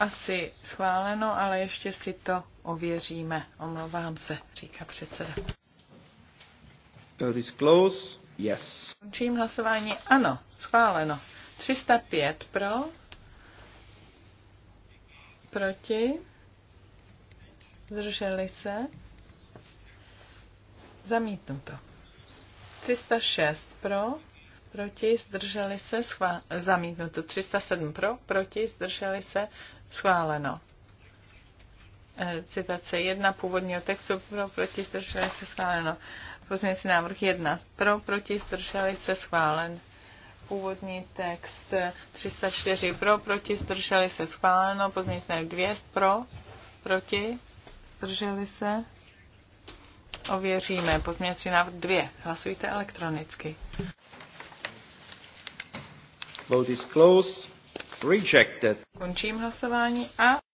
asi schváleno, ale ještě si to ověříme. Omlouvám se, říká předseda. That is close. Yes. Končím hlasování. Ano, schváleno. 305 pro. Proti. Zdrželi se. Zamítnuto. 306 pro. Proti. Zdrželi se. Schvá- zamítnuto. 307 pro. Proti. Zdrželi se. Schváleno eh, citace jedna původního textu pro proti zdrželi se schváleno. Pozměňující návrh 1. Pro, proti, zdrželi se schválen. Původní text 304 pro, proti, zdrželi se schváleno. Pozměňující návrh 2. Pro, proti, zdrželi se. Ověříme. Pozměňující návrh 2. Hlasujte elektronicky. Vote is closed. Rejected. Končím hlasování a